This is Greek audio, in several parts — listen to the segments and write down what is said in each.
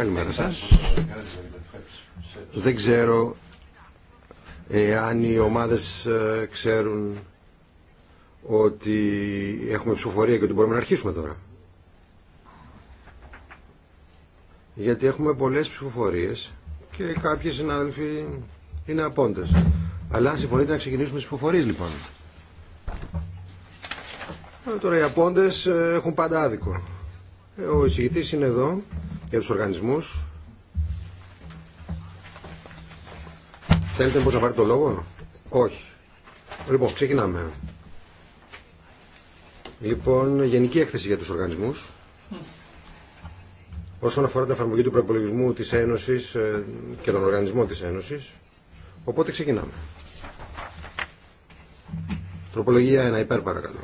Καλημέρα σας. Δεν ξέρω αν οι ομάδες ε, ξέρουν ότι έχουμε ψηφοφορία και ότι μπορούμε να αρχίσουμε τώρα. Γιατί έχουμε πολλές ψηφοφορίες και κάποιοι συνάδελφοι είναι απόντες. Αλλά αν συμφωνείτε να ξεκινήσουμε τις ψηφοφορίες λοιπόν. Ε, τώρα οι απόντες ε, έχουν πάντα άδικο. Ο εισηγητής είναι εδώ για τους οργανισμούς. Θέλετε πως να πάρει το λόγο. Όχι. Λοιπόν, ξεκινάμε. Λοιπόν, γενική έκθεση για τους οργανισμούς. Όσον αφορά την εφαρμογή του προπολογισμού της Ένωσης ε, και τον οργανισμό της Ένωσης. Οπότε ξεκινάμε. Τροπολογία 1 υπέρ παρακαλώ.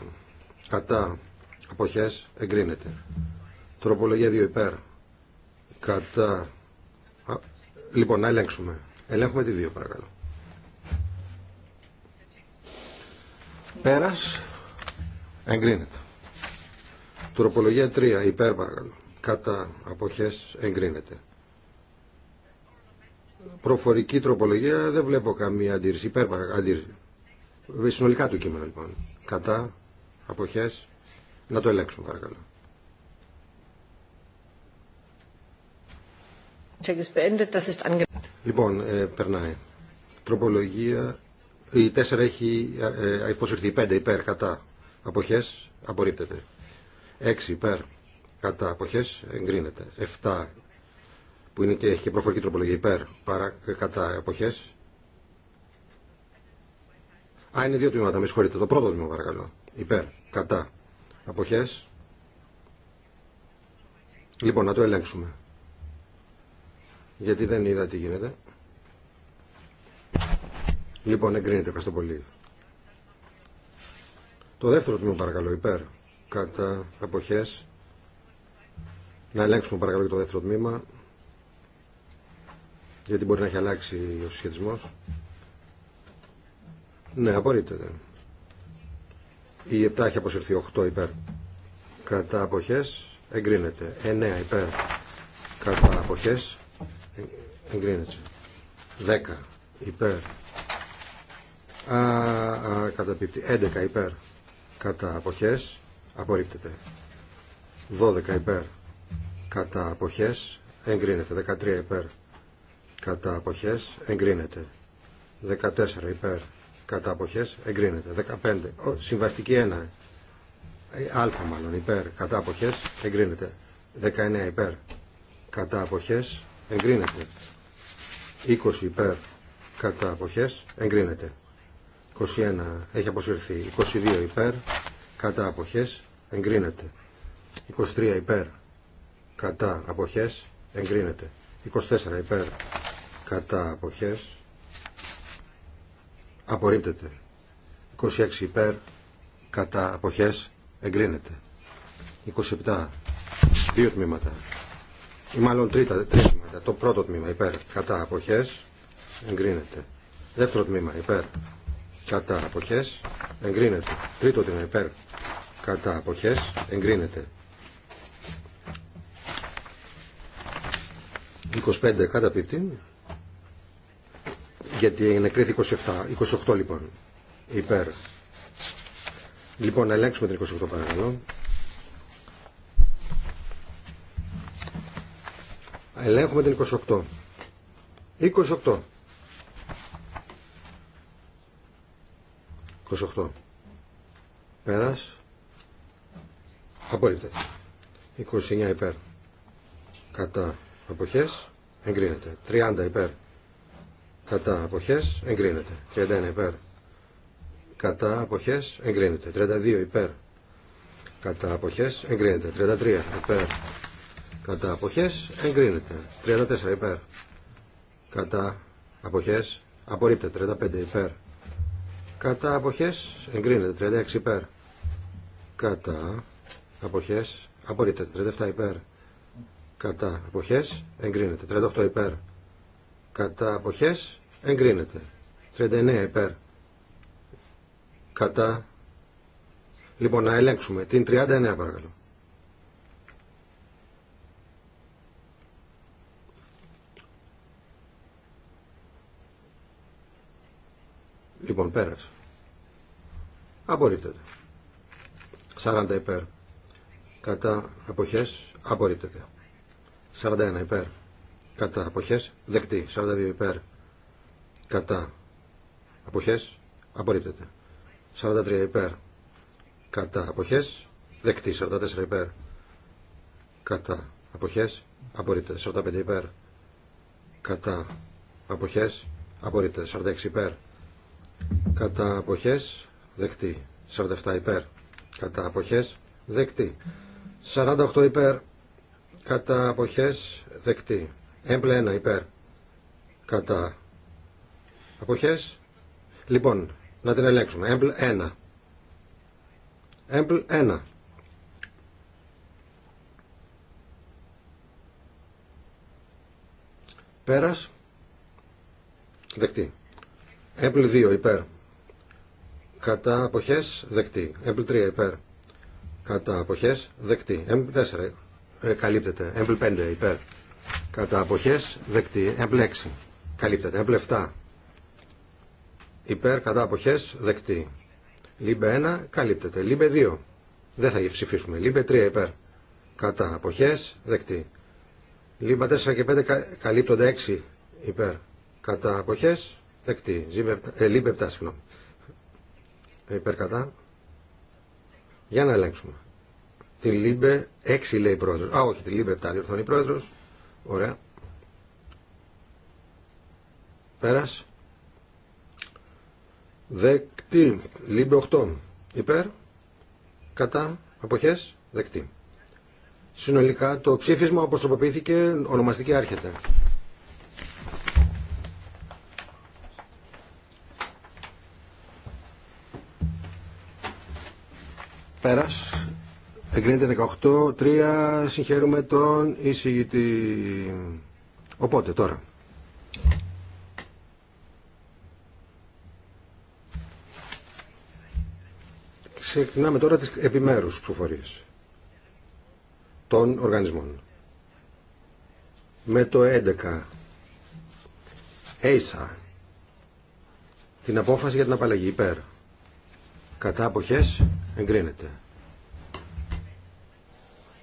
Κατά αποχές εγκρίνεται. Τροπολογία 2 υπέρ. Κατά. λοιπόν, να ελέγξουμε. Ελέγχουμε τη δύο, παρακαλώ. Πέρας. Εγκρίνεται. Τροπολογία 3. Υπέρ παρακαλώ. Κατά αποχές εγκρίνεται. Προφορική τροπολογία δεν βλέπω καμία αντίρρηση. Υπέρ παρακαλώ. Αντίρρηση. Συνολικά το κείμενο λοιπόν. Κατά αποχές. Να το ελέγξουμε παρακαλώ. Λοιπόν, ε, περνάει. Τροπολογία. Η 4 έχει ε, ε υποσυρθεί. 5 υπέρ, κατά. αποχέ, απορρίπτεται. 6 υπέρ, κατά. Αποχέ, εγκρίνεται. 7 που είναι και, έχει και προφορική τροπολογία υπέρ, παρα, ε, κατά. Αποχέ. Α, είναι δύο τμήματα, με συγχωρείτε. Το πρώτο τμήμα, παρακαλώ. Υπέρ, κατά. Αποχέ. Λοιπόν, να το ελέγξουμε γιατί δεν είδα τι γίνεται. Λοιπόν, εγκρίνεται, ευχαριστώ πολύ. Το δεύτερο τμήμα, παρακαλώ, υπέρ, κατά αποχές. Να ελέγξουμε, παρακαλώ, και το δεύτερο τμήμα, γιατί μπορεί να έχει αλλάξει ο συσχετισμός. Ναι, απορρίπτεται. Η 7 έχει αποσυρθεί 8 υπέρ. Κατά αποχές εγκρίνεται. 9 υπέρ. Κατά αποχές εγκρίνεται 10 υπέρ α, α, 11 υπέρ κατά αποχές απορρίπτεται 12 υπέρ κατά αποχές εγκρίνεται 13 υπέρ κατά αποχές εγκρίνεται 14 υπέρ κατά αποχές εγκρίνεται 15 συμβαστική 1 ε, α μάλλον υπέρ κατά αποχές εγκρίνεται 19 υπέρ κατά αποχές εγκρίνεται. 20 υπέρ κατά αποχές εγκρίνεται. 21 έχει αποσυρθεί. 22 υπέρ κατά αποχές εγκρίνεται. 23 υπέρ κατά αποχές εγκρίνεται. 24 υπέρ κατά αποχές απορρίπτεται. 26 υπέρ κατά αποχές εγκρίνεται. 27 δύο τμήματα ή μάλλον τρίτα, τρίτα τμήματα. Το πρώτο τμήμα υπέρ κατά αποχές εγκρίνεται. Δεύτερο τμήμα υπέρ κατά αποχές εγκρίνεται. Τρίτο τμήμα υπέρ κατά αποχές εγκρίνεται. 25 κατά πίπτη γιατί κρίθη 27, 28 λοιπόν υπέρ. Λοιπόν, να ελέγξουμε την 28 παρακαλώ. Ελέγχουμε την 28. 28. 28. Πέρας. Απόλυτα. 29 υπέρ. Κατά αποχές. Εγκρίνεται. 30 υπέρ. Κατά αποχές. Εγκρίνεται. 31 υπέρ. Κατά αποχές. Εγκρίνεται. 32 υπέρ. Κατά αποχές. Εγκρίνεται. 33 υπέρ κατά αποχές εγκρίνεται 34 υπέρ κατά αποχές απορρίπτεται 35 υπέρ κατά αποχές εγκρίνεται 36 υπέρ κατά αποχές απορρίπτεται 37 υπέρ κατά αποχές εγκρίνεται 38 υπέρ κατά αποχές εγκρίνεται 39 υπέρ κατά Λοιπόν, να ελέγξουμε. Την 39 παρακαλώ. Λοιπόν, πέρασε Απορρίπτεται. 40 υπέρ. Κατά αποχές. Απορρίπτεται. 41 υπέρ. Κατά αποχές. Δεκτή. 42 υπέρ. Κατά αποχές. Απορρίπτεται. 43 υπέρ. Κατά αποχές. Δεκτή. 44 υπέρ. Κατά αποχές. Απορρίπτεται. 45 υπέρ. Κατά αποχές. Απορρίπτεται. 46 υπέρ κατά αποχές δεκτή 47 υπέρ κατά αποχές δεκτή 48 υπέρ κατά αποχές δεκτή έμπλε 1 υπέρ κατά αποχές λοιπόν να την ελέγξουμε έμπλε 1 έμπλε 1 Πέρας, δεκτή. Έμπλε 2 υπέρ κατά αποχές δεκτή. Έμπλ 3 υπέρ κατά αποχές δεκτή. Έμπλ 4 ε, καλύπτεται. Έμπλ 5 υπέρ κατά αποχές δεκτή. Έμπλ 6 καλύπτεται. Έμπλ 7 υπέρ κατά αποχές δεκτή. Λίμπε 1 καλύπτεται. Λίμπε 2 δεν θα ψηφίσουμε. Λίμπε 3 υπέρ κατά αποχές δεκτή. Λίμπα 4 και 5 καλύπτονται 6 υπέρ κατά αποχές δεκτή. Λίμπε 7 ε, συγγνώμη υπερκατά. Για να ελέγξουμε. Τη Λίμπε 6 λέει πρόεδρος. Α, όχι, τη Λίμπε 7 διορθώνει πρόεδρος. Ωραία. Πέρας. Δεκτή. Λίμπε 8. Υπέρ. Κατά. Αποχές. Δεκτή. Συνολικά το ψήφισμα αποστροποποιήθηκε ονομαστική άρχεται. Πέρας. Εγκρίνεται 18-3. Συγχαίρουμε τον εισηγητή. Οπότε τώρα. Ξεκινάμε τώρα τις επιμέρους προφορίες των οργανισμών. Με το 11 έισα την απόφαση για την απαλλαγή υπέρ κατά αποχές εγκρίνεται.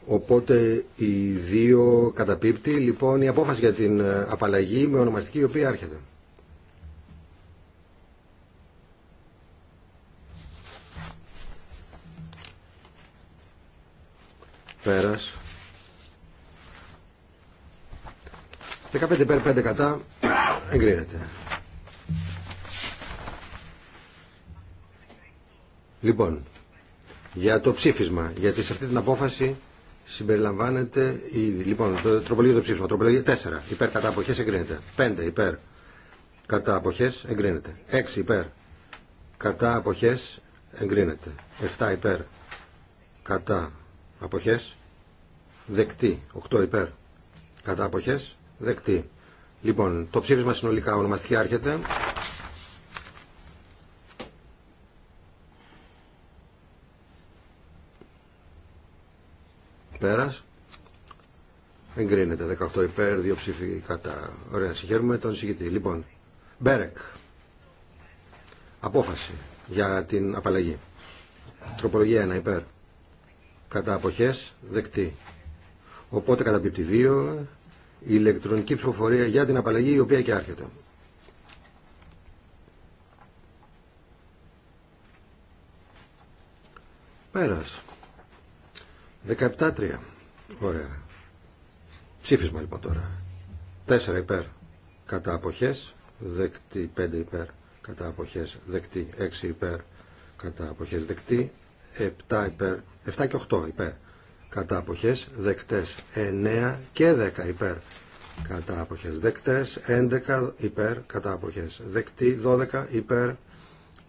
Οπότε οι δύο καταπίπτει λοιπόν η απόφαση για την ε, απαλλαγή με ονομαστική η οποία έρχεται. Πέρας. 15 υπέρ 5 κατά εγκρίνεται. Λοιπόν, για το ψήφισμα, γιατί σε αυτή την απόφαση συμπεριλαμβάνεται η, λοιπόν, το τροπολογία το ψήφισμα, τροπολογία 4, υπέρ κατά αποχές εγκρίνεται, 5 υπέρ κατά αποχές εγκρίνεται, 6 υπέρ κατά αποχές εγκρίνεται, 7 υπέρ κατά αποχές δεκτή, 8 υπέρ κατά αποχές δεκτή. Λοιπόν, το ψήφισμα συνολικά ονομαστικά άρχεται. πέρας. Εγκρίνεται 18 υπέρ, 2 ψήφοι κατά. Ωραία, συγχαίρουμε τον συγκητή. Λοιπόν, Μπέρεκ. Απόφαση για την απαλλαγή. Τροπολογία 1 υπέρ. Κατά απόχέ. δεκτή. Οπότε καταπίπτει 2 η ηλεκτρονική ψηφοφορία για την απαλλαγή η οποία και άρχεται. Πέρας. 17-3. Ωραία. Ψήφισμα λοιπόν τώρα. 4 υπέρ κατά αποχές, δεκτή 5 υπέρ κατά αποχές, δεκτή 6 υπέρ κατά αποχές, δεκτή 7 υπέρ, 7 και 8 υπέρ κατά αποχές, δεκτές 9 και 10 υπέρ κατά αποχές, δεκτές 11 υπέρ κατά αποχές, δεκτή 12 υπέρ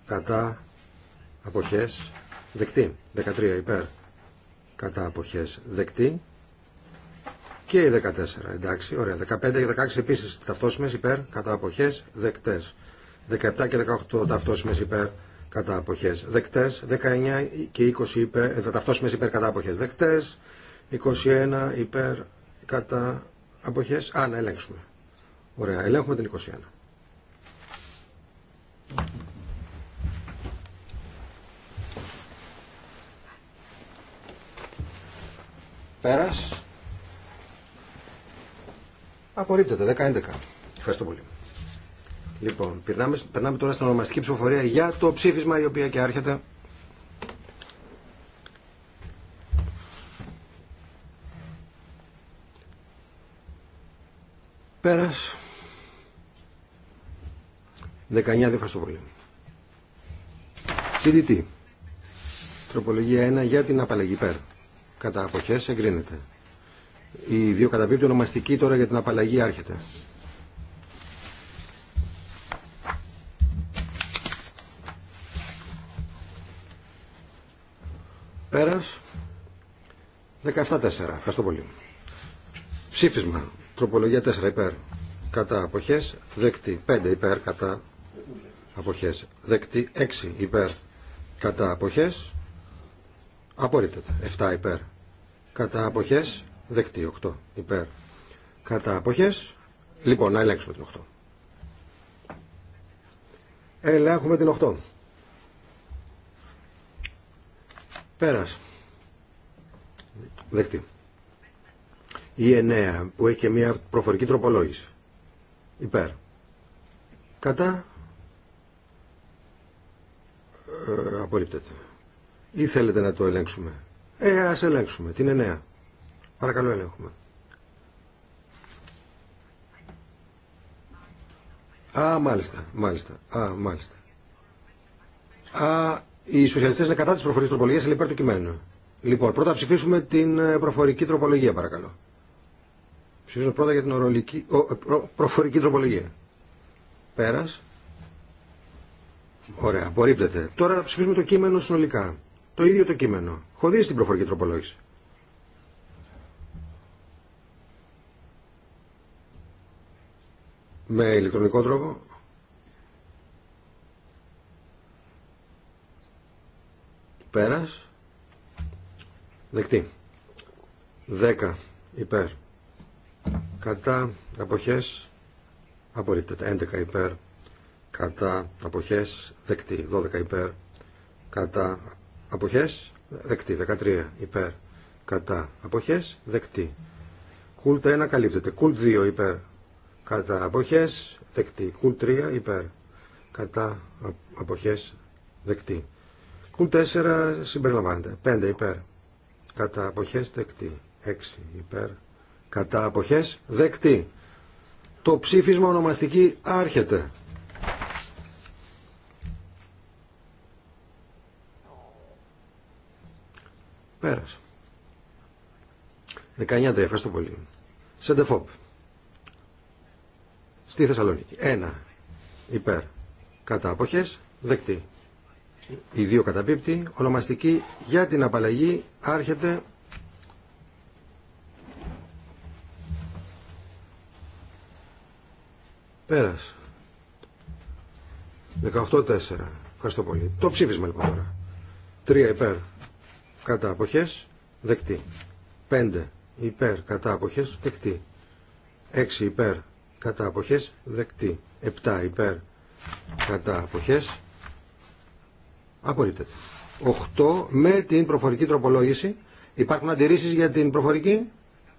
κατά αποχές, δεκτή 13 υπέρ κατά αποχές δεκτή και η 14 εντάξει ωραία 15 και 16 επίσης ταυτόσιμες υπέρ κατά αποχές δεκτές 17 και 18 ταυτόσιμες υπέρ κατά αποχές δεκτές 19 και 20 υπέρ, ε, ταυτόσιμες υπέρ κατά αποχές δεκτές 21 υπέρ κατά αποχές α να ελέγξουμε ωραία ελέγχουμε την 21 Πέρας. Απορρίπτεται. 10-11. Ευχαριστώ πολύ. Λοιπόν, περνάμε, περνάμε τώρα στην ονομαστική ψηφοφορία για το ψήφισμα η οποία και άρχεται. Πέρας. 19 ευχαριστώ πολύ. CDT. Τροπολογία 1 για την απαλλαγή πέρα κατά αποχέ εγκρίνεται. Η δύο ονομαστική τώρα για την απαλλαγή άρχεται. Πέρας 17-4. Ευχαριστώ πολύ. Ψήφισμα. Τροπολογία 4 υπέρ κατά αποχές. αποχε δεκτη 5 υπέρ κατά αποχέ. Δεκτή 6 υπέρ κατά αποχέ. Απορρίπτεται. 7 υπέρ κατά αποχές δεκτή 8 υπέρ κατά αποχές λοιπόν να ελέγξουμε την 8 ελέγχουμε την 8 πέρας δεκτή η 9 που έχει και μια προφορική τροπολόγηση υπέρ κατά ε, απορρίπτεται ή θέλετε να το ελέγξουμε ε, ας ελέγξουμε. Την εννέα. Παρακαλώ ελέγχουμε. Α, μάλιστα, μάλιστα. Α, μάλιστα. Α, οι σοσιαλιστές είναι κατά της προφορικής τροπολογίας, αλλά υπέρ του κειμένου. Λοιπόν, πρώτα ψηφίσουμε την ε, προφορική τροπολογία, παρακαλώ. Ψηφίσουμε πρώτα για την ορολική, ε, προφορική τροπολογία. Πέρας. Ωραία, απορρίπτεται. Τώρα ψηφίσουμε το κείμενο συνολικά το ίδιο το κείμενο, χωρίς την προφορική τροπολόγηση. Με ηλεκτρονικό τρόπο. Πέρας. Δεκτή. 10 υπέρ. Κατά αποχές απορρίπτεται. 11 υπέρ. Κατά αποχές δεκτή. 12 υπέρ. Κατά αποχές δεκτή 13 υπέρ κατά αποχές δεκτή κουλτ 1 καλύπτεται κουλτ 2 υπέρ κατά αποχές δεκτή κουλτ 3 υπέρ κατά αποχές δεκτή κουλτ 4 συμπεριλαμβάνεται 5 υπέρ κατά αποχές δεκτή 6 υπέρ κατά αποχές δεκτή το ψήφισμα ονομαστική άρχεται περασε 19 19-3, ευχαριστώ πολύ. Σεντεφόπ. Στη Θεσσαλονίκη. 1 υπέρ. Κατά αποχές, δεκτή. Οι δύο καταπίπτει. Ονομαστική για την απαλλαγή άρχεται Πέρας. 18-4. Ευχαριστώ πολύ. Το ψήφισμα λοιπόν τώρα. 3 υπέρ κατά αποχές δεκτή 5 υπέρ κατά αποχές δεκτή 6 υπέρ κατά αποχές δεκτή 7 υπέρ κατά αποχές απορρίπτεται 8 με την προφορική τροπολόγηση υπάρχουν αντιρρήσεις για την προφορική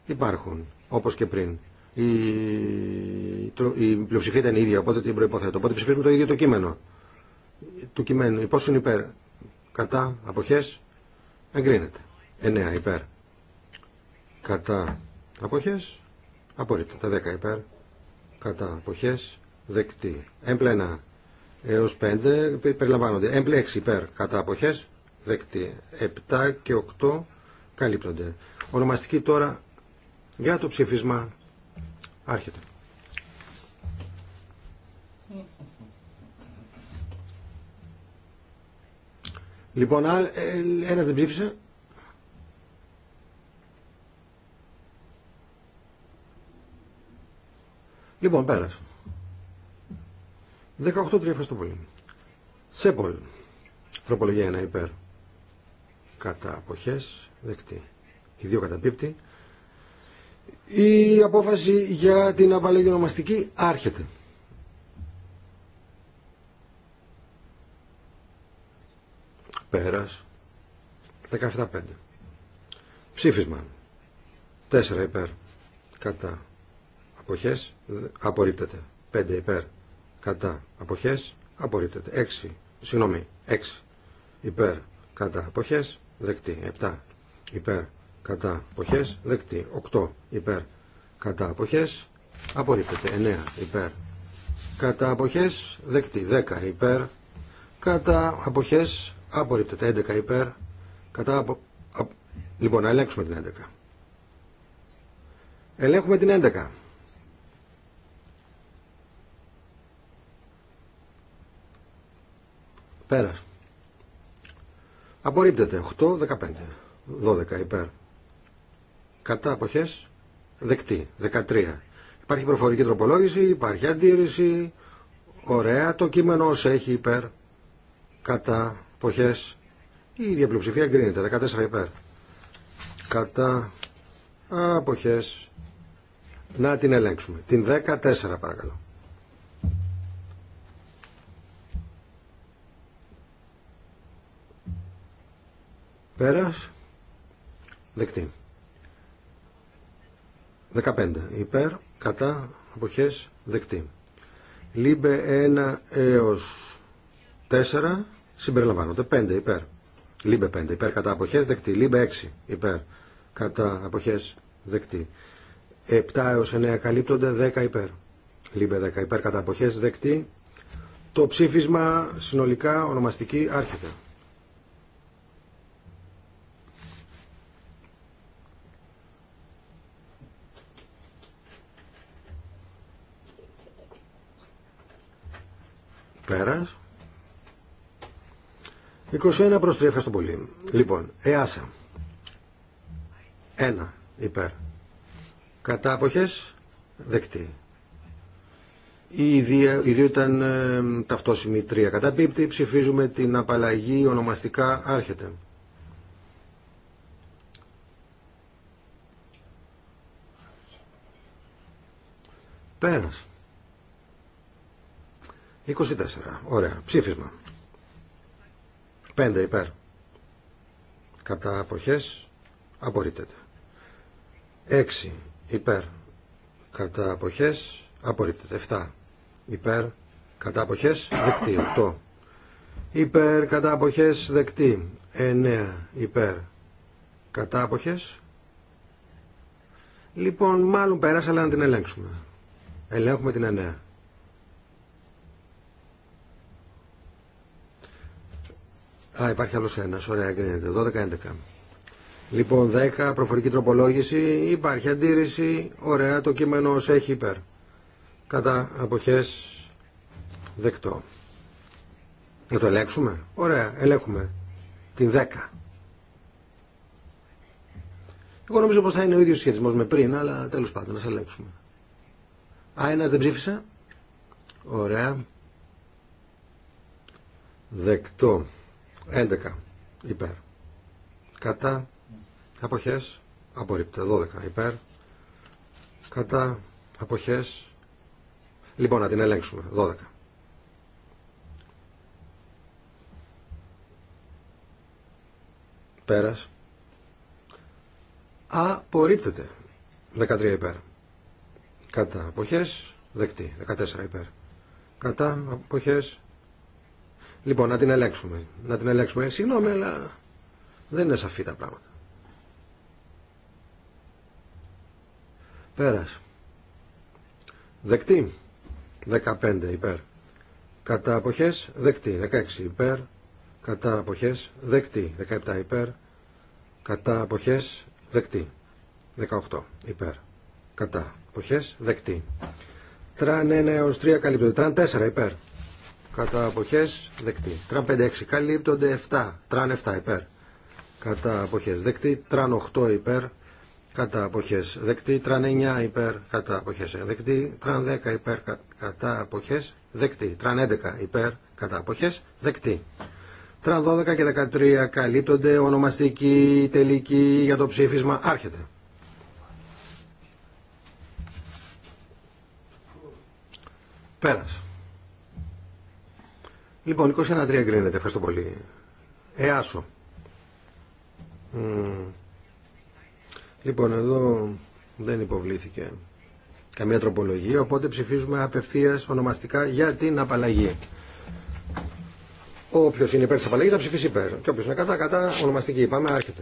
υπάρχουν όπως και πριν η, η πλειοψηφία ήταν η ίδια οπότε την προϋποθέτω οπότε ψηφίζουμε το ίδιο το κείμενο του κειμένου είναι υπέρ κατά αποχές Εγκρίνεται. 9 υπέρ. Κατά αποχές. τα 10 υπέρ. Κατά αποχές. Δεκτή. Έμπλα 1 έως 5 περιλαμβάνονται. Έμπλε 6 υπέρ. Κατά αποχές. Δεκτή. 7 και 8 καλύπτονται. Ονομαστική τώρα για το ψήφισμα. Άρχεται. Λοιπόν, ε, ένα δεν ψήφισε. Λοιπόν, πέρασε. 18 18-3 ευχαριστώ πολύ. Σέπολ. Τροπολογία 1 υπέρ. Κατά αποχέ, δεκτή. Οι δύο καταπίπτει. Η απόφαση για την απαλλαγή ονομαστική άρχεται. Πέρας. 17-5. Ψήφισμα. 4 υπέρ. Κατά. Αποχές. Απορρίπτεται. 5 υπέρ. Κατά. Αποχές. Απορρίπτεται. 6. Συγγνώμη. 6. Υπέρ. Κατά. Αποχές. Δεκτή. 7. Υπέρ. Κατά. Αποχές. Δεκτή. 8. Υπέρ. Κατά. Αποχές. Απορρίπτεται. 9. Υπέρ. Κατά. Αποχές. Δεκτή. 10. Υπέρ. Κατά. Αποχές Απορρίπτεται 11 υπέρ. Κατά απο... Α... Λοιπόν, να ελέγξουμε την 11. Ελέγχουμε την 11. περα Απορρίπτεται 8, 15, 12 υπέρ. Κατά αποχές δεκτή, 13. Υπάρχει προφορική τροπολόγηση, υπάρχει αντίρρηση. Ωραία, το κείμενο όσο έχει υπέρ, κατά Αποχές. Η ίδια πλειοψηφία εγκρίνεται. 14 υπέρ. Κατά. Αποχές. Να την ελέγξουμε. Την 14 παρακαλώ. Πέρας. Δεκτή. 15. Υπέρ, κατά, αποχές, δεκτή. Λίμπε 1 έως 4 συμπεριλαμβάνονται. 5 υπέρ. Λίμπε 5 υπέρ κατά αποχέ δεκτή. Λίμπε 6 υπέρ κατά αποχέ δεκτή. 7 έω 9 καλύπτονται 10 υπέρ. Λίμπε 10 υπέρ κατά αποχέ δεκτή. Το ψήφισμα συνολικά ονομαστική άρχεται. Πέρας. 21 προς 3, ευχαριστώ πολύ. Λοιπόν, ΕΑΣΑ. Ένα, υπέρ. Κατά δεκτή. Η δύο, ήταν ε, ταυτόσιμη τρία. κατά πίπτη. Ψηφίζουμε την απαλλαγή ονομαστικά άρχεται. Πέρας. 24. Ωραία. Ψήφισμα. 5 υπέρ. Κατά αποχές απορρίπτεται. 6 υπέρ. Κατά αποχές απορρίπτεται. 7 υπέρ. Κατά αποχές δεκτή. 8 υπέρ. Κατά αποχές δεκτή. 9 υπέρ. Κατά αποχές. Λοιπόν, μάλλον περάσαμε αλλά να την ελέγξουμε. Ελέγχουμε την 9. Α, υπαρχει άλλο ένα, ένας. Ωραία, εγκρίνεται. 12-11. Λοιπόν, 10, προφορική τροπολόγηση, υπάρχει αντίρρηση, ωραία, το κείμενο ω έχει υπέρ. Κατά αποχές δεκτό. Να το ελέγξουμε. Ωραία, ελέγχουμε. Την 10. Εγώ νομίζω πως θα είναι ο ίδιο σχετισμός με πριν, αλλά τέλος πάντων, να σε ελέγξουμε. Α, ένας δεν ψήφισε. Ωραία. Δεκτό. 11 υπέρ. Κατά αποχές απορρίπτεται. 12 υπέρ. Κατά αποχές. Λοιπόν, να την ελέγξουμε. 12. Πέρας. Απορρίπτεται. 13 υπέρ. Κατά αποχές. Δεκτή. 14 υπέρ. Κατά αποχές. Λοιπόν, να την ελέγξουμε. Να την ελέγξουμε. Συγγνώμη, αλλά δεν είναι σαφή τα πράγματα. Πέρας. Δεκτή. 15 υπέρ. Κατά αποχές δεκτή. 16 υπέρ. Κατά αποχές δεκτή. 17 υπέρ. Κατά αποχές δεκτή. 18 υπέρ. Κατά αποχές δεκτή. Τραν 1 έως 3 καλύπτονται. Τραν 4 υπέρ κατά αποχές δεκτή. Τραν 5-6 καλύπτονται 7, τραν 7 υπέρ, κατά αποχές δεκτή, τραν 8 υπέρ, κατά αποχές δεκτή, τραν 9 υπέρ, κατά αποχές δεκτή, τραν 10 υπέρ, κατά αποχές δεκτή, τραν 11 υπέρ, κατά αποχές δεκτή. Τραν 12 και 13 καλύπτονται, ονομαστική, τελική για το ψήφισμα, άρχεται. Πέρασε. Λοιπόν, 21-3 εγκρίνεται. Ευχαριστώ πολύ. Εάσο. Λοιπόν, εδώ δεν υποβλήθηκε καμία τροπολογία, οπότε ψηφίζουμε απευθείας ονομαστικά για την απαλλαγή. Όποιος είναι υπέρ της απαλλαγής θα ψηφίσει υπέρ. Και όποιος είναι κατά, κατά, ονομαστική. Πάμε, άρχεται.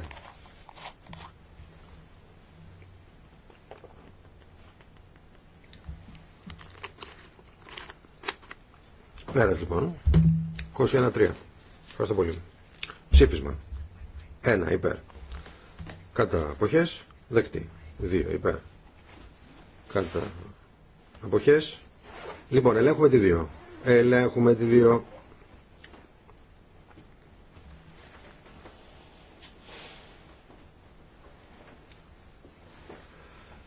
Πέρας λοιπόν. 21-3. Ευχαριστώ πολύ. Ψήφισμα. 1 υπέρ. Κατά αποχέ δεκτή. 2 υπέρ. Κατά αποχέ. Λοιπόν, ελέγχουμε τη 2. Ελέγχουμε τη 2.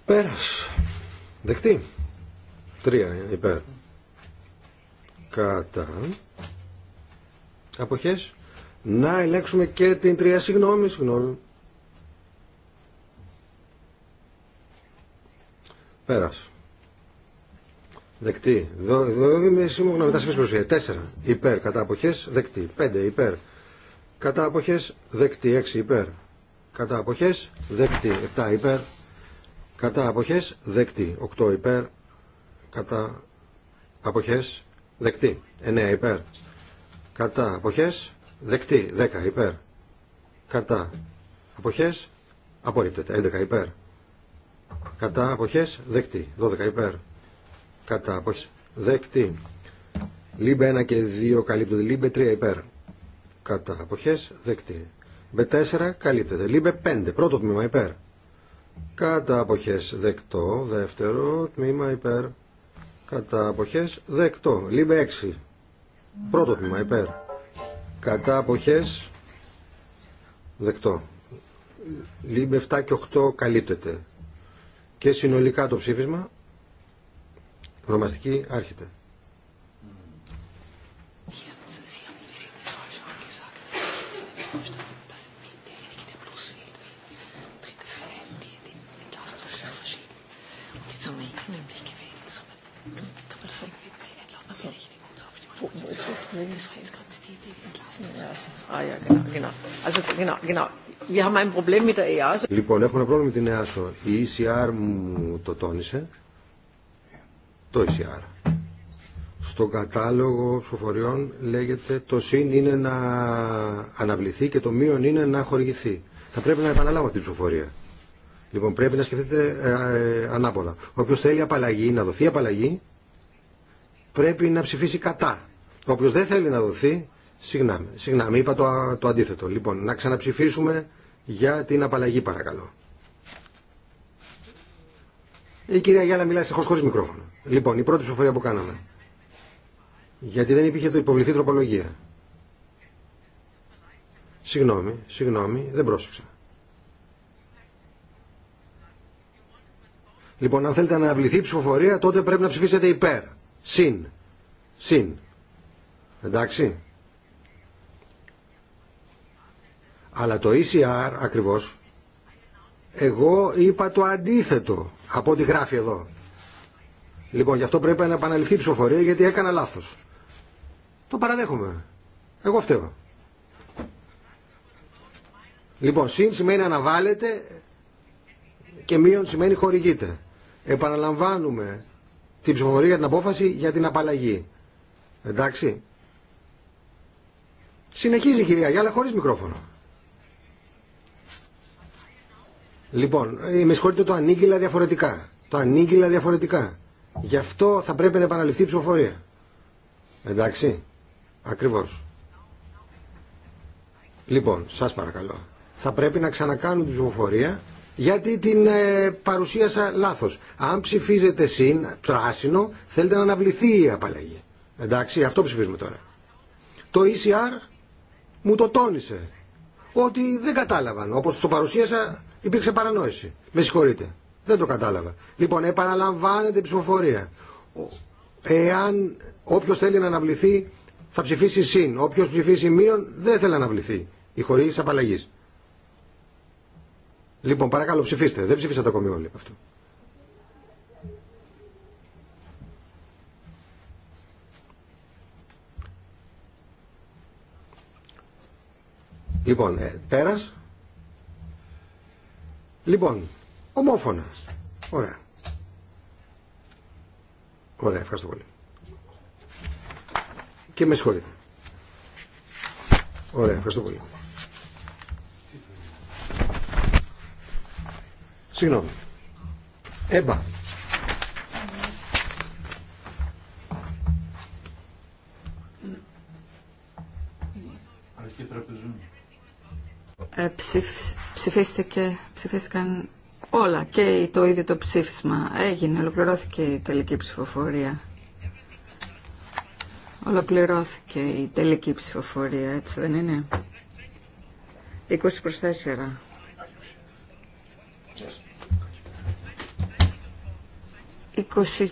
Πέρας. Δεκτή. Τρία υπέρ. Κατά. Αποχές. Να ελέγξουμε και την 3. Συγγνώμη, συγγνώμη. Πέρας. Δεκτή. Εδώ είμαι σύμμογο να μετάσχει προσφυγή. 4. Υπέρ. Κατά Δεκτή. 5. Υπέρ. Κατά Δεκτή. 6. Υπέρ. Κατά Δεκτή. 7. Υπέρ. Κατά Δεκτή. 8. Υπέρ. Κατά αποχές. Δεκτή. 9. Υπέρ. Κατά. Αποχές. Δεκτή. 10 υπέρ. Κατά. Αποχές. Απορρίπτεται. 11 υπέρ. Κατά. Αποχές. Δεκτή. 12 υπέρ. Κατά. Αποχές. Δεκτή. Λίμπε 1 και 2 καλύπτονται. Λίμπε 3 υπέρ. Κατά. Αποχές. Δεκτή. Λίμπε 4 καλύπτεται. Λίμπε 5. Πρώτο τμήμα υπέρ. Κατά. Αποχές. Δεκτό. Δεύτερο τμήμα υπέρ. Κατά. Αποχές. Δεκτό. Λίμπε 6 Πρώτο τμήμα υπέρ. Κατά αποχές δεκτό. Λίμπε 7 και 8 καλύπτεται. Και συνολικά το ψήφισμα. Ονομαστική άρχεται. Λοιπόν, έχουμε ένα πρόβλημα με την ΕΑΣΟ. E Η ECR μου το τόνισε. Το ECR. Στο κατάλογο ψηφοφοριών λέγεται το συν είναι να αναβληθεί και το μείον είναι να χορηγηθεί. Θα πρέπει να επαναλάβω την ψηφοφορία. Λοιπόν, πρέπει να σκεφτείτε ε, ε, ανάποδα. Όποιο θέλει απαλλαγή, να δοθεί απαλλαγή, πρέπει να ψηφίσει κατά οποίο δεν θέλει να δοθεί, συγγνώμη, συγγνώμη είπα το, το αντίθετο. Λοιπόν, να ξαναψηφίσουμε για την απαλλαγή παρακαλώ. Η κυρία Γιάννα μιλάει στεχώς χωρίς μικρόφωνο. Λοιπόν, η πρώτη ψηφοφορία που κάναμε. Γιατί δεν υπήρχε το υποβληθή τροπολογία. Συγγνώμη, συγγνώμη, δεν πρόσεξα. Λοιπόν, αν θέλετε να αναβληθεί η ψηφοφορία, τότε πρέπει να ψηφίσετε υπέρ. Συν. Συν. Εντάξει. Αλλά το ECR ακριβώς, εγώ είπα το αντίθετο από ό,τι γράφει εδώ. Λοιπόν, γι' αυτό πρέπει να επαναληφθεί η ψηφοφορία γιατί έκανα λάθος. Το παραδέχομαι. Εγώ φταίω. Λοιπόν, συν σημαίνει αναβάλλεται και μείον σημαίνει χορηγείται. Επαναλαμβάνουμε την ψηφοφορία για την απόφαση για την απαλλαγή. Εντάξει. Συνεχίζει η κυρία Γιάλα χωρίς μικρόφωνο. Λοιπόν, ε, με συγχωρείτε το ανήγγυλα διαφορετικά. Το ανήγγυλα διαφορετικά. Γι' αυτό θα πρέπει να επαναληφθεί η ψηφοφορία. Εντάξει. Ακριβώς. Λοιπόν, σας παρακαλώ. Θα πρέπει να ξανακάνουν την ψηφοφορία γιατί την ε, παρουσίασα λάθος. Αν ψηφίζετε συν, πράσινο, θέλετε να αναβληθεί η απαλλαγή. Εντάξει, αυτό ψηφίζουμε τώρα. Το ECR μου το τόνισε ότι δεν κατάλαβαν. Όπως σου παρουσίασα υπήρξε παρανόηση. Με συγχωρείτε. Δεν το κατάλαβα. Λοιπόν, επαναλαμβάνεται η ψηφοφορία. Εάν όποιο θέλει να αναβληθεί θα ψηφίσει συν. Όποιο ψηφίσει μείον δεν θέλει να αναβληθεί. Η χορήγηση απαλλαγή. Λοιπόν, παρακαλώ ψηφίστε. Δεν ψηφίσατε ακόμη όλοι αυτό. Λοιπόν, ε, πέρας. Λοιπόν, ομόφωνα. Ωραία. Ωραία, ευχαριστώ πολύ. Και με συγχωρείτε. Ωραία, ευχαριστώ πολύ. Συγγνώμη. Έμπα. Αρχή ε, ψηφίστηκε, ψηφίστηκαν όλα και το ίδιο το ψήφισμα. Έγινε, ολοκληρώθηκε η τελική ψηφοφορία. Ολοκληρώθηκε η τελική ψηφοφορία, έτσι δεν είναι. 20 προς 4.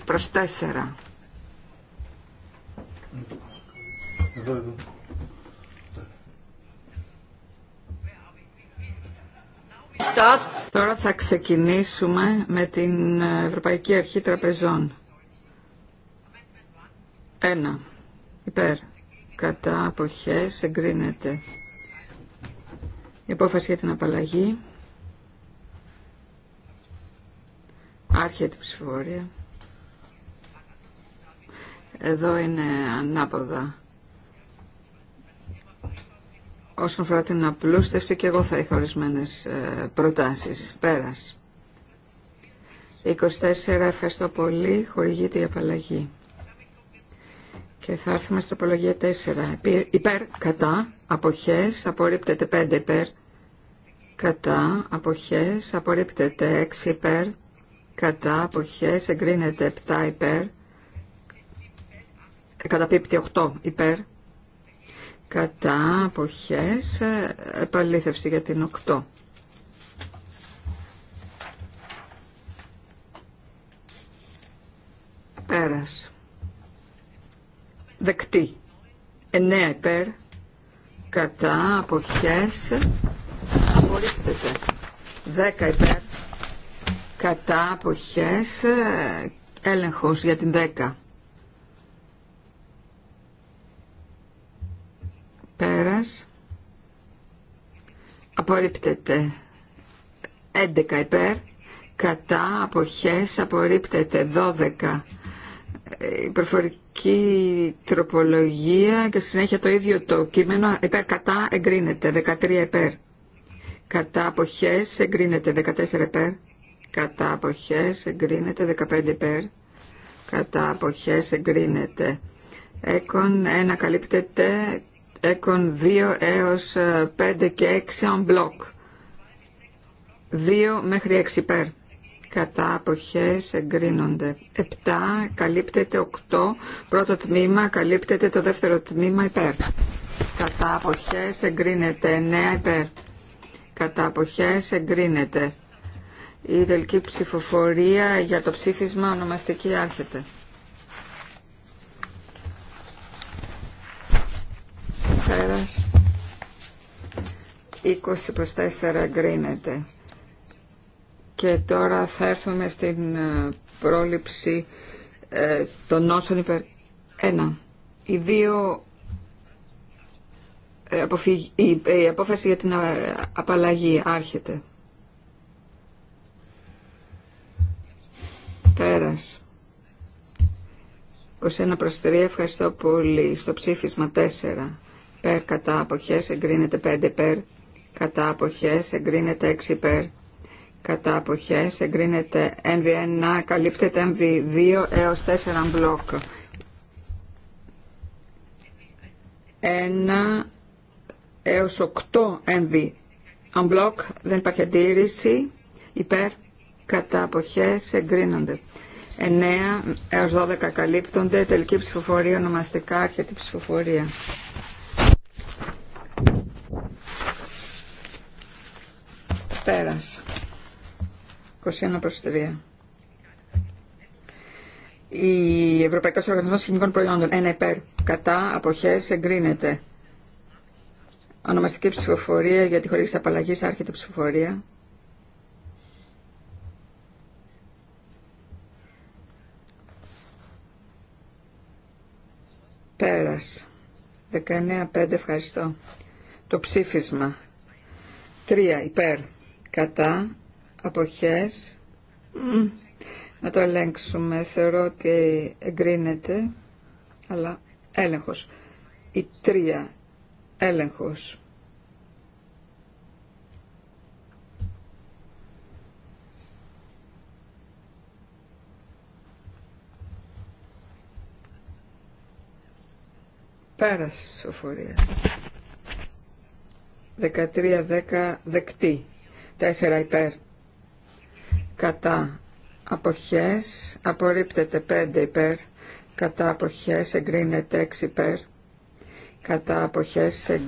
προς 4. Εδώ, εδώ. Τώρα θα ξεκινήσουμε με την Ευρωπαϊκή Αρχή Τραπεζών. Ένα. Υπέρ. Κατά αποχές εγκρίνεται. Η απόφαση για την απαλλαγή. Άρχεται η ψηφοφορία. Εδώ είναι ανάποδα. Όσον αφορά την απλούστευση και εγώ θα είχα ορισμένε ε, προτάσεις. Πέρας. 24. Ευχαριστώ πολύ. Χορηγείται η απαλλαγή. Και θα έρθουμε στο απολογία 4. Υπέρ, κατά, αποχές, απορρίπτεται 5 υπέρ, κατά, αποχές, απορρίπτεται 6 υπέρ, κατά, αποχές, εγκρίνεται 7 υπέρ, καταπίπτει 8 υπέρ, κατά αποχές επαλήθευση για την 8. Πέρας. Δεκτή. 9 υπέρ. Κατά αποχές απορρίπτεται. 10 υπέρ. Κατά αποχές έλεγχος για την 10. Πέρας. Απορρίπτεται. 11 υπέρ. Κατά αποχές απορρίπτεται. 12 ε, η προφορική τροπολογία και συνέχεια το ίδιο το κείμενο υπέρ κατά εγκρίνεται 13 υπέρ κατά αποχές εγκρίνεται 14 υπέρ κατά αποχές εγκρίνεται 15 υπέρ κατά αποχές εγκρίνεται έκον 1 καλύπτεται έκον 2 έως 5 ε, και 6 on block. 2 μέχρι 6 πέρ. Κατά αποχές εγκρίνονται. 7 καλύπτεται 8. Πρώτο τμήμα καλύπτεται το δεύτερο τμήμα υπέρ. Κατά αποχές εγκρίνεται 9 υπέρ. Κατά αποχές εγκρίνεται. Η τελική ψηφοφορία για το ψήφισμα ονομαστική άρχεται. ένας. 20 προς 4 εγκρίνεται. Και τώρα θα έρθουμε στην ε, πρόληψη ε, των νόσων υπερ... Ένα. Οι δύο... Ε, η, η απόφαση για την ε, απαλλαγή άρχεται. Πέρας. 21 προς 3. Ευχαριστώ πολύ. Στο ψήφισμα 4. Πέρ κατά αποχές εγκρίνεται 5 πέρ κατά αποχές εγκρίνεται 6 πέρ κατα κατά αποχές εγκρίνεται MV1 καλύπτεται MV2 έως 4 μπλοκ 1 έως 8 MV μπλοκ. δεν υπάρχει αντίρρηση υπέρ κατά αποχές εγκρίνονται 9 έως 12 καλύπτονται τελική ψηφοφορία ονομαστικά τη ψηφοφορία Πέρας. 21 προς 3. Η Ευρωπαϊκός Οργανισμός Χημικών Προϊόντων, ένα υπέρ, κατά, αποχές, εγκρίνεται. Ονομαστική ψηφοφορία για τη χορήγηση απαλλαγής, άρχεται ψηφοφορία. Πέρας. 19-5, ευχαριστώ. Το ψήφισμα. 3 υπέρ κατά, αποχές, να το ελέγξουμε, θεωρώ ότι εγκρίνεται, αλλά έλεγχος. Η τρία, έλεγχος. Πέρας ψηφοφορίας. 13-10 δεκτή. 4 υπέρ κατά αποχές απορρίπτεται 5 υπέρ κατά αποχές εγκρίνεται 6 υπέρ κατά αποχές ε,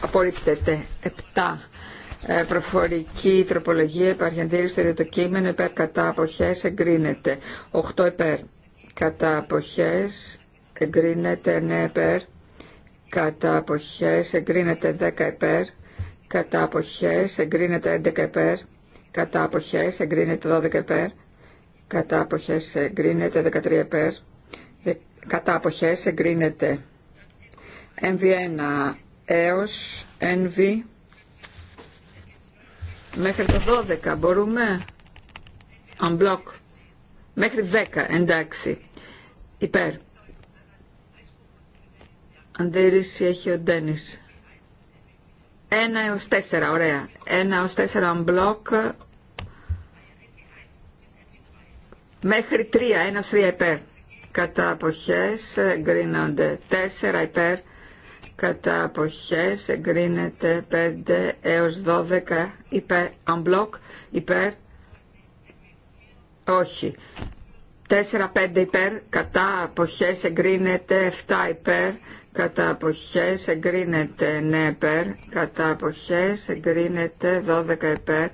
απορρίπτεται 7 ε, προφορική τροπολογία υπάρχει αντίρρηση το κείμενο υπέρ κατά αποχές εγκρίνεται 8 υπέρ κατά αποχές εγκρίνεται 9 υπέρ κατά αποχές εγκρίνεται 10 υπέρ κατά αποχές εγκρίνεται 11 ΕΠΕΡ, κατά αποχές εγκρίνεται 12 ΕΠΕΡ, κατά αποχές εγκρίνεται 13 ΕΠΕΡ, κατα κατά αποχές εγκρίνεται MV1 έως NV μέχρι το 12 μπορούμε unblock μέχρι 10 εντάξει υπέρ αντίρρηση έχει ο Ντένις 1 έως 4, ωραία. 1 έως 4 unblock. μέχρι 3, 1 έως 3 υπέρ. Κατά αποχές εγκρίνονται 4 υπέρ. Κατά αποχές εγκρίνεται 5 έως 12 υπέρ. Unblock, υπέρ. Όχι. 4-5 υπέρ. Κατά αποχές εγκρίνεται 7 υπέρ κατά αποχές εγκρίνεται 9 ναι επέρ, κατά αποχές εγκρίνεται 12 επέρ,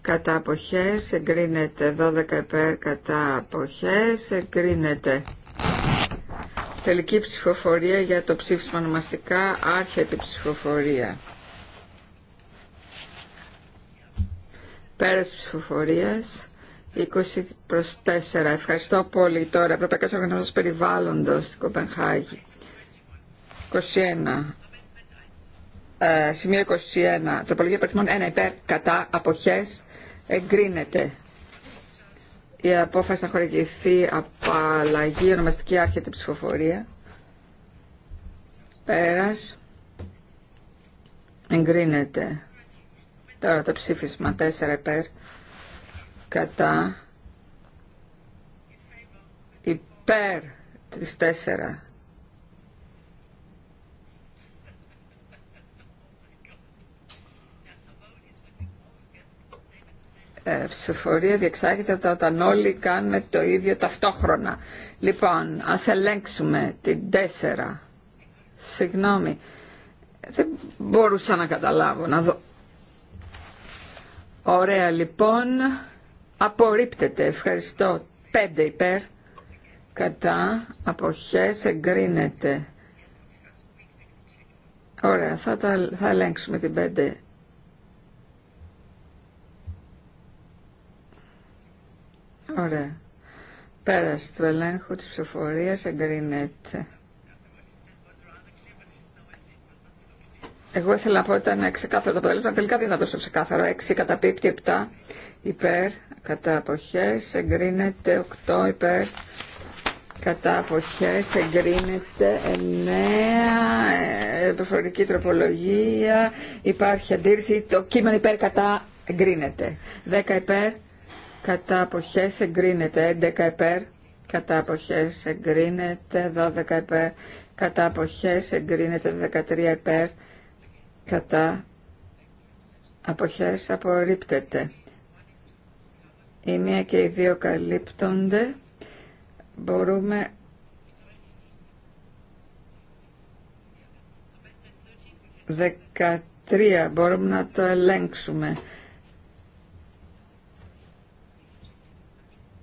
κατά αποχές εγκρίνεται 12 επέρ, κατά αποχές εγκρίνεται. Τελική ψηφοφορία για το ψήφισμα ονομαστικά, άρχεται ψηφοφορία. Πέρας ψηφοφορίας. 20 προς 4. Ευχαριστώ πολύ τώρα. Ευρωπαϊκές Οργανώσεις Περιβάλλοντος στην Κοπενχάγη. 21. Ε, σημείο 21. Τροπολογία υπερθυμών 1 υπέρ κατά αποχές εγκρίνεται. Η απόφαση να χορηγηθεί από αλλαγή ονομαστική άρχεται ψηφοφορία. Πέρας. Εγκρίνεται. Τώρα το ψήφισμα 4 υπέρ κατά υπέρ της 4 Ε, ψηφορία διεξάγεται όταν όλοι κάνουμε το ίδιο ταυτόχρονα. Λοιπόν, ας ελέγξουμε την 4. Συγγνώμη, δεν μπορούσα να καταλάβω, να δω. Ωραία, λοιπόν, απορρίπτεται. Ευχαριστώ. 5 υπέρ, κατά, αποχές, εγκρίνεται. Ωραία, θα, τα, θα ελέγξουμε την 5. Ωραία. Πέρασε του ελέγχου της ψηφοφορίας εγκρίνεται. Εγώ ήθελα να πω ότι ήταν ξεκάθαρο το αποτέλεσμα, τελικά δεν ήταν τόσο ξεκάθαρο. 6 κατά πίπτη. 7 υπέρ, κατά αποχές, εγκρίνεται 8 υπέρ, κατά αποχές, εγκρίνεται 9, ε, προφορική τροπολογία, υπάρχει αντίρρηση, το κείμενο υπέρ κατά εγκρίνεται. 10 υπέρ, κατά αποχές εγκρίνεται 11 ΕΠΕΡ, κατά αποχές εγκρίνεται 12 ΕΠΕΡ, κατά αποχές εγκρίνεται 13 ΕΠΕΡ, κατά αποχές απορρίπτεται. Η μία και οι δύο καλύπτονται. Μπορούμε δεκατρία μπορούμε να το ελέγξουμε.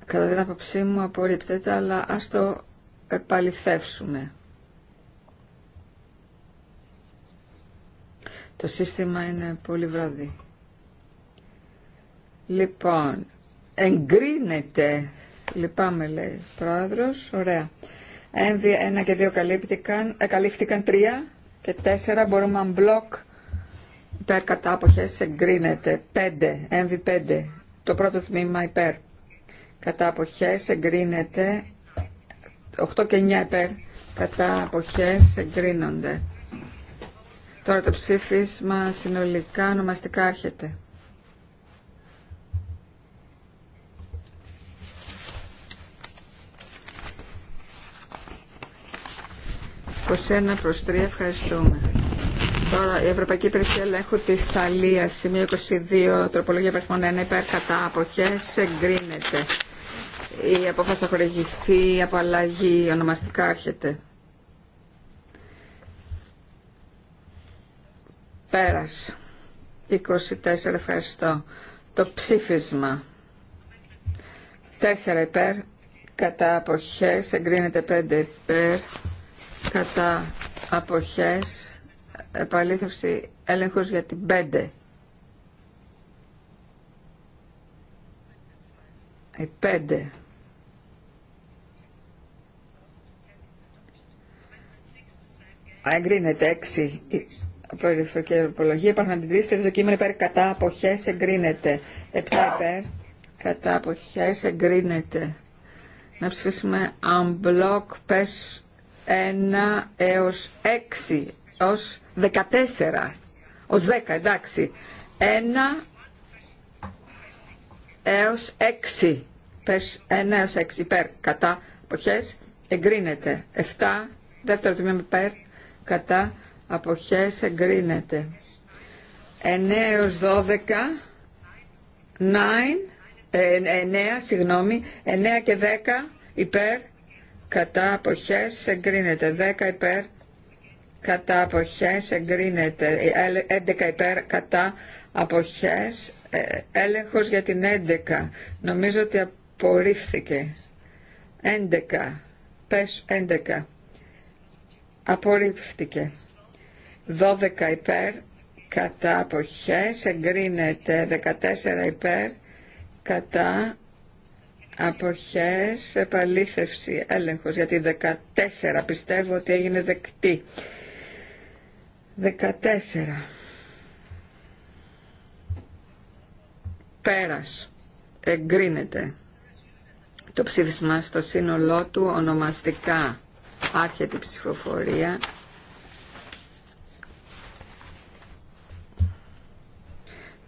Κατά την άποψή μου απορρίπτεται, αλλά ας το επαληθεύσουμε. Το σύστημα είναι πολύ βραδύ. Λοιπόν, εγκρίνεται, λυπάμαι λέει πρόεδρος, ωραία. Έμβη 1 και 2 ε, καλύφθηκαν, Εκαλύφθηκαν 3 και 4 μπορούμε αν μπλοκ υπέρ κατάποχες εγκρίνεται 5, έμβη 5, το πρώτο τμήμα υπέρ κατά αποχές εγκρίνεται 8 και 9 υπέρ κατά αποχές εγκρίνονται τώρα το ψήφισμα συνολικά ονομαστικά έρχεται Προς προς 3 ευχαριστούμε. Τώρα η Ευρωπαϊκή Υπηρεσία Ελέγχου τη Αλία, σημείο 22, τροπολογία υπερφών 1 υπέρ κατά αποχές εγκρίνεται. Η απόφαση θα χορηγηθεί από αλλαγή ονομαστικά έρχεται. Πέρας. 24 ευχαριστώ. Το ψήφισμα. 4 υπέρ. Κατά αποχές. Εγκρίνεται 5 υπέρ. Κατά αποχές. Επαλήθευση έλεγχος για την 5. Η 5. εγκρίνεται 6 περιφερειακή ευρωπολογία, υπάρχουν αντιδρήσεις και το κείμενο υπέρ κατά αποχές εγκρίνεται Επτά υπέρ κατά αποχές εγκρίνεται. Να ψηφίσουμε unblock πες 1 έως 6 έως 14 Ω 10 εντάξει 1 έως 6 πες 1 έω 6 υπέρ κατά αποχές εγκρίνεται 7 δεύτερο τμήμα υπέρ κατά αποχές εγκρίνεται. 9 έως 12, 9, 9 συγγνώμη, 9 και 10 υπέρ, κατά αποχές εγκρίνεται. 10 υπέρ, κατά αποχές εγκρίνεται. 11 ε, υπέρ, κατά αποχές, ε, έλεγχος για την 11. Νομίζω ότι απορρίφθηκε. 11, πες 11 απορρίφθηκε. 12 υπέρ κατά αποχές εγκρίνεται 14 υπέρ κατά αποχές επαλήθευση έλεγχος γιατί 14 πιστεύω ότι έγινε δεκτή 14 πέρας εγκρίνεται το ψήφισμα στο σύνολό του ονομαστικά Άρχεται η ψηφοφορία.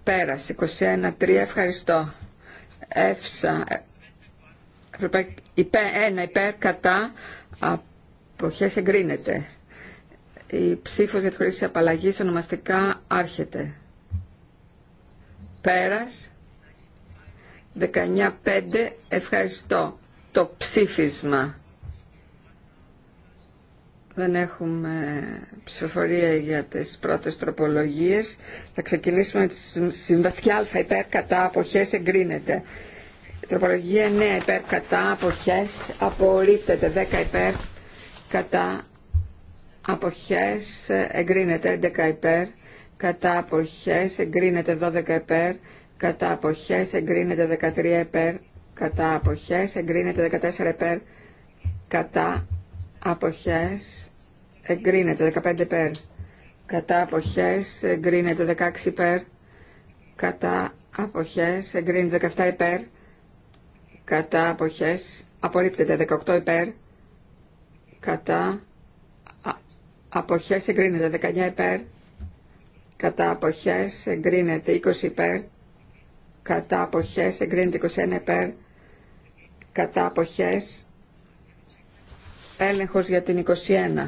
Πέρασε. 21-3. Ευχαριστώ. Εύσα. Ε, Ευρωπαϊκή. Ένα υπέρ κατά. Αποχές εγκρίνεται. Η ψήφος για τη χωρίς απαλλαγής ονομαστικά άρχεται. Πέρας. 19-5. Ευχαριστώ. Το ψήφισμα δεν έχουμε ψηφοφορία για τις πρώτες τροπολογίες. Θα ξεκινήσουμε με τη συμβαστική α υπέρ κατά αποχές εγκρίνεται. Τροπολογία 9 υπέρ κατά αποχές απορρίπτεται. 10 υπέρ κατά αποχές εγκρίνεται. 11 υπέρ κατά αποχές εγκρίνεται. 12 υπέρ κατά αποχές εγκρίνεται. 13 υπέρ κατά αποχές εγκρίνεται. 14 υπέρ κατά αποχές εγκρίνεται 15 υπέρ κατά αποχές εγκρίνεται 16 υπέρ κατά αποχές εγκρίνεται 17 υπέρ κατά αποχές απορρίπτεται 18 υπέρ κατά αποχές εγκρίνεται 19 υπέρ κατά αποχές εγκρίνεται 20 υπέρ κατά αποχές εγκρίνεται 21 υπέρ κατά αποχές Έλεγχος για την 21.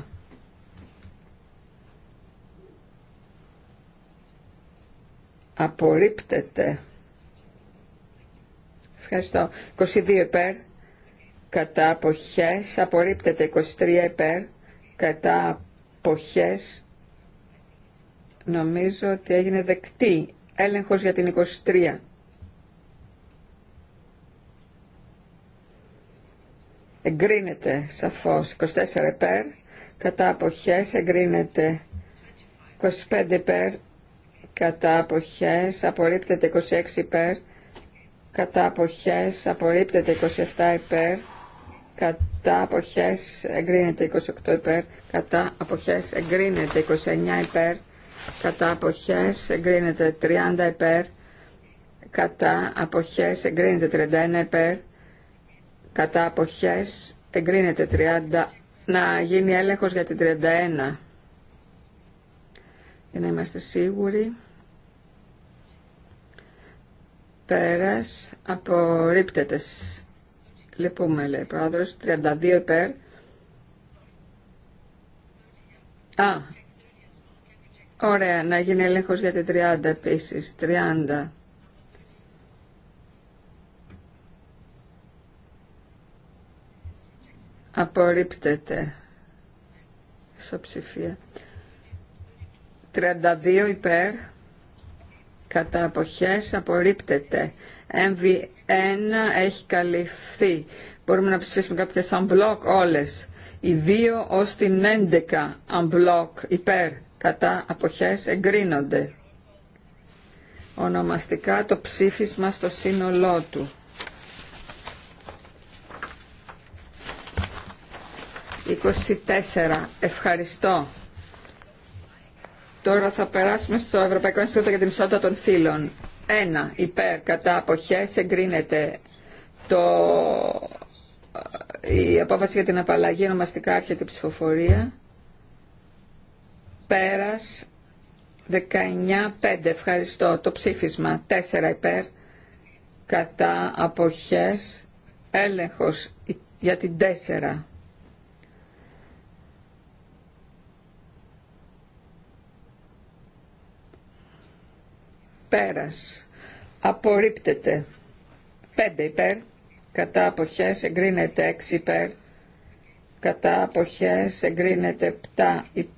Απορρίπτεται. Ευχαριστώ. 22 υπέρ. Κατά αποχές. Απορρίπτεται. 23 υπέρ. Κατά αποχές. Νομίζω ότι έγινε δεκτή. Έλεγχος για την 23. εγκρίνεται σαφώς 24 υπέρ, κατά αποχές εγκρίνεται 25 υπέρ, κατά αποχές απορρίπτεται 26 υπέρ, κατά αποχές απορρίπτεται 27 υπέρ, κατά αποχές εγκρίνεται 28 υπέρ, κατά αποχές εγκρίνεται 29 υπέρ, κατά αποχές εγκρίνεται 30 υπέρ, κατά αποχές εγκρίνεται 31 υπέρ, κατά αποχές εγκρίνεται 30 να γίνει έλεγχος για την 31 για να είμαστε σίγουροι πέρας απορρίπτεται λυπούμε λέει πρόεδρος 32 υπέρ Α, ωραία, να γίνει έλεγχος για την 30 επίσης, 30. απορρίπτεται ισοψηφία 32 υπέρ κατά αποχές απορρίπτεται MV1 έχει καλυφθεί μπορούμε να ψηφίσουμε κάποιες unblock όλες οι 2 ως την 11 unblock υπέρ κατά αποχές εγκρίνονται ονομαστικά το ψήφισμα στο σύνολό του 24. Ευχαριστώ. Τώρα θα περάσουμε στο Ευρωπαϊκό Ινστιτούτο για την Ισότητα των Φύλων. 1. Υπέρ κατά αποχές εγκρίνεται το... Ε, η απόφαση για την απαλλαγή ονομαστικά άρχεται ψηφοφορία. 19.5. Ευχαριστώ. Το ψήφισμα 4 υπέρ κατά αποχές έλεγχος για την 4. πέρας απορρίπτεται 5 υπέρ κατά αποχές εγκρίνεται 6 υπέρ κατά αποχές εγκρίνεται 7 υπέρ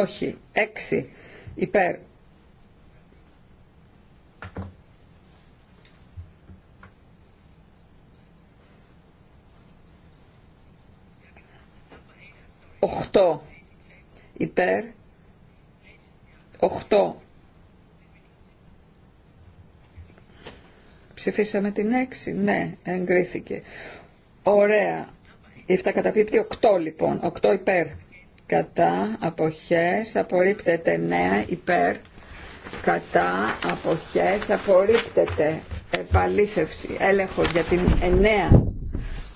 όχι 6 υπέρ Οχτώ υπέρ, οχτώ Ψηφίσαμε την 6. Ναι, εγκρίθηκε. Ωραία. Η 7 καταπίπτει 8 λοιπόν. 8 υπέρ. Κατά αποχές απορρίπτεται 9 υπέρ. Κατά αποχές απορρίπτεται επαλήθευση, έλεγχο για την 9.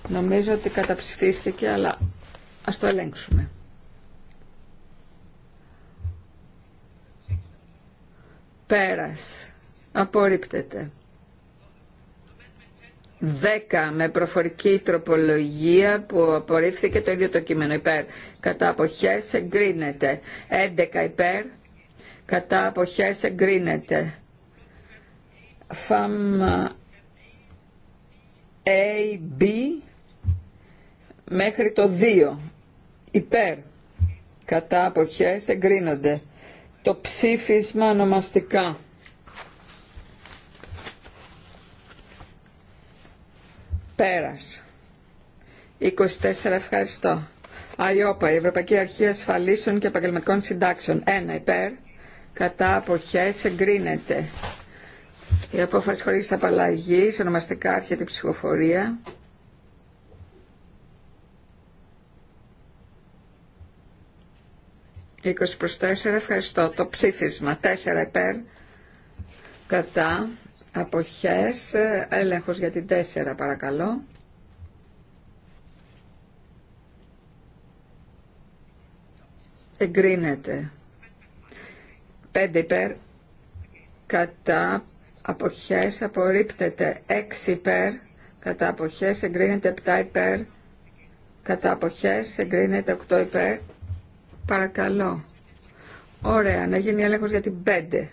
Νομίζω ότι καταψηφίστηκε, αλλά ας το ελέγξουμε. Πέρας. Απορρίπτεται. 10 με προφορική τροπολογία που απορρίφθηκε το ίδιο το κείμενο υπέρ. Κατά αποχές εγκρίνεται. 11 υπέρ. Κατά αποχές εγκρίνεται. Φαμ A, ε, B μέχρι το 2. Υπέρ. Κατά αποχές εγκρίνονται. Το ψήφισμα ονομαστικά. Πέρας. 24 ευχαριστώ. ΑΙΟΠΑ, η Ευρωπαϊκή Αρχή Ασφαλίσεων και Επαγγελματικών Συντάξεων. 1 υπέρ. Κατά αποχές εγκρίνεται. Η απόφαση χωρίς απαλλαγή, ονομαστικά έρχεται η ψηφοφορία. προς ευχαριστώ. Το ψήφισμα 4 υπέρ κατά αποχές, έλεγχος για την 4 παρακαλώ. Εγκρίνεται. 5 υπέρ, κατά αποχές, απορρίπτεται. 6 υπέρ, κατά αποχές, εγκρίνεται 7 υπέρ, κατά αποχές, εγκρίνεται 8 υπέρ. Παρακαλώ. Ωραία, να γίνει έλεγχος για την 5.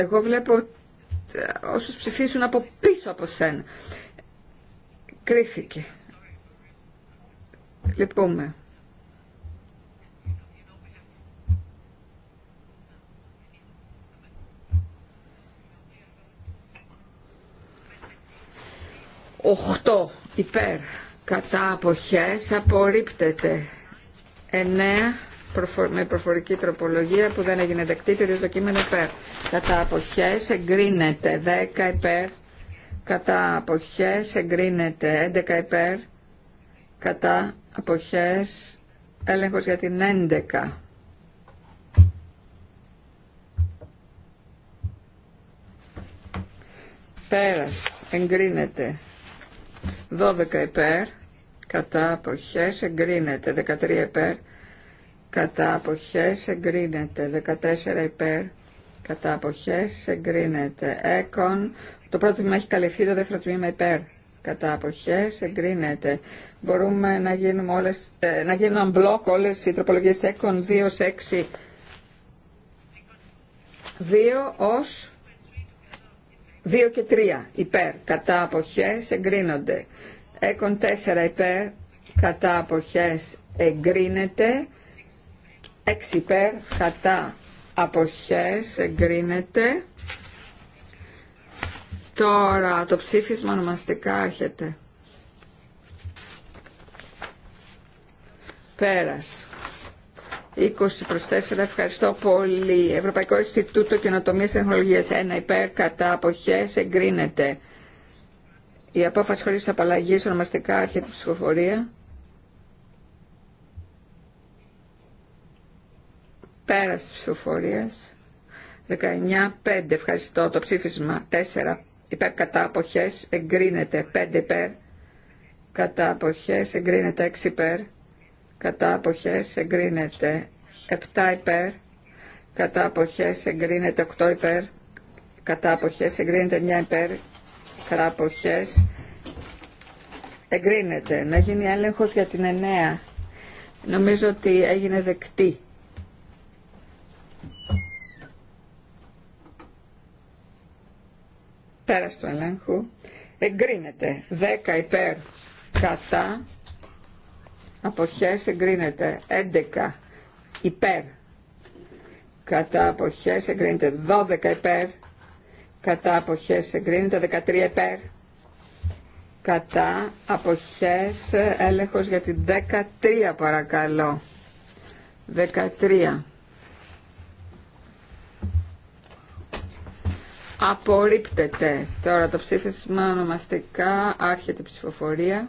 Εγώ βλέπω όσους ψηφίσουν από πίσω από σένα. Κρίθηκε. Λυπούμε. Οχτώ υπέρ κατά αποχές απορρίπτεται. Εννέα με προφορική τροπολογία που δεν έγινε δεκτή, το κείμενο υπέρ. Κατά αποχές εγκρίνεται 10 υπέρ, κατά αποχές εγκρίνεται 11 υπέρ, κατά αποχές έλεγχος για την 11. Πέρας εγκρίνεται 12 υπέρ, κατά αποχές εγκρίνεται 13 υπέρ, κατά αποχές εγκρίνεται 14 υπέρ κατά αποχές εγκρίνεται έκον το πρώτο τμήμα έχει καλυφθεί το δεύτερο τμήμα υπέρ κατά αποχές εγκρίνεται μπορούμε να γίνουμε όλες ε, να γίνουν μπλοκ όλες οι τροπολογίες έκον 2 σε 6 2 ως 2 και 3 υπέρ κατά αποχές εγκρίνονται έκον 4 υπέρ κατά αποχές εγκρίνεται 6 υπέρ, κατά, αποχές, εγκρίνεται. Τώρα το ψήφισμα ονομαστικά έρχεται. Πέρας. 20 προς 4, ευχαριστώ πολύ. Ευρωπαϊκό Ινστιτούτο Καινοτομίας Τεχνολογίας 1 υπέρ, κατά, αποχές, εγκρίνεται. Η απόφαση χωρίς απαλλαγή ονομαστικά έρχεται ψηφοφορία. Πέρασε της ψηφοφορίας. 19-5. Ευχαριστώ. Το ψήφισμα 4 υπέρ κατά αποχές εγκρίνεται 5 υπέρ. Κατά αποχές εγκρίνεται 6 υπέρ. Κατά αποχές εγκρίνεται 7 υπέρ. Κατά αποχές εγκρίνεται 8 υπέρ. Κατά αποχές εγκρίνεται 9 υπέρ. Κατά αποχές εγκρίνεται. Να γίνει έλεγχος για την 9. Νομίζω ότι έγινε δεκτή. Πέρας του ελέγχου. Εγκρίνεται. 10 υπέρ κατά. Αποχές εγκρίνεται. 11 υπέρ κατά αποχές εγκρίνεται 12 υπέρ, κατά αποχές εγκρίνεται 13 υπέρ, κατά αποχές έλεγχος για την 13 παρακαλώ. 13. Απορρίπτεται. Τώρα το ψήφισμα ονομαστικά άρχεται η ψηφοφορία.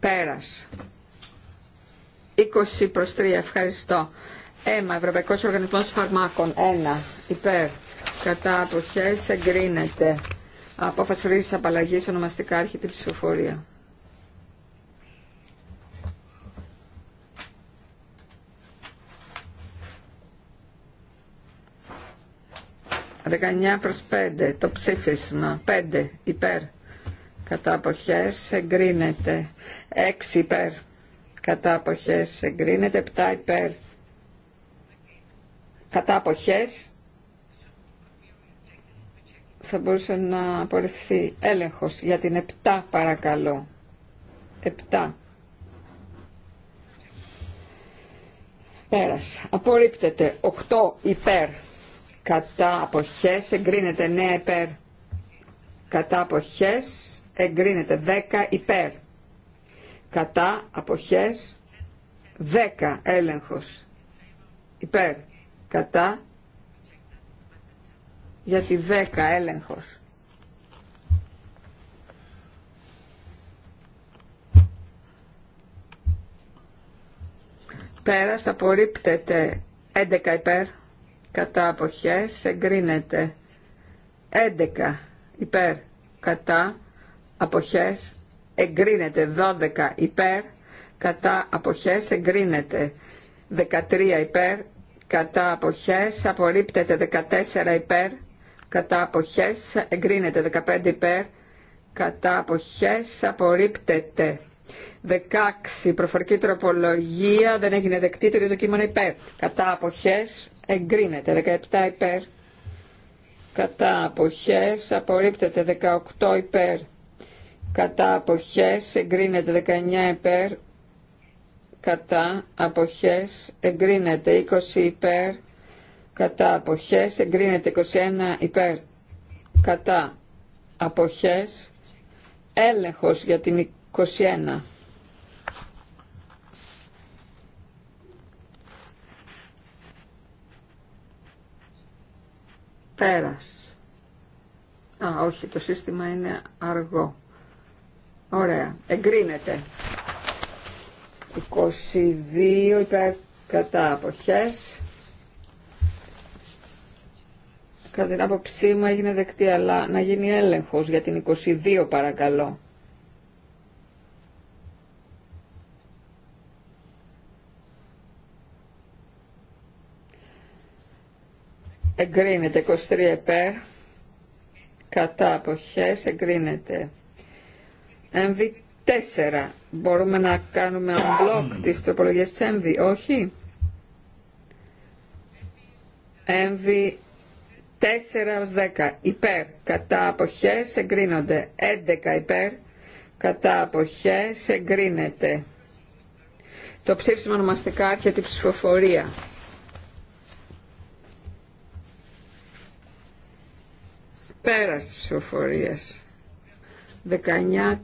Πέρας. 20 προς 3. Ευχαριστώ. ΕΜΑ, Ευρωπαϊκός Οργανισμός Φαρμάκων. 1. Υπέρ. Κατά αποχές εγκρίνεται. Απόφαση χρήσης απαλλαγής ονομαστικά άρχεται η ψηφοφορία. 19 προς 5 το ψήφισμα 5 υπέρ κατά αποχές εγκρίνεται 6 υπέρ κατά αποχές εγκρίνεται 7 υπέρ κατά αποχές θα μπορούσε να απορριφθεί έλεγχος για την 7 παρακαλώ 7 Πέρασε. Απορρίπτεται 8 υπέρ κατά αποχές εγκρίνεται 9 ναι, υπέρ κατά αποχές εγκρίνεται 10 υπέρ κατά αποχές 10 έλεγχος υπέρ κατά γιατί 10 έλεγχος πέρας απορρίπτεται 11 υπέρ κατά αποχές εγκρίνεται 11 υπέρ κατά αποχές εγκρίνεται 12 υπέρ κατά αποχές εγκρίνεται 13 υπέρ κατά αποχές απορρίπτεται 14 υπέρ κατά αποχές εγκρίνεται 15 υπέρ κατά αποχές απορρίπτεται 16 προφορική τροπολογία δεν έγινε δεκτή το κείμενο υπέρ κατά αποχές εγκρίνεται 17 υπέρ κατά αποχές απορρίπτεται 18 υπέρ κατά αποχές εγκρίνεται 19 υπέρ κατά αποχές εγκρίνεται 20 υπέρ κατά αποχές εγκρίνεται 21 υπέρ κατά αποχές έλεγχος για την 21 Πέρας. Α, όχι, το σύστημα είναι αργό. Ωραία. Εγκρίνεται. 22 υπέρ κατά αποχές. Κατά την άποψή μου έγινε δεκτή, αλλά να γίνει έλεγχος για την 22 παρακαλώ. εγκρίνεται 23 υπέρ κατά αποχές εγκρίνεται MV4 μπορούμε να κάνουμε unblock τις τροπολογίες της MV όχι MV 4 μπορουμε να κανουμε unblock τις τροπολογιες της mv οχι mv 4 ως 10 υπέρ κατά αποχές εγκρίνονται 11 υπέρ κατά αποχές εγκρίνεται το ψήφισμα ονομαστικά έρχεται η ψηφοφορία Πέρας της ψηφοφορίας. 19-4.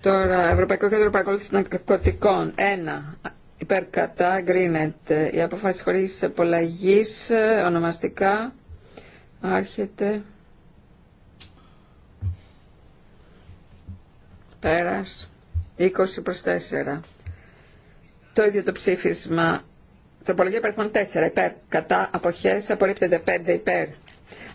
Τώρα, Ευρωπαϊκό Κέντρο Παρακολούθησης Ναρκωτικών. 1. Υπέρ κατά Η αποφάση χωρί απολαγής ε, ονομαστικά άρχεται. Πέρας. 20 προς 4. Το ίδιο το ψήφισμα Τροπολογία υπαριθμών 4 υπέρ. Κατά αποχές απορρίπτεται 5 υπέρ.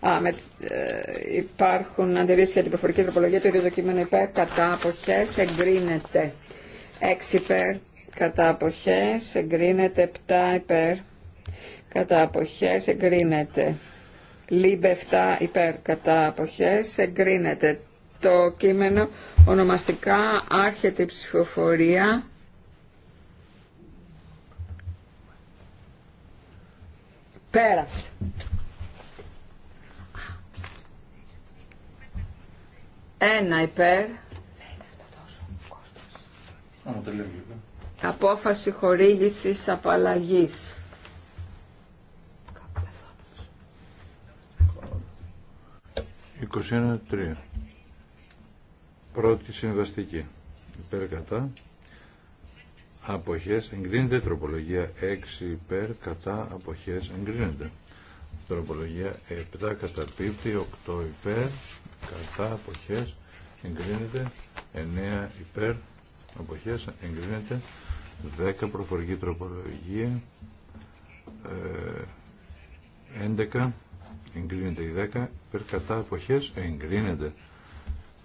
Α, με, ε, υπάρχουν αντιρρήσει για την προφορική τροπολογία του ίδιου το κείμενο υπέρ. Κατά αποχέ εγκρίνεται 6 υπέρ. Κατά αποχέ εγκρίνεται 7 υπέρ. Κατά αποχέ εγκρίνεται. Λίμπε 7 υπέρ. Κατά αποχέ εγκρίνεται. Το κείμενο ονομαστικά άρχεται η ψηφοφορία. περασε Ένα υπέρ. Απόφαση χορήγησης απαλλαγής. Είκοσι Πρώτη συμβαστική. Υπέρ κατά αποχές εγκρίνεται. Τροπολογία 6 υπέρ κατά αποχές εγκρίνεται. Τροπολογία 7 κατά πίπτη, 8 υπέρ κατά αποχές εγκρίνεται. 9 υπέρ αποχές εγκρίνεται. 10 προφορική τροπολογία. 11 ε, εγκρίνεται η 10 υπέρ κατά αποχές εγκρίνεται.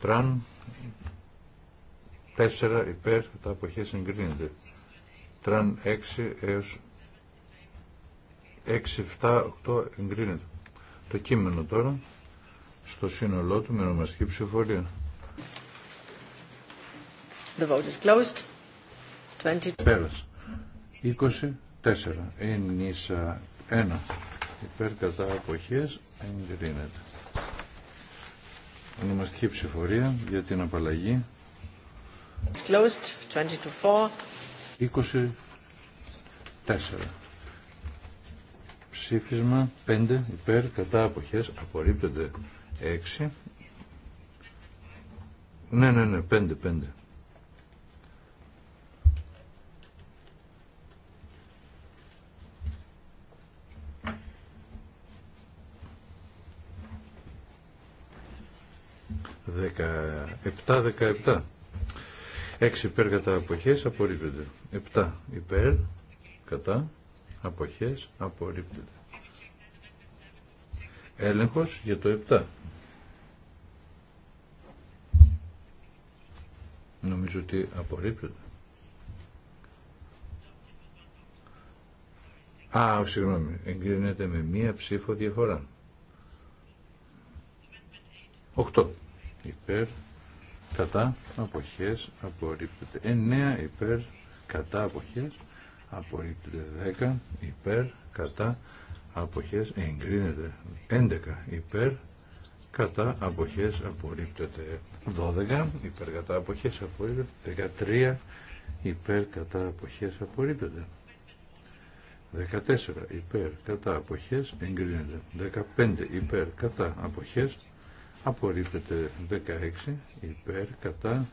Τραν 4 υπέρ τα αποχέ εγκρίνεται. Τραν 6 έω 6, 7, 8 εγκρίνεται. Το κείμενο τώρα στο σύνολό του με ονομαστική ψηφορία. The vote is closed. 20... Πέρασε. 24. Ενίσα 1. Υπέρ κατά αποχές εγκρίνεται. Ονομαστική ψηφορία για την απαλλαγή Closed, 24. Ψήφισμα 5 υπέρ κατά αποχές απορρίπτεται 6. Ναι, ναι, ναι, 5, 5. Δεκαεπτά, δεκαεπτά. Έξι υπέρ κατά αποχές απορρίπτεται. Επτά υπέρ κατά αποχές απορρίπτεται. Έλεγχος για το 7. Νομίζω ότι απορρίπτεται. Α, συγγνώμη, εγκρίνεται με μία ψήφο διαφορά. 8. Υπέρ κατά αποχές απορρίπτεται 9 υπέρ κατά αποχές απορρίπτεται 10 υπέρ κατά αποχές εγκρίνεται 11 υπέρ κατά αποχές απορρίπτεται 12 υπέρ κατά αποχές απορρίπτεται 13 υπέρ κατά αποχές απορρίπτεται 14 υπέρ κατά αποχές εγκρίνεται 15 υπέρ κατά αποχές απορρίπτεται 16 υπέρ κατά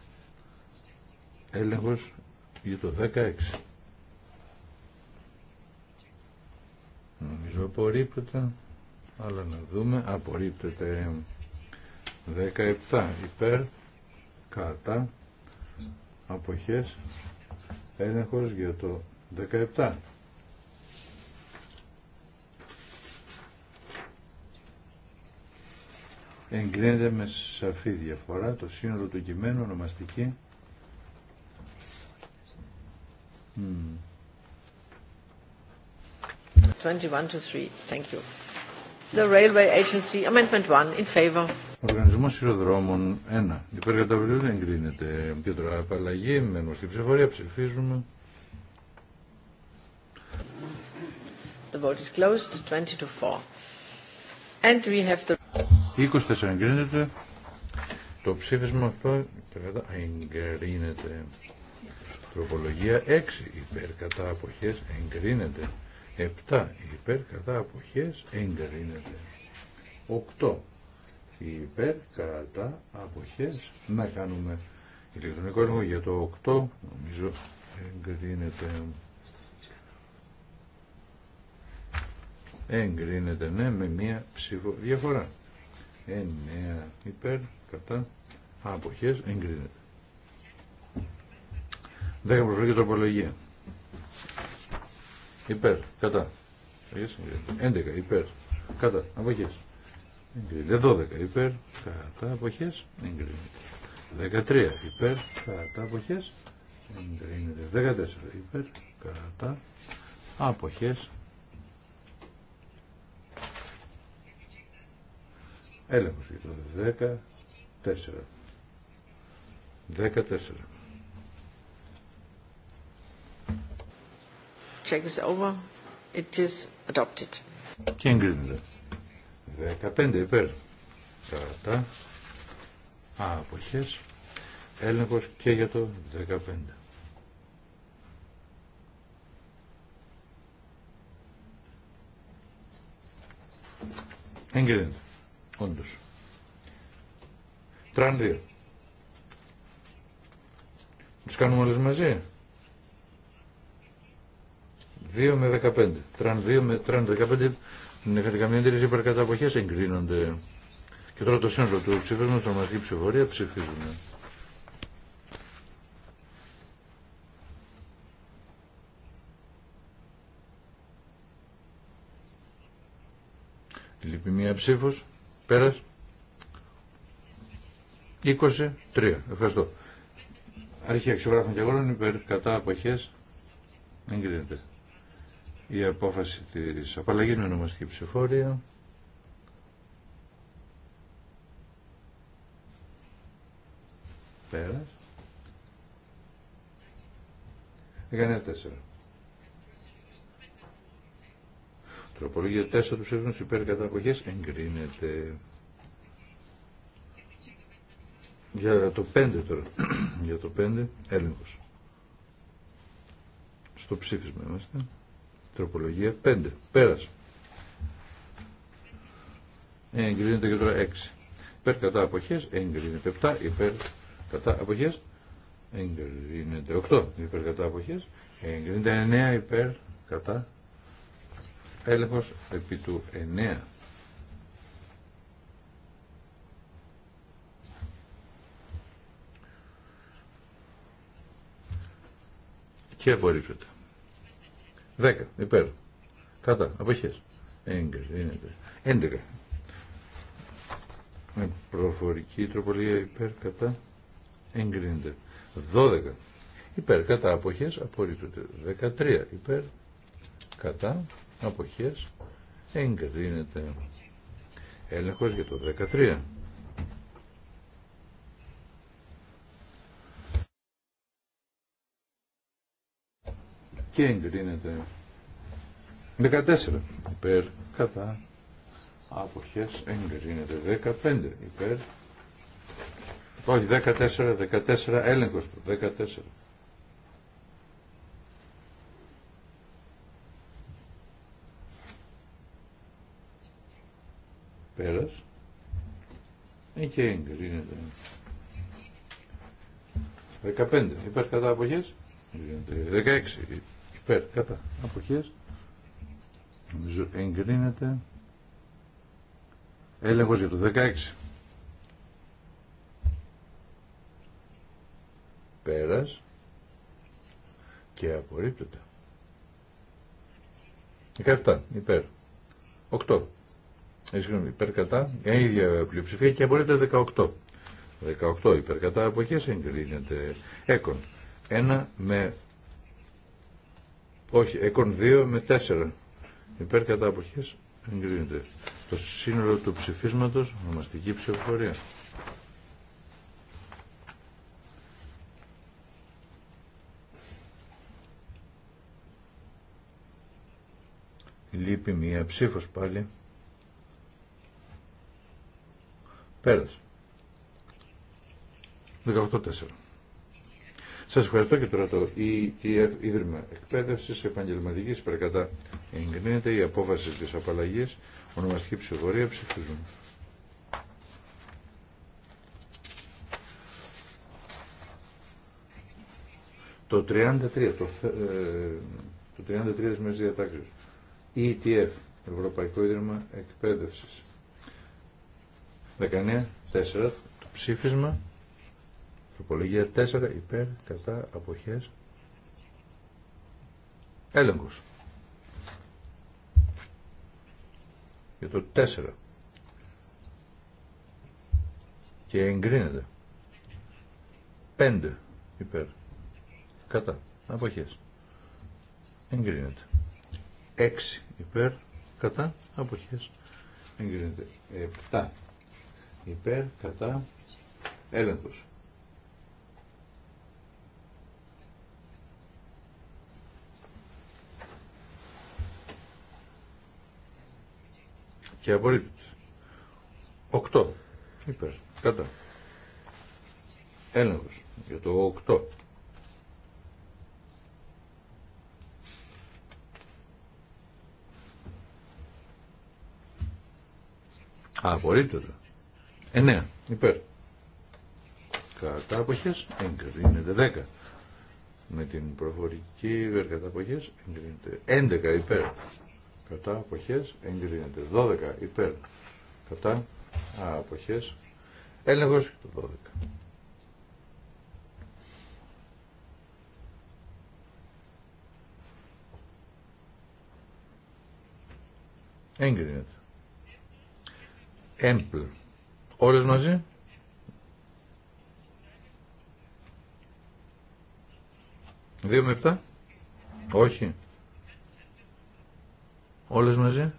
έλεγχος για το 16 νομίζω απορρίπτεται αλλά να δούμε απορρίπτεται 17 υπέρ κατά αποχές έλεγχος για το 17 εγκρίνεται με σαφή διαφορά το σύνολο του κειμένου ονομαστική mm. 21 to 3. Thank you. The Railway Agency, Amendment 1, in favor. Οργανισμό Σειροδρόμων 1. Υπέρ καταβολή δεν εγκρίνεται. Και τώρα απαλλαγή με γνωστή ψηφορία ψηφίζουμε. The vote is closed, 20 to 4. And we have the... 24 εγκρίνεται. Το ψήφισμα αυτό εγκρίνεται. Τροπολογία 6 υπέρ κατά αποχές εγκρίνεται. 7 υπέρ κατά αποχές εγκρίνεται. 8 υπέρ κατά αποχές να κάνουμε ηλεκτρονικό έργο για το 8 νομίζω εγκρίνεται. Εγκρίνεται ναι με μία ψήφο διαφορά. 9 υπέρ κατά άποχέ εγκρίνεται. 10 προφορική τροπολογία. Υπέρ κατά. 11 υπέρ κατά αποχέ. Εγκρίνεται 12 υπέρ κατά αποχέ, εγκρίνεται. 13 υπέρ κατά αποχές εγκρίνεται. 14 υπέρ κατά αποχές Έλεγχος για το 14. 14. Check Και εγκρίνεται. 15 υπέρ. Κατά. Α, αποχές. Έλεγχος και για το 15. Εγκρίνεται. Όντω. Τραν 2. κάνουμε όλε μαζί. 2 με 15. Τραν 2 με τραν 15. Δεν είχατε καμία αντίρρηση αποχέ. εγκρίνονται. Και τώρα το σύνολο του το ονομαστική ψηφορία ψηφίζουμε. Λείπει μία ψήφος. Πέρας. 23. Ευχαριστώ. Αρχή αξιογράφων και αγώνων υπέρ κατά αποχές εγκρίνεται. Η απόφαση της απαλλαγή με ονομαστική ψηφόρια. 19.4. Τροπολογία 4 του Σεύρνους υπέρ κατά αποχέ εγκρίνεται. Για το 5 τώρα. Για το 5 έλεγχο. Στο ψήφισμα είμαστε. Τροπολογία 5. Πέρασε. Εγκρίνεται και τώρα 6. Υπέρ κατά αποχές εγκρίνεται. 7 υπέρ κατά αποχές εγκρίνεται. 8 υπέρ κατά αποχές εγκρίνεται. 9 υπέρ κατά Έλεγχος επί του 9. Και απορρίπτεται. 10. Υπέρ. Κατά. Αποχές. Εγκρίνεται. 11. Με προφορική τροπολογία υπέρ κατά εγκρίνεται. 12. Υπέρ κατά αποχές απορρίπτεται. 13. Υπέρ κατά αποχές εγκρίνεται έλεγχος για το 13 και εγκρίνεται 14 υπέρ κατά αποχές εγκρίνεται 15 υπέρ όχι 14 14 έλεγχος του 14 Πέρας. Ε, και εγκρίνεται. 15. Υπέρ κατά αποχές. 16. Υπέρ κατά αποχές. Νομίζω εγκρίνεται. Έλεγχος για το 16. Πέρας. Και απορρίπτεται. 17. Υπέρ. 8. Ε, συγγνώμη, υπερκατά? η ίδια πλειοψηφία και μπορείτε 18. 18 υπερκατά κατά εγκρίνεται. Έκον 1 με, όχι, έκον 2 με 4 υπερκατά αποχέ εγκρίνεται. Το σύνολο του ψηφίσματος, ονομαστική ψηφοφορία. Λείπει μία ψήφος πάλι. περασε 184. Σας ευχαριστώ και τώρα το ETF Ίδρυμα Εκπαίδευσης Επαγγελματικής Περκατά εγκρίνεται η απόφαση της απαλλαγής ονομαστική ψηφορία ψηφίζουν. Το 33, το, ε, το 33 της Μέσης Διατάξεως, ETF, Ευρωπαϊκό Ίδρυμα Εκπαίδευσης. 19-4 το ψήφισμα τροπολογία 4 υπέρ κατά αποχές έλεγχος για το 4 και εγκρίνεται 5 υπέρ κατά αποχές εγκρίνεται 6 υπέρ κατά αποχές εγκρίνεται 7 υπέρ, κατά, έλεγχος. Και απορρίπτωση. Οκτώ. Υπέρ. Κατά. Έλεγχος. Για το οκτώ. Απορρίπτωση. 9 υπέρ. Κατά αποχές εγκρίνεται 10. Με την προφορική υπέρ κατά εγκρίνεται 11 υπέρ. Κατά αποχές εγκρίνεται 12 υπέρ. Κατά αποχές έλεγχος 12. Έγκρινεται. Έμπλ. Όλες μαζί. Δύο με επτά. Όχι. Όλες μαζί.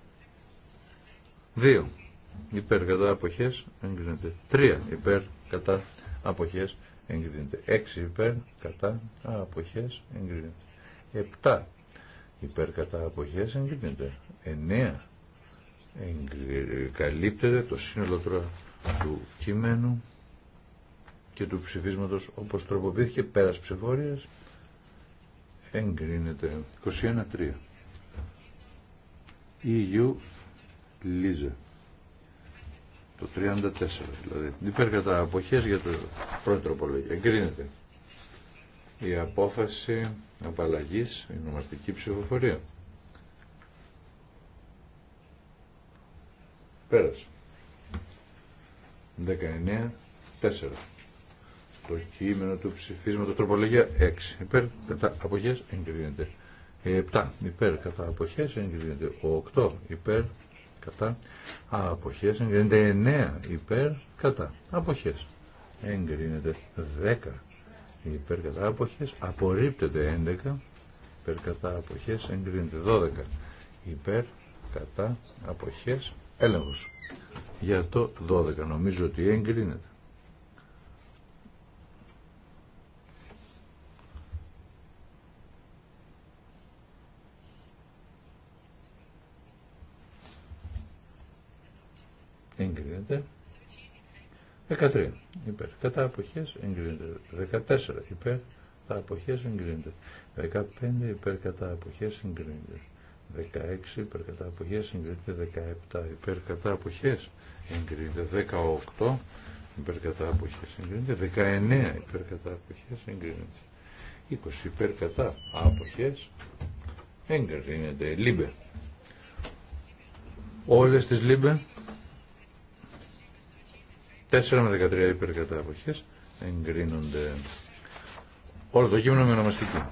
Δύο. Υπέρ κατά αποχές εγκρίνεται. Τρία υπέρ κατά αποχές εγκρίνεται. Έξι υπέρ κατά αποχές εγκρίνεται. Επτά υπέρ κατά αποχές εγκρίνεται. Εννέα εγκρίνεται. Καλύπτεται το σύνολο τώρα του κειμένου και του ψηφίσματος όπως τροποποιήθηκε πέρας ψηφορίας εγκρίνεται 21-3 EU Λίζε το 34 δηλαδή υπέρ κατά αποχές για το πρώτο τροπολογία εγκρίνεται η απόφαση απαλλαγής η νομαστική ψηφοφορία πέρασε 19, 4. Το κείμενο του ψηφίσματο τροπολογία 6. Υπέρ κατά απόχέ εγκρίνεται. 7. Υπέρ κατά αποχέ εγκρίνεται. 8. Υπέρ κατά Αποχέ, εγκρίνεται. 9. Υπέρ κατά απόχέ. εγκρίνεται. 10. Υπέρ κατά αποχέ απορρίπτεται. 11. Υπέρ κατά αποχές εγκρίνεται. 12. Υπέρ κατά αποχές έλεγχος για το 12 νομίζω ότι εγκρίνεται εγκρίνεται 13 υπέρ κατά αποχές εγκρίνεται 14 υπέρ κατά αποχές εγκρίνεται 15 υπέρ κατά αποχές εγκρίνεται 16 υπερκατά αποχές εγκρίνεται 17 υπέρ αποχές εγκρίνεται 18 υπερκατά αποχές εγκρίνεται 19 υπερκατά αποχές εγκρίνεται 20 υπερκατά κατά αποχές εγκρίνεται λίμπε όλες τις λίμπε 4 με 13 υπερκατά αποχές εγκρίνονται όλο το κείμενο με ονομαστική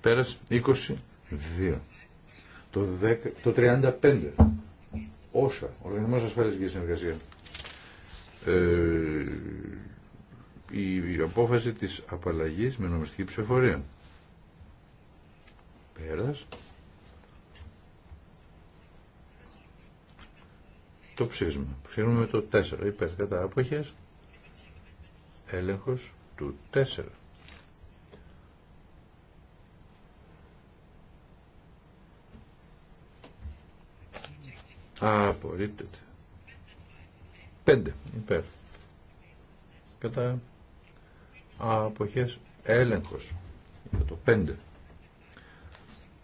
Πέρας 22. Το, 10, το 35. Όσα. οργανισμό ασφάλεια και Συνεργασία. Ε, η, η, απόφαση της απαλλαγής με νομιστική ψηφοφορία. Πέρας. Το ψήφισμα. Ψήφισμα το 4. Υπέρ κατά άποχες. Έλεγχος του 4. Απορρίπτεται. 5 υπέρ. Κατά αποχές έλεγχος για το 5.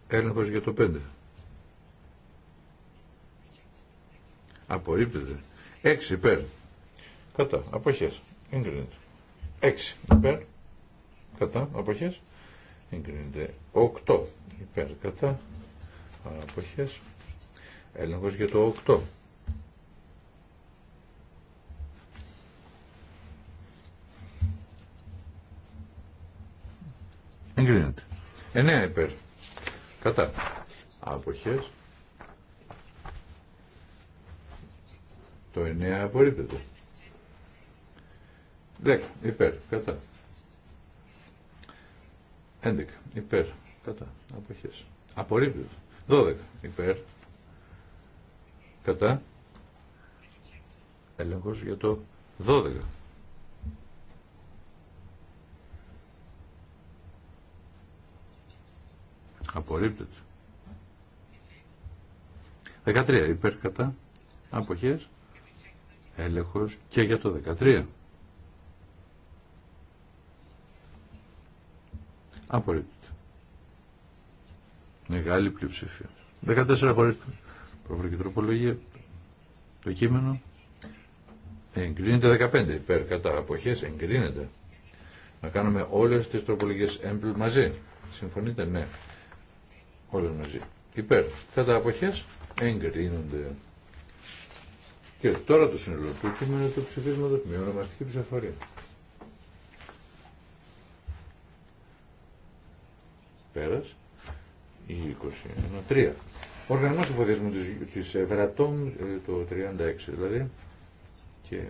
Έλεγχος για το 5. Απορρίπτεται. 6 υπέρ. Κατά αποχές. Εγκρίνεται. 6 υπέρ. Κατά αποχές. Εγκρίνεται. 8 υπέρ. Κατά αποχές. Έλεγχος για το 8. Εγκρίνεται. 9 υπέρ. Κατά. Αποχές. Το 9 απορρίπτεται. 10 υπέρ. Κατά. 11 υπέρ. Κατά. Αποχές. Απορρίπτεται. 12 υπέρ κατά έλεγχος για το 12. Απορρίπτεται. 13 υπέρ κατά αποχές έλεγχος και για το 13. Απορρίπτεται. Μεγάλη πλειοψηφία. 14 χωρίς προφορική τροπολογία, το κείμενο, εγκρίνεται 15 υπέρ κατά αποχές, εγκρίνεται. Να κάνουμε όλες τις τροπολογίες έμπλ μαζί. Συμφωνείτε, ναι. Όλες μαζί. Υπέρ κατά αποχές, εγκρίνονται. Και τώρα το συνολό του κείμενου του ψηφίσματος με ονομαστική ψηφοφορία. Πέρας. 21. 3 οργανισμό εφοδιασμού τη Ευρατόμ ε, το 36 δηλαδή και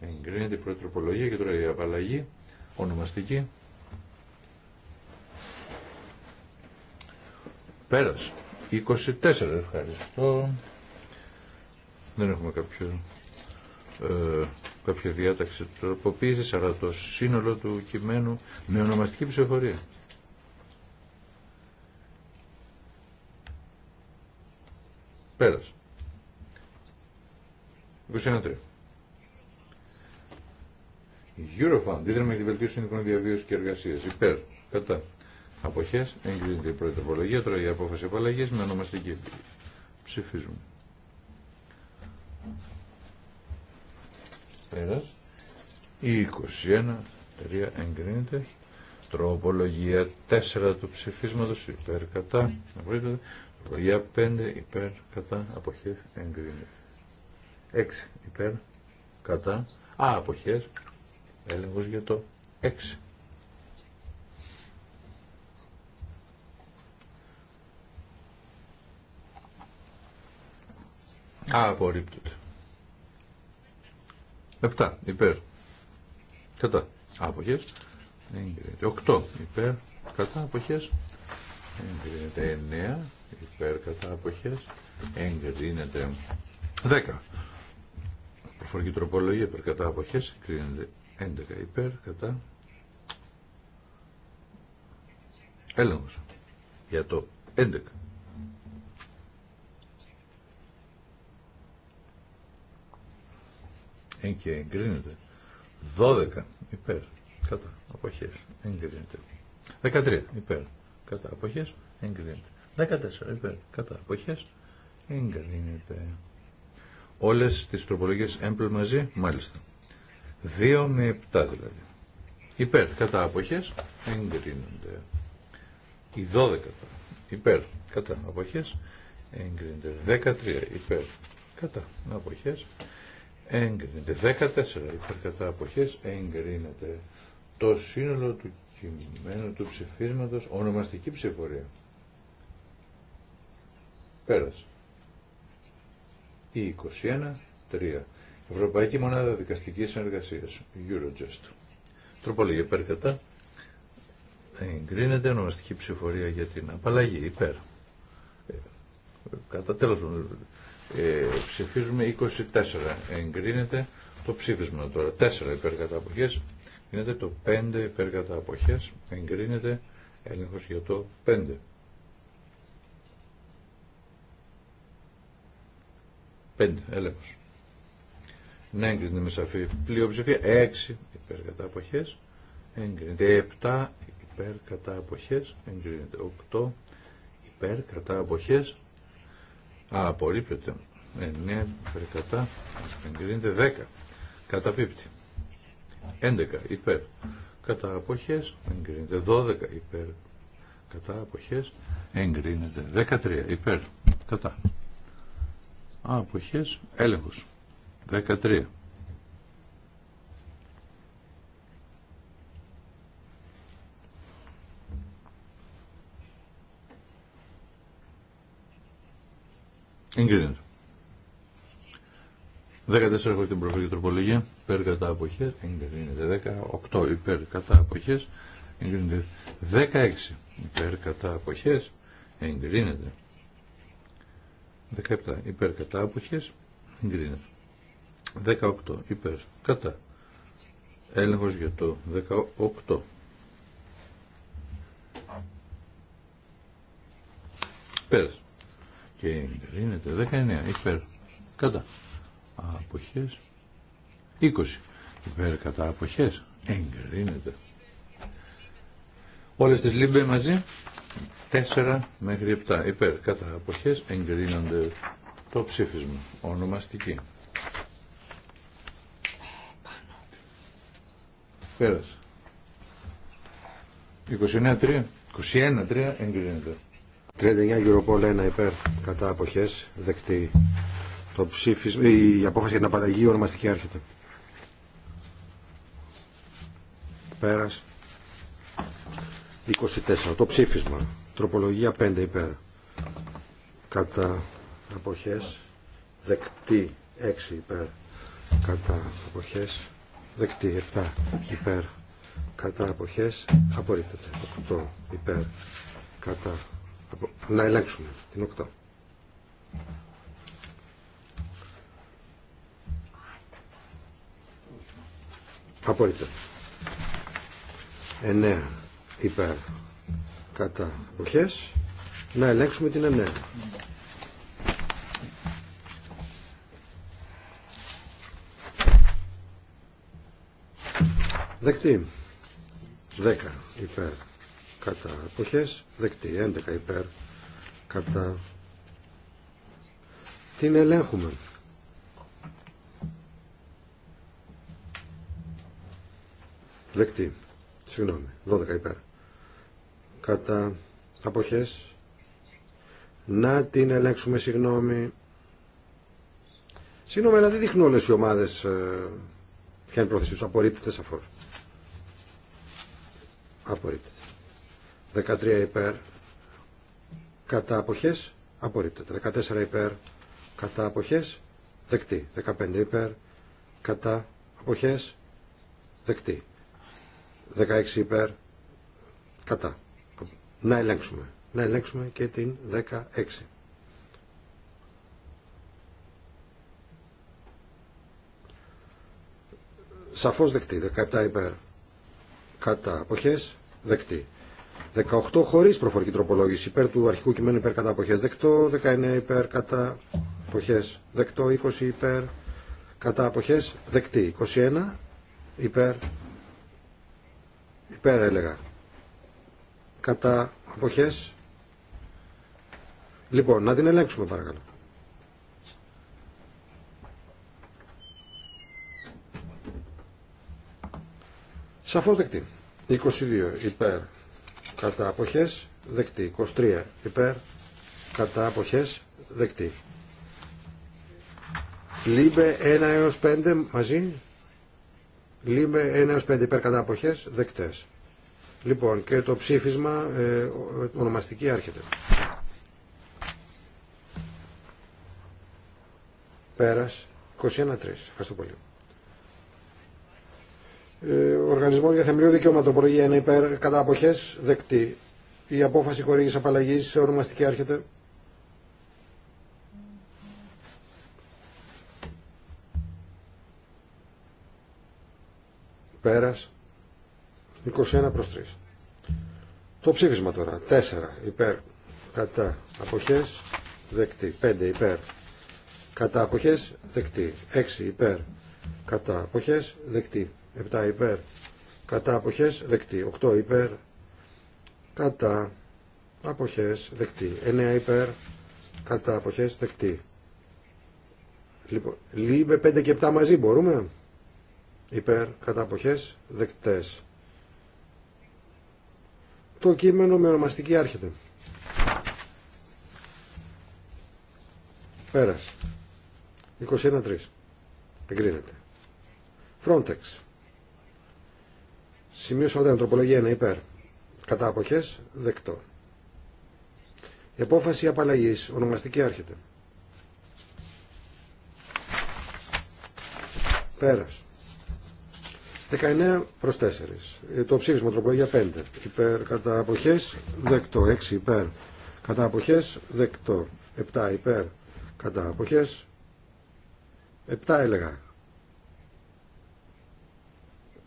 εγκρίνεται η προτροπολογία και τώρα η απαλλαγή ονομαστική Πέρας. 24 ευχαριστώ δεν έχουμε κάποιο ε, κάποια διάταξη τροποποίηση, αλλά το σύνολο του κειμένου με ονομαστική ψηφοφορία Πέρασε. 21-3. Eurofund, δίδραμε για τη βελτίωση των διαβίωση και εργασία. Υπέρ. Κατά. Αποχέ. Εγκρίνεται η πρώτη απολογία. Τώρα η απόφαση απαλλαγή με ονομαστική. Ψηφίζουμε. Πέρα. Η 21. 3 εγκρίνεται. Τροπολογία 4 του ψηφίσματο. Υπέρ. Κατά. Mm. Τροπολογία 5 υπέρ κατά αποχές εγκρίνεται. 6 υπέρ κατά α, αποχές έλεγχος για το 6. Α, απορρίπτεται. 7 υπέρ κατά αποχές εγκρίνεται. 8 υπέρ κατά αποχές εγκρίνεται. 9 υπέρ κατά αποχές εγκρίνεται 10 προφορική τροπολογία υπέρ κατά αποχές εγκρίνεται 11 υπέρ κατά έλεγχος για το 11 ε, και εγκρίνεται 12 υπέρ κατά αποχές εγκρίνεται 13 υπέρ κατά αποχές εγκρίνεται 14 υπέρ κατά αποχές εγκρίνεται. Όλες τις τροπολογίες έμπλε μαζί, μάλιστα. 2 με 7 δηλαδή. Υπέρ κατά αποχές εγκρίνονται. Η 12 υπέρ κατά αποχές εγκρίνεται. 13 υπέρ κατά αποχές εγκρίνεται. 14 υπέρ κατά αποχές εγκρίνεται. Το σύνολο του κειμένου του ψηφίσματος ονομαστική ψηφορία. Πέρασε. Ή 21-3. Ευρωπαϊκή Μονάδα Δικαστικής Συνεργασίας, Eurojust. Τροπολογία υπέρ κατά. Εγκρίνεται ονομαστική ψηφορία για την απαλλαγή υπέρ. Ε, κατά τέλος ε, ψηφίζουμε 24. Εγκρίνεται το ψήφισμα τώρα. 4 υπέρ κατά αποχές. Είναι το 5 υπέρ κατά αποχές. Εγκρίνεται έλεγχος για το 5. 5 έλεγχος. Ναι, έγκρινεται με σαφή πλειοψηφία. 6 υπέρ κατά Έγκρινεται 7 υπέρ κατά Έγκρινεται 8 υπέρ κατά αποχές. απορρίπτεται. 9 υπέρ κατά. Εγκρίνεται 10. Καταπίπτει. 11 υπέρ κατά Εγκρίνεται 12 υπέρ κατά αποχές. Εγκρίνεται 13 υπέρ κατά Α, αποχές, έλεγχος. 13. Εγκρίνεται. 14 έχω την προφορική τροπολογία, υπέρ κατά αποχές, εγκρίνεται. 18 υπέρ κατά αποχές, εγκρίνεται. 16 υπέρ κατά αποχές, εγκρίνεται. 17 υπέρ κατά αποχές εγκρίνεται. 18 υπέρ κατά. Έλεγχος για το 18. υπέρ Και εγκρίνεται 19 υπέρ κατά αποχές 20 υπέρ κατά αποχές εγκρίνεται. Όλες τις λίμπε μαζί 4 μέχρι 7 υπέρ κατά αποχές εγκρίνονται το ψήφισμα ονομαστική. Πέρασε. 29-3. 21-3 εγκρίνεται. 39 όλα 1 υπέρ κατά αποχές δεκτή. Το ψήφισμα, η απόφαση για την απαλλαγή ονομαστική άρχεται. Πέρασε. 24. Το ψήφισμα. Τροπολογία 5 υπέρ. Κατά αποχές. Δεκτή 6 υπέρ. Κατά αποχές. Δεκτή 7 υπέρ. Κατά αποχές. Απορρίπτεται. 8 υπέρ. Κατά. Να ελέγξουμε την 8. Απορρίπτεται. 9 υπέρ κατά οχές να ελέγξουμε την εννέα δεκτή 10 υπέρ κατά εποχέ. δεκτή 11 υπέρ κατά την ελέγχουμε δεκτή συγγνώμη 12 υπέρ κατά αποχές να την ελέγξουμε συγγνώμη συγγνώμη αλλά δεν δείχνουν όλες οι ομάδες ε, ποια είναι η πρόθεση τους απορρίπτεται σαφώς απορρίπτεται 13 υπέρ κατά αποχές απορρίπτεται 14 υπέρ κατά αποχές δεκτή 15 υπέρ κατά αποχές δεκτή 16 υπέρ κατά να ελέγξουμε. Να ελέγξουμε και την 16. Σαφώς δεκτή. 17 υπέρ. Κατά αποχές. Δεκτή. 18 χωρίς προφορική τροπολόγηση. Υπέρ του αρχικού κειμένου υπέρ κατά αποχές. Δεκτό. 19 υπέρ κατά αποχές. Δεκτό. 20 υπέρ κατά αποχές. Δεκτή. 21 υπέρ. Υπέρ έλεγα κατά αποχές. Λοιπόν, να την ελέγξουμε παρακαλώ. Σαφώς δεκτή. 22 υπέρ κατά αποχές δεκτή. 23 υπέρ κατά αποχές δεκτή. Λίμπε 1 έως 5 μαζί. Λίμπε 1 έως 5 υπέρ κατά αποχές δεκτές. Λοιπόν, και το ψήφισμα ε, ονομαστική άρχεται. Πέρας, 21-3. Ευχαριστώ πολύ. Ε, οργανισμό για θεμελιώδη δικαιώματο προηγεί είναι υπέρ, κατά αποχές, δεκτή. Η απόφαση χορήγηση απαλλαγής σε ονομαστική άρχεται. Πέρας, 21 προς 3. Το ψήφισμα τώρα. 4 υπέρ κατά αποχές δεκτή. 5 υπέρ κατά αποχές δεκτή. 6 υπέρ κατά αποχές δεκτή. 7 υπέρ κατά αποχές δεκτή. 8 υπέρ κατά αποχές δεκτή. 9 υπέρ κατά αποχές δεκτή. Λοιπόν, λίμπε 5 και 7 μαζί μπορούμε. Υπέρ κατά αποχές δεκτές το κείμενο με ονομαστική άρχεται. Πέρας. 21-3. Εγκρίνεται. Frontex. Σημείο 41. Τροπολογία 1. Υπέρ. Κατά αποχές. Δεκτό. Επόφαση απαλλαγής. Ονομαστική άρχεται. Πέρας. 19 προ 4. Το ψήφισμα τροπολογία 5. Υπέρ κατά απόχέ, δεκτό. 6 υπέρ κατά απόχέ, δεκτό. 7 υπέρ κατά αποχέ. 7 έλεγα.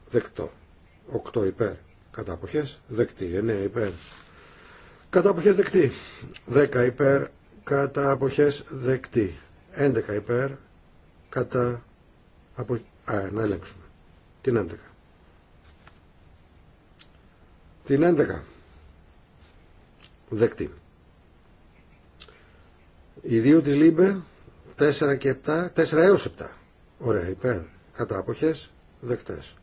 Δεκτό. 8 υπέρ κατά αποχέ. δεκτή. 9 υπέρ κατά αποχέ δεκτή. 10 υπέρ κατά αποχέ, δεκτή. 11 υπέρ κατά αποχέ. Α, να ελέγξουμε. Την 11. Την 11. Δεκτή. Οι δύο της Λίμπε, 4 και 7, 4 έως 7. Ωραία, υπέρ. Κατά αποχές, δεκτές.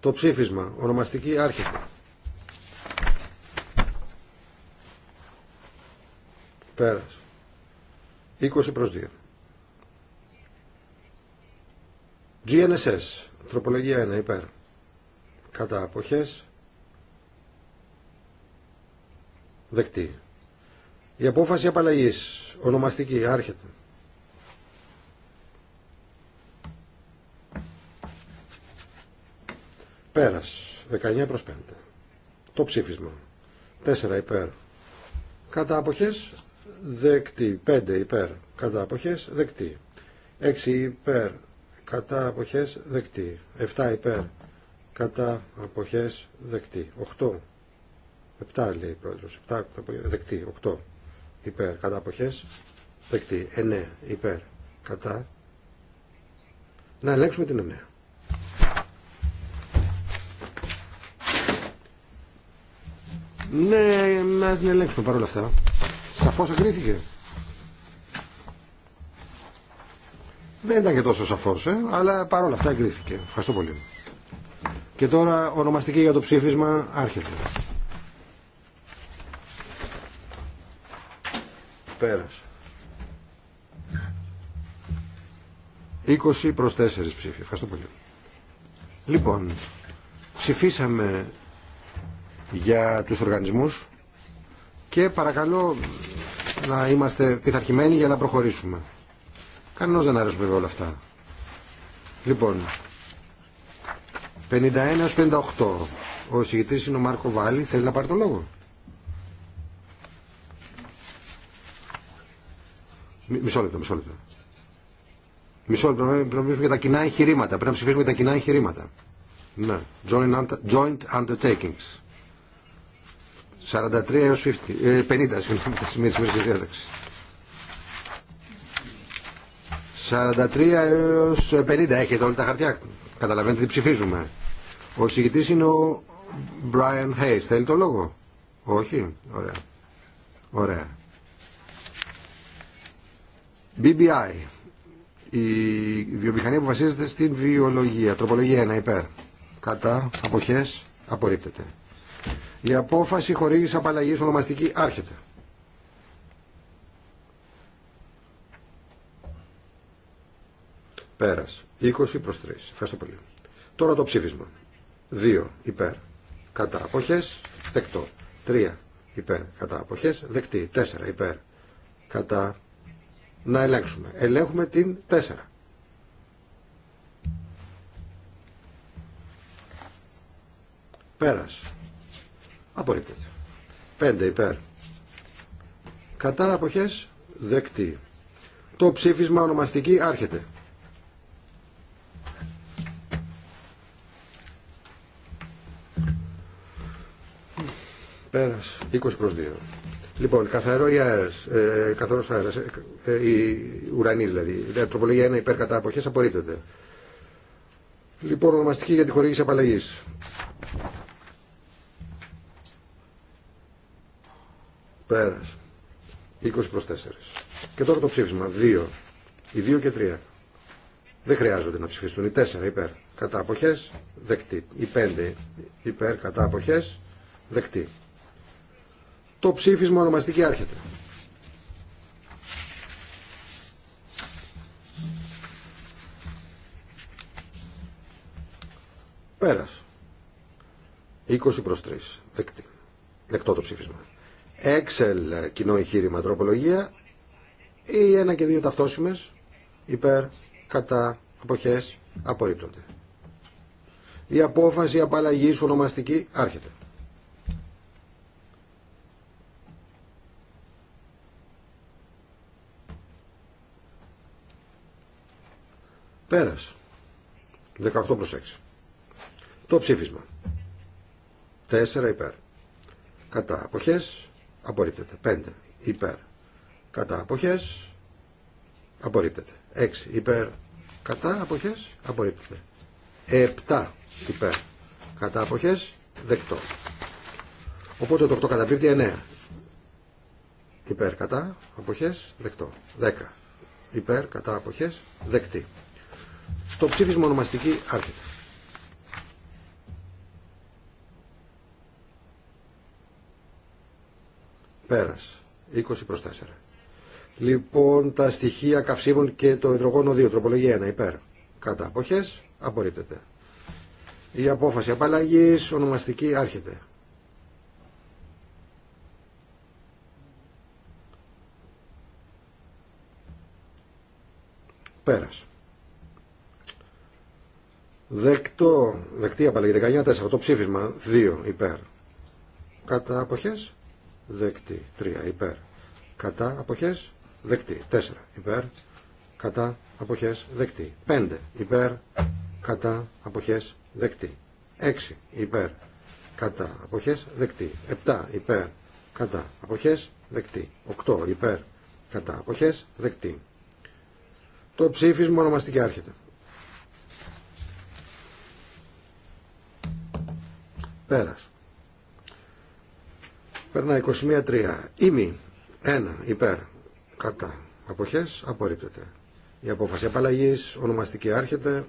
Το ψήφισμα, ονομαστική άρχεται. Πέρας. 20 προς 2. GNSS. Τροπολογία 1 υπέρ. Κατά αποχές. Δεκτή. Η απόφαση απαλλαγής. Ονομαστική. Άρχεται. Πέρας. 19 προς 5. Το ψήφισμα. 4 υπέρ. Κατά αποχές. Δεκτή. 5 υπέρ. Κατά αποχές. Δεκτή. 6 υπέρ κατά αποχές δεκτή. 7 υπέρ κατά αποχές δεκτή. 8. 7 λέει η πρόεδρος. 7 δεκτή. 8 υπέρ κατά αποχές δεκτή. 9 υπέρ κατά. Να ελέγξουμε την 9. Ναι, να την ελέγξουμε παρόλα αυτά. Σαφώς ακρίθηκε. Δεν ήταν και τόσο σαφώ, ε, αλλά παρόλα αυτά εγκρίθηκε. Ευχαριστώ πολύ. Και τώρα ονομαστική για το ψήφισμα άρχεται. Πέρασε. 20 προς 4 ψήφοι. Ευχαριστώ πολύ. Λοιπόν, ψηφίσαμε για τους οργανισμούς και παρακαλώ να είμαστε πειθαρχημένοι για να προχωρήσουμε. Κανένα δεν αρέσουν βέβαια όλα αυτά. Λοιπόν, 51 58. Ο εισηγητής είναι ο Μάρκο Βάλλη. Θέλει να πάρει το λόγο. Μισό λεπτό, μισό λεπτό. Μισό λεπτό, πρέπει να ψηφίσουμε για τα κοινά εγχειρήματα. Πρέπει να ψηφίσουμε για τα κοινά εγχειρήματα. Ναι, joint undertakings. 43 έως 50, 50 συγγνώμη, τα σημεία της 43 έως 50 έχετε όλα τα χαρτιά. Καταλαβαίνετε τι ψηφίζουμε. Ο συγκητής είναι ο Brian Hayes. Θέλει το λόγο. Όχι. Ωραία. Ωραία. BBI. Η βιομηχανία που βασίζεται στην βιολογία. Τροπολογία 1 υπέρ. Κατά. Αποχές. Απορρίπτεται. Η απόφαση χορήγηση απαλλαγή ονομαστική άρχεται. Πέρας. 20 προς 3. Ευχαριστώ πολύ. Τώρα το ψήφισμα. 2 υπέρ κατά αποχές. Δεκτό. 3 υπέρ κατά αποχές. Δεκτή. 4 υπέρ κατά να ελέγξουμε. Ελέγχουμε την 4. Πέρας. Απορρίπτεται. 5 υπέρ. Κατά αποχές δεκτή. Το ψήφισμα ονομαστική άρχεται. Πέρας. 20 προς 2. Λοιπόν, καθαρό ή αέρας, ε, καθαρός αέρας, ε, ε, η ουρανή δηλαδή, η ε, τροπολογία είναι υπέρ κατά αποχές απορρίπτεται. Λοιπόν, ονομαστική για τη χορήγηση απαλλαγή. Πέρα, 20 προς 4. Και τώρα το ψήφισμα. 2. Οι 2 και 3. Δεν χρειάζονται να ψηφιστούν. Οι 4 υπέρ κατά αποχέ, δεκτή. Οι 5 υπέρ κατά αποχές, δεκτή το ψήφισμα ονομαστική άρχεται. Πέρας. 20 προς 3. Δεκτή. Δεκτό το ψήφισμα. Excel ε, κοινό εγχείρημα τροπολογία ή ένα και δύο ταυτόσημες υπέρ, κατά, αποχές, απορρίπτονται. Η απόφαση απαλλαγής ονομαστική άρχεται. Πέρας. 18 προς 6. Το ψήφισμα. 4 υπέρ. Κατά αποχές απορρίπτεται. 5 υπέρ. Κατά αποχές απορρίπτεται. 6 υπέρ. Κατά αποχές απορρίπτεται. 7 υπέρ. Κατά αποχές δεκτό. Οπότε το 8 καταπίπτει 9. Υπέρ κατά αποχές δεκτό. 10. Υπέρ κατά αποχές δεκτή. Το ψήφισμα ονομαστική άρχεται. Πέρας. 20 προς 4. Λοιπόν, τα στοιχεία καυσίμων και το υδρογόνο 2, τροπολογία 1, υπέρ. Κατά αποχές, απορρίπτεται. Η απόφαση απαλλαγής, ονομαστική, άρχεται. Πέρας. Δεκτό, δεκτή απαλλαγή 19-4, το ψήφισμα 2 υπέρ. Κατά αποχές, δεκτή 3 υπέρ. Κατά αποχές, δεκτή 4 υπέρ. Κατά αποχές, δεκτή 5 υπέρ. Κατά αποχές, δεκτή 6 υπέρ. Κατά αποχές, δεκτή 7 υπέρ. Κατά αποχές, δεκτή 8 υπέρ. Κατά αποχές, δεκτή. Το ψήφισμα ονομαστική άρχεται. Πέρας. Περνάει 21-3. Ήμι. 1. Υπέρ. Κατά. Αποχές. Απορρίπτεται. Η απόφαση απαλλαγή ονομαστική άρχεται.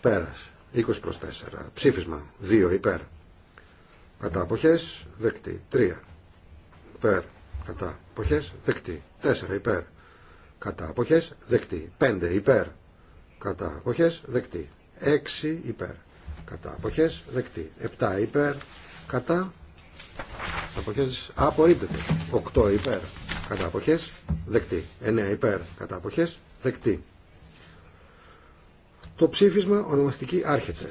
Πέρας. 20 προς 4. Ψήφισμα. 2. Υπέρ. Κατά αποχές. Δεκτή. 3. Υπέρ. Κατά αποχές. Δεκτή. 4. Υπέρ. Κατά αποχές. Δεκτή. 5. Υπέρ κατά αποχές δεκτή 6 υπέρ κατά αποχές δεκτή 7 υπέρ κατά αποχές απορρίπτεται 8 υπέρ κατά αποχές δεκτή 9 υπέρ κατά αποχές δεκτή το ψήφισμα ονομαστική άρχεται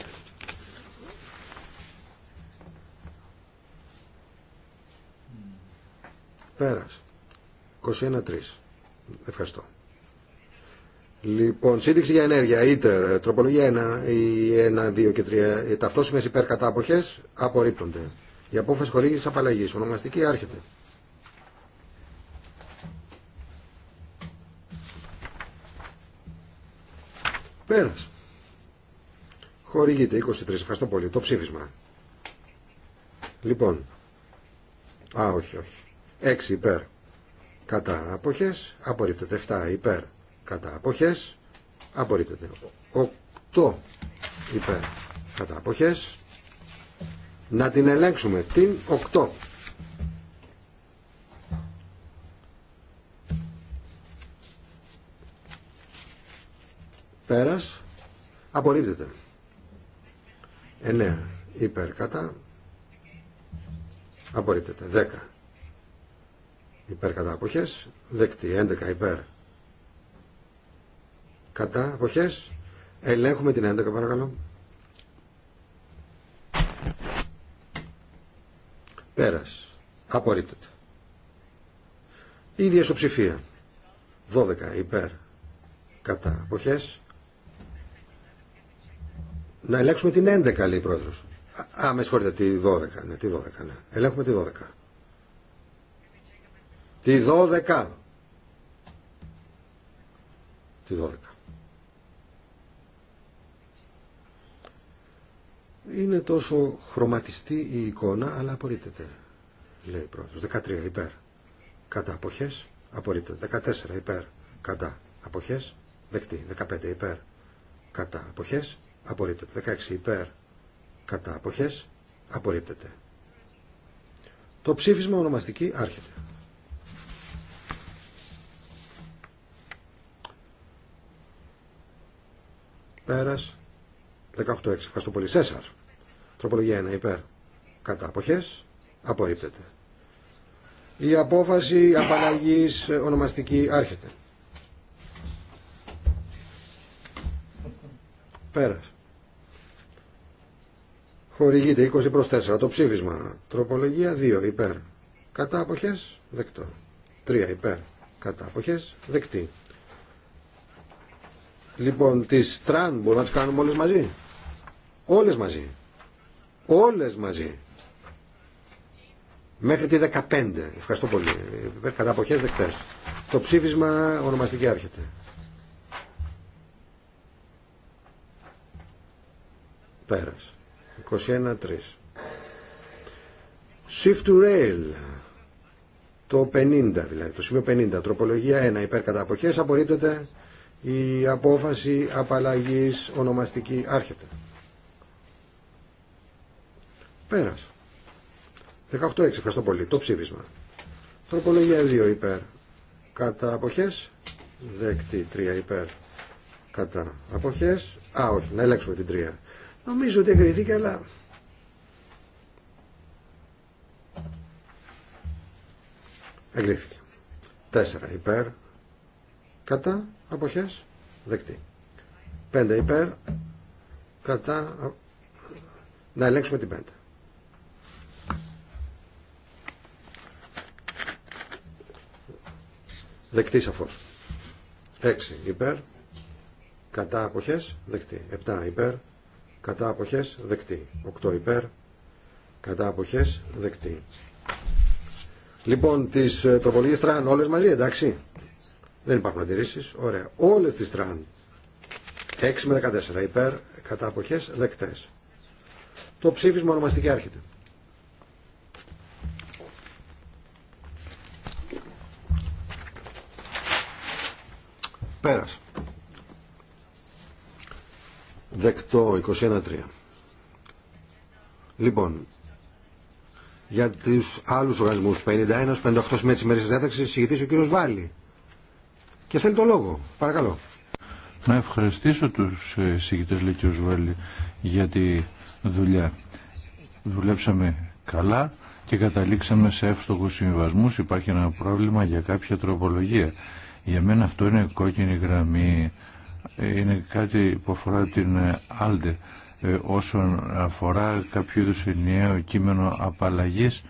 πέρας 21-3 ευχαριστώ Λοιπόν, σύνδεξη για ενέργεια, ίτερ, ε, τροπολογία 1, η 1, 2 και 3, ε, ταυτόσιμες υπέρ κατά απορρίπτονται. Η απόφαση χορήγησης απαλλαγής, ονομαστική άρχεται. Πέρας. Χορηγείται 23, ευχαριστώ πολύ, το ψήφισμα. Λοιπόν, α όχι, όχι, 6 υπέρ κατά αποχές, απορρίπτεται, 7 υπέρ κατά αποχές απορρίπτεται 8 υπέρ κατά αποχές να την ελέγξουμε την 8 πέρας απορρίπτεται 9 υπέρ κατά απορρίπτεται 10 υπέρ κατά αποχές δεκτή 11 υπέρ Κατά. Αποχές. Ελέγχουμε την 11 παρακαλώ. Πέρας. Απορρίπτεται. Ίδια ισοψηφία. 12 υπέρ. Κατά. Αποχές. Να ελέγξουμε την 11 λέει η πρόεδρος. Α, με συγχωρείτε, τη 12, ναι, τη 12, ναι. Ελέγχουμε τη 12. Τη 12. Τη 12. Είναι τόσο χρωματιστή η εικόνα, αλλά απορρίπτεται, λέει η πρόεδρος. 13 υπέρ. Κατά αποχές, απορρίπτεται. 14 υπέρ. Κατά αποχές, δεκτή. 15 υπέρ. Κατά αποχές, απορρίπτεται. 16 υπέρ. Κατά αποχές, απορρίπτεται. Το ψήφισμα ονομαστική άρχεται. Πέρας. 18-6. Ευχαριστώ πολύ. Τροπολογία 1. Υπέρ. Κατά. αποχέ. Απορρίπτεται. Η απόφαση απαλλαγή ονομαστική άρχεται. Πέρα. Χορηγείται 20 προς 4. Το ψήφισμα. Τροπολογία 2. Υπέρ. Κατά αποχέ. Δεκτό. 3. Υπέρ. Κατά αποχέ. Δεκτή. Λοιπόν, τις τραν μπορούμε να τις κάνουμε όλες μαζί. Όλες μαζί. Όλες μαζί. Μέχρι τη 15. Ευχαριστώ πολύ. Ε, κατά αποχές δεκτές. Το ψήφισμα ονομαστική άρχεται. Πέρας. 21-3. Shift to rail. Το 50 δηλαδή. Το σημείο 50. Τροπολογία 1. Υπέρ κατά αποχές απορρίπτεται η απόφαση απαλλαγής ονομαστική άρχεται. Πέρας. 18-6, ευχαριστώ πολύ. Το ψήφισμα. Τροπολογία 2 υπέρ. Κατά αποχές. Δεκτή 3 υπέρ. Κατά αποχές. Α, όχι, να ελέγξουμε την 3. Νομίζω ότι εγκριθήκε, αλλά... Εγκρίθηκε. 4 υπέρ. Κατά αποχές. Δεκτή. 5 υπέρ. Κατά... Να ελέγξουμε την 5. Δεκτή σαφώ. 6 υπέρ. Κατά αποχέ. Δεκτή. 7 υπέρ. Κατά αποχέ. Δεκτή. 8 υπέρ. Κατά αποχέ. Δεκτή. Λοιπόν, τι ε, τροπολογίε τραν όλε μαζί, εντάξει. Δεν υπάρχουν αντιρρήσει. Ωραία. Όλε τι τραν. 6 με 14 υπέρ, κατά αποχέ, δεκτέ. Το ψήφισμα ονομαστική άρχεται. Πέρας. Δεκτό 21-3. Λοιπόν, για του άλλου οργανισμού 51-58 σημεία τη ημερήσια διάταξη συγητή ο κύριο Βάλλη. Και θέλει το λόγο. Παρακαλώ. Να ευχαριστήσω του ε, συγητέ, λέει ο Βάλλη, για τη δουλειά. Δουλέψαμε καλά και καταλήξαμε σε εύστοχου συμβασμού. Υπάρχει ένα πρόβλημα για κάποια τροπολογία. Για μένα αυτό είναι κόκκινη γραμμή, είναι κάτι που αφορά την Άλντε ε, όσον αφορά κάποιο είδους ενιαίο κείμενο απαλλαγής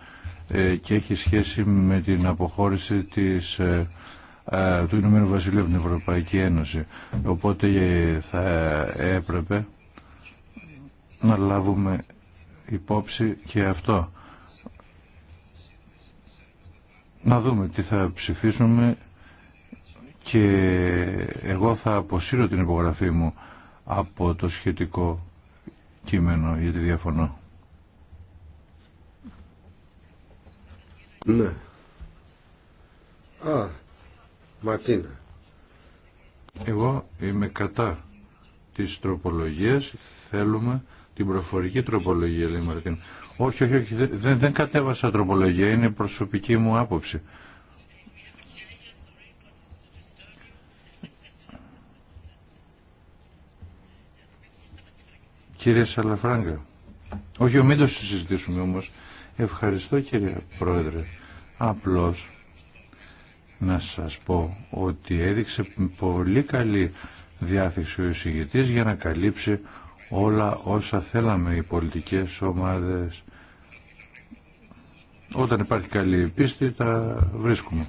ε, και έχει σχέση με την αποχώρηση της, ε, του Ηνωμένου Βασιλείου από την Ευρωπαϊκή Ένωση. Οπότε θα έπρεπε να λάβουμε υπόψη και αυτό. Να δούμε τι θα ψηφίσουμε και εγώ θα αποσύρω την υπογραφή μου από το σχετικό κείμενο γιατί διαφωνώ. Ναι. Α, Μαρτίνα. Εγώ είμαι κατά της τροπολογίας. Θέλουμε την προφορική τροπολογία, λέει Μαρτίνα. Όχι, όχι, όχι, δεν, δεν κατέβασα τροπολογία. Είναι προσωπική μου άποψη. Κύριε Σαλαφράγκα, όχι μην το συζητήσουμε όμως. Ευχαριστώ κύριε Πρόεδρε. Απλώς να σας πω ότι έδειξε πολύ καλή διάθεση ο εισηγητής για να καλύψει όλα όσα θέλαμε οι πολιτικές ομάδες. Όταν υπάρχει καλή πίστη τα βρίσκουμε.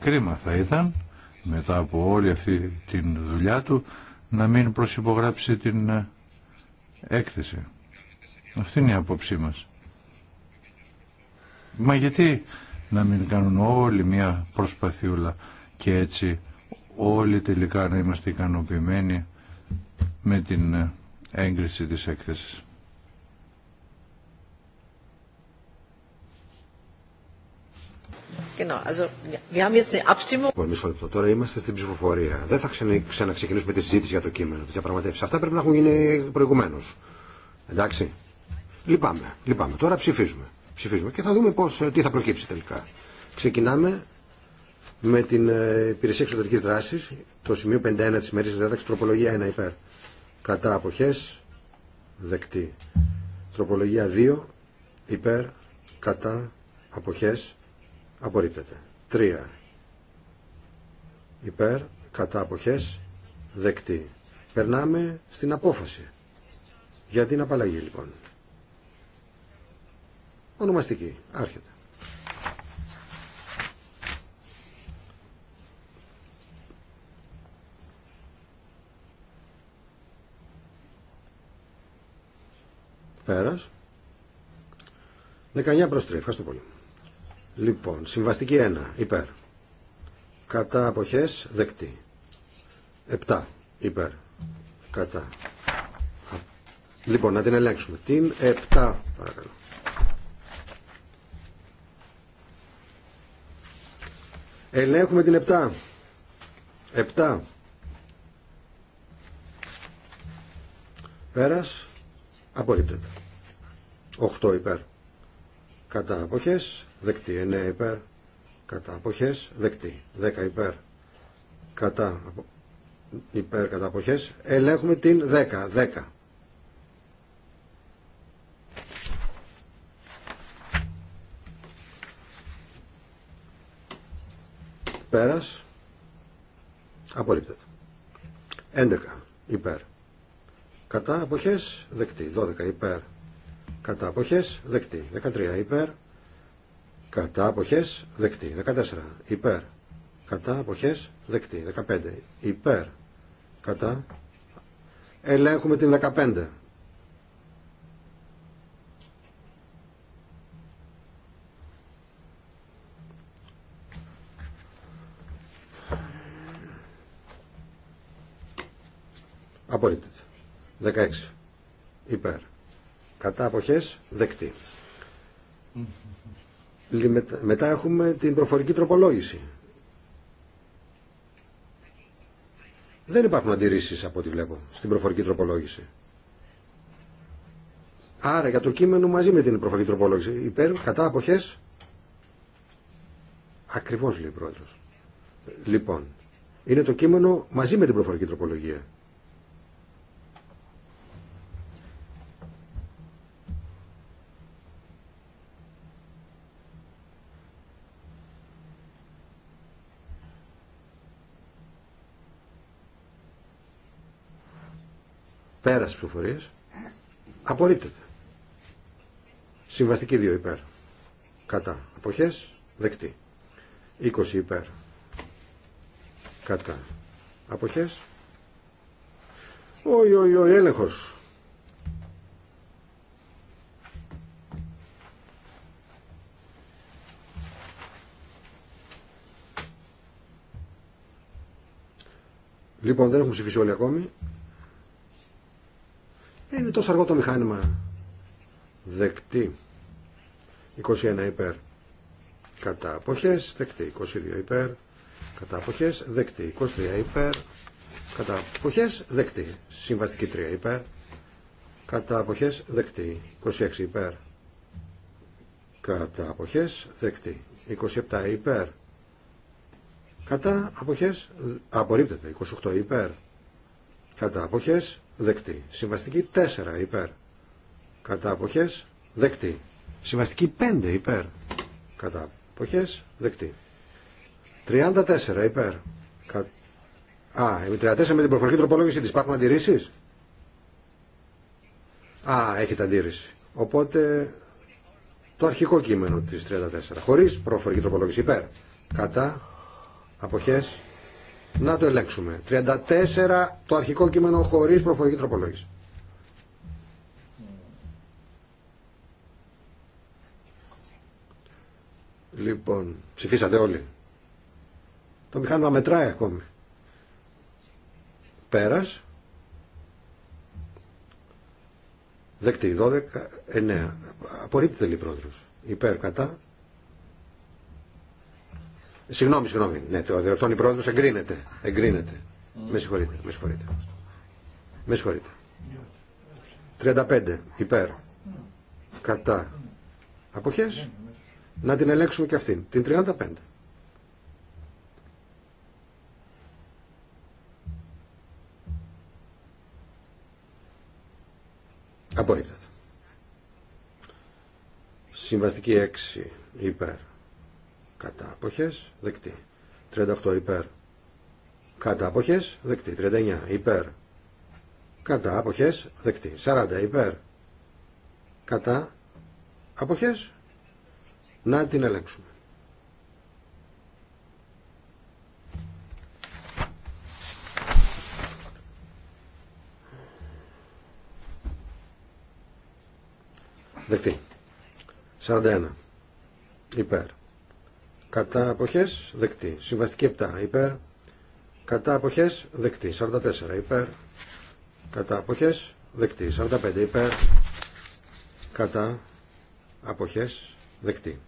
Κρίμα θα ήταν μετά από όλη αυτή τη δουλειά του να μην προσυπογράψει την ε, έκθεση. Αυτή είναι η απόψή μας. Μα γιατί να μην κάνουν όλοι μια προσπαθιούλα και έτσι όλοι τελικά να είμαστε ικανοποιημένοι με την ε, έγκριση της έκθεσης. Τώρα είμαστε στην ψηφοφορία. Δεν θα ξαναξεκινήσουμε τη συζήτηση για το κείμενο τη διαπραγματεύσει. Αυτά πρέπει να έχουν γίνει προηγουμένω. Εντάξει. Λυπάμαι. Λυπάμαι. Τώρα ψηφίζουμε. Ψηφίζουμε και θα δούμε πώς, ε, τι θα προκύψει τελικά. Ξεκινάμε με την ε, υπηρεσία εξωτερική δράση, το σημείο 51 τη ημερή διάταξη, τροπολογία 1 υπέρ. Κατά αποχέ, δεκτή. Τροπολογία 2 υπέρ, κατά απόχέ απορρίπτεται. Τρία υπέρ, κατά αποχές, δεκτή. Περνάμε στην απόφαση. Για την απαλλαγή λοιπόν. Ονομαστική. Άρχεται. Πέρας. 19 προς 3. Ευχαριστώ πολύ. Λοιπόν, συμβαστική 1, υπέρ. Κατά αποχές, δεκτή. 7, υπέρ. Κατά. Λοιπόν, να την ελέγξουμε. Την 7, παρακαλώ. Ελέγχουμε την 7. 7. Πέρας, απορρίπτεται. 8 υπέρ. Κατά αποχές, δεκτή. 9 υπέρ κατά αποχές δεκτή. 10 υπέρ κατά, υπέρ κατά αποχές. Ελέγχουμε την 10. 10. Πέρας, απορρίπτεται. 11 υπέρ. Κατά αποχές δεκτή. 12 υπέρ. Κατά αποχές δεκτή. 13 υπέρ κατά αποχέ, δεκτή 14 υπέρ κατά αποχές δεκτή 15 υπέρ κατά ελέγχουμε την 15 Απορρίπτεται. 16. Υπέρ. Κατά αποχές, δεκτή. Mm μετά έχουμε την προφορική τροπολόγηση. Δεν υπάρχουν αντιρρήσεις από ό,τι βλέπω στην προφορική τροπολόγηση. Άρα για το κείμενο μαζί με την προφορική τροπολόγηση. Υπέρ, κατά, αποχές. Ακριβώς λέει Λοιπόν, είναι το κείμενο μαζί με την προφορική τροπολογία. τι ψηφοφορίας. Απορρίπτεται. Συμβαστική 2 υπέρ. Κατά. Αποχές. Δεκτή. 20 υπέρ. Κατά. Αποχές. Όχι, όχι, όχι, έλεγχος. Λοιπόν, δεν έχουν ψηφίσει όλοι ακόμη. Ε, είναι τόσο αργό το μηχάνημα. Δεκτή. 21 υπέρ. Κατά αποχές. Δεκτή. 22 υπέρ. Κατά αποχές. Δεκτή. 23 υπέρ. Κατά αποχές. Δεκτή. Συμβαστική 3 υπέρ. Κατά αποχές. Δεκτή. 26 υπέρ. Κατά αποχές. Δεκτή. 27 υπέρ. Κατά αποχές. Απορρίπτεται. 28 υπέρ. Κατά αποχές δεκτή. Συμβαστική 4 υπέρ. Κατά αποχές δεκτή. Συμβαστική 5 υπέρ. Κατά αποχές δεκτή. 34 υπέρ. Α, η 34 με την προφορική τροπολόγηση της. Υπάρχουν αντιρρήσει. Α, έχετε αντίρρηση. Οπότε το αρχικό κείμενο της 34. Χωρίς προφορική τροπολόγηση υπέρ. Κατά αποχές να το ελέγξουμε. 34 το αρχικό κείμενο χωρίς προφορική τροπολόγηση. Λοιπόν, ψηφίσατε όλοι. Το μηχάνημα μετράει ακόμη. Πέρας. Δεκτή, 12, 9. Απορρίπτεται λοιπόν πρόεδρος. Υπέρ, κατά. Συγγνώμη, συγγνώμη. Ναι, το διορθώνει πρόεδρος. Εγκρίνεται. Εγκρίνεται. Με συγχωρείτε. Με συγχωρείτε. Με συγχωρείτε. 35. Υπέρ. Κατά. Αποχές. Να την ελέγξουμε και αυτήν. Την 35. Απορρίπτεται. Συμβαστική 6 υπέρ κατά αποχές δεκτή 38 υπέρ κατά αποχές δεκτή 39 υπέρ κατά αποχές δεκτή 40 υπέρ κατά αποχές να την ελέγξουμε δεκτή 41 υπέρ κατά αποχές δεκτή. Συμβαστική 7 υπέρ, κατά απόχέ, δεκτή. 44 υπέρ, κατά αποχές δεκτή. 45 υπέρ, κατά αποχές δεκτή.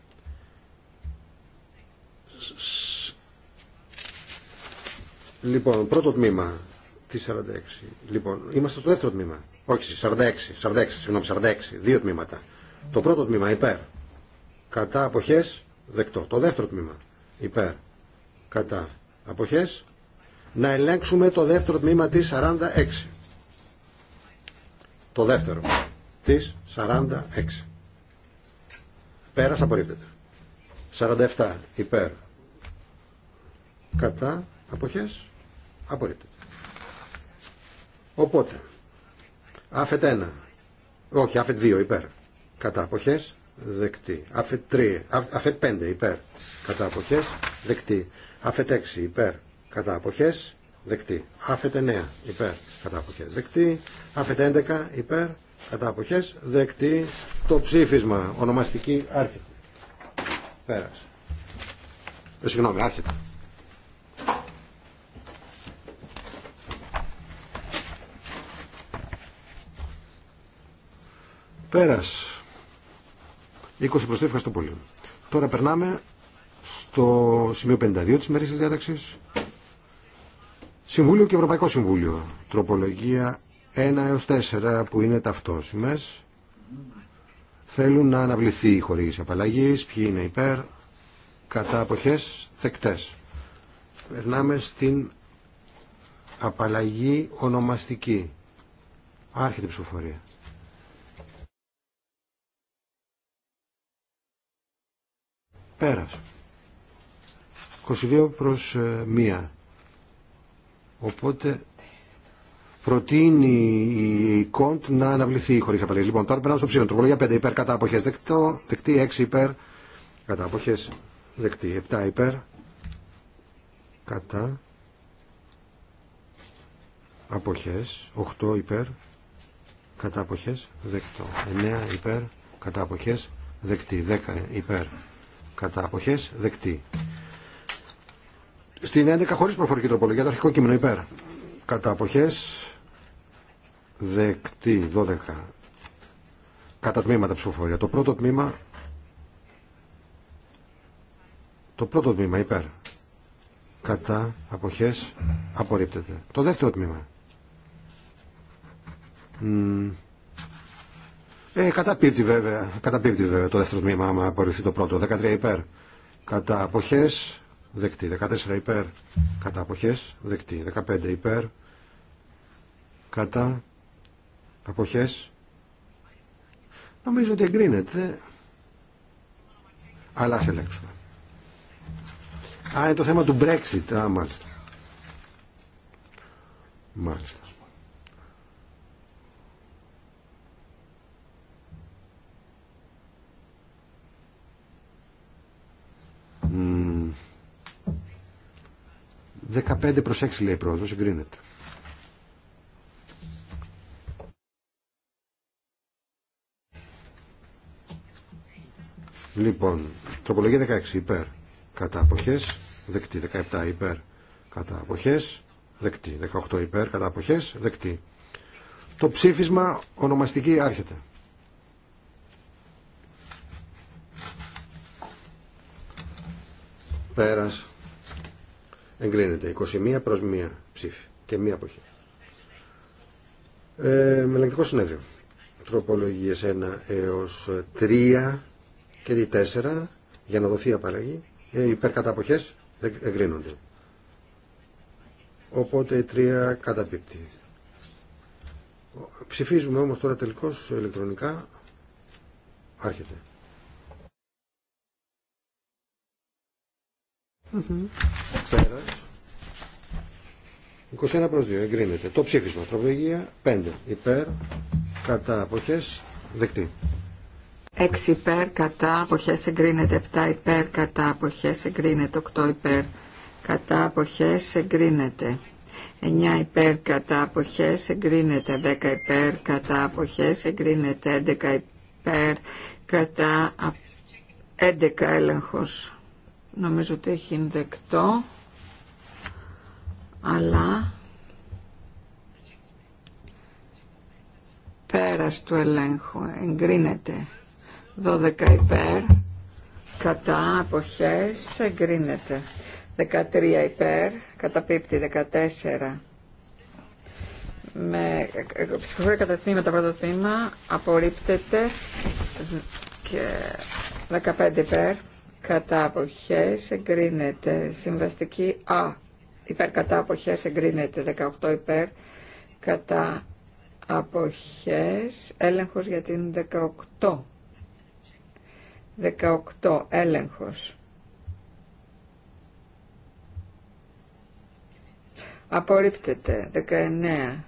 Λοιπόν, πρώτο τμήμα τη 46. Λοιπόν, είμαστε στο δεύτερο τμήμα. Όχι, 46, 46, συγγνώμη, 46, δύο τμήματα. Το πρώτο τμήμα υπέρ, κατά αποχές Δεκτό. Το δεύτερο τμήμα. Υπέρ. Κατά. Αποχές. Να ελέγξουμε το δεύτερο τμήμα της 46. Το δεύτερο της 46. Πέρας απορρίπτεται. 47. Υπέρ. Κατά. Αποχές. Απορρίπτεται. Οπότε. Άφετ 1. Όχι, άφετ 2. Υπέρ. Κατά. Αποχές δεκτή. Αφετ 3, αφετ 5 υπέρ κατά αποχές δεκτή. Αφετ 6 υπέρ κατά αποχές δεκτή. Αφετ 9 υπέρ κατά αποχές δεκτή. Αφετ 11 υπέρ κατά αποχές δεκτή. Το ψήφισμα ονομαστική άρχεται. Πέρασε. Ε, συγγνώμη, άρχεται. Πέρασε. 20 προς 3, ευχαριστώ πολύ. Τώρα περνάμε στο σημείο 52 της της διάταξης. Συμβούλιο και Ευρωπαϊκό Συμβούλιο. Τροπολογία 1 έως 4 που είναι ταυτόσιμες. Θέλουν να αναβληθεί η χορήγηση απαλλαγής. Ποιοι είναι υπέρ. Κατά αποχές θεκτές. Περνάμε στην απαλλαγή ονομαστική. Άρχεται η ψηφοφορία. 22 προς 1. Ε, Οπότε προτείνει η Κοντ να αναβληθεί η χωρίς απαλλαγή. Λοιπόν, τώρα περνάμε στο ψήφισμα. Τροπολογία 5 υπέρ κατά αποχές δεκτό, δεκτή 6 υπέρ κατά αποχές δεκτή 7 υπέρ κατά αποχές 8 υπέρ κατά αποχές δεκτό 9 υπέρ κατά αποχές δεκτή 10 υπέρ κατά αποχές δεκτή. Στην 11 χωρίς προφορική τροπολογία το αρχικό κείμενο υπέρ. Κατά αποχές δεκτή 12. Κατά τμήματα ψηφοφορία. Το πρώτο τμήμα το πρώτο τμήμα υπέρ. Κατά αποχές απορρίπτεται. Το δεύτερο τμήμα. Ε, καταπίπτει βέβαια, καταπίπτει βέβαια το δεύτερο τμήμα άμα απορριφθεί το πρώτο. 13 υπέρ. Κατά αποχέ, δεκτή. 14 υπέρ. Κατά αποχέ, δεκτή. 15 υπέρ. Κατά αποχές. Νομίζω ότι εγκρίνεται. Αλλά ας ελέγξουμε. Α, είναι το θέμα του Brexit. Α, μάλιστα. Μάλιστα. 15 προς 6 λέει η πρόεδρος, συγκρίνεται. Λοιπόν, τροπολογία 16 υπέρ κατά αποχές, δεκτή 17 υπέρ κατά αποχές, δεκτή 18 υπέρ κατά αποχές, δεκτή. Το ψήφισμα ονομαστική άρχεται. Πέρα. Εγκρίνεται. 21 προς 1 ψήφι και μία αποχή. Ε, με συνέδριο. Τροπολογίες 1 έως 3 και 4 για να δοθεί απαλλαγή. Ε, υπέρ εγκρίνονται. Οπότε η 3 καταπίπτει. Ψηφίζουμε όμως τώρα τελικώς ηλεκτρονικά. Άρχεται. 21 προς 2 εγκρίνεται. Το ψήφισμα. Τροπολογία 5 υπέρ κατά αποχές δεκτή. 6 υπέρ κατά αποχές εγκρίνεται. 7 υπέρ κατά αποχές εγκρίνεται. 8 υπέρ κατά αποχές εγκρίνεται. 9 υπέρ κατά αποχές εγκρίνεται. 10 υπέρ κατά αποχές εγκρίνεται. 11 υπέρ κατά 11 έλεγχος νομίζω ότι έχει ενδεκτό, αλλά πέρας του ελέγχου εγκρίνεται 12 υπέρ, κατά αποχές εγκρίνεται 13 υπέρ, καταπίπτει 14 με ψηφοφορία κατά τα πρώτα τμήμα απορρίπτεται και 15 υπέρ κατά αποχές εγκρίνεται. Συμβαστική Α υπέρ κατά εγκρίνεται. 18 υπέρ κατά αποχές έλεγχος για την 18. 18 έλεγχος. Απορρίπτεται. 19.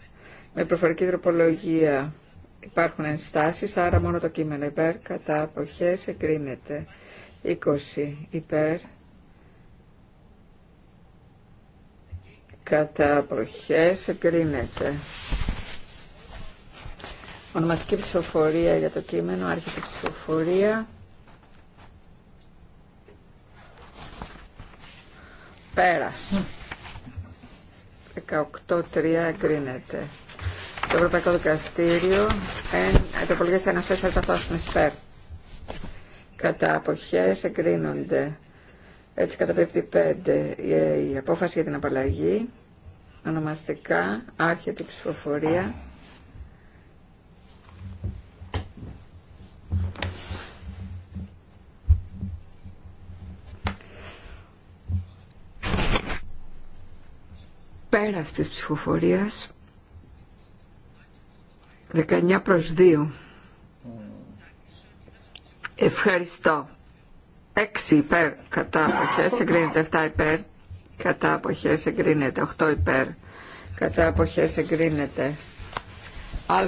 Με προφορική τροπολογία υπάρχουν ενστάσεις, άρα μόνο το κείμενο υπέρ κατά αποχές εγκρίνεται. 20 υπέρ κατά αποχές εγκρίνεται. Ονομαστική ψηφοφορία για το κείμενο, άρχισε ψηφοφορία. Πέρας. 18-3 εγκρίνεται. Το Ευρωπαϊκό Δικαστήριο, ε, τροπολογίες αναφέρει θα τα κατά αποχές εγκρίνονται. Έτσι καταπίπτει 5 η απόφαση για την απαλλαγή. Ονομαστικά άρχεται η ψηφοφορία. Πέρα αυτής της ψηφοφορίας 19 προς 2 Ευχαριστώ. 6 υπέρ κατά εγκρίνεται, 7 υπέρ κατά εγκρίνεται, 8 υπέρ κατά εγκρίνεται,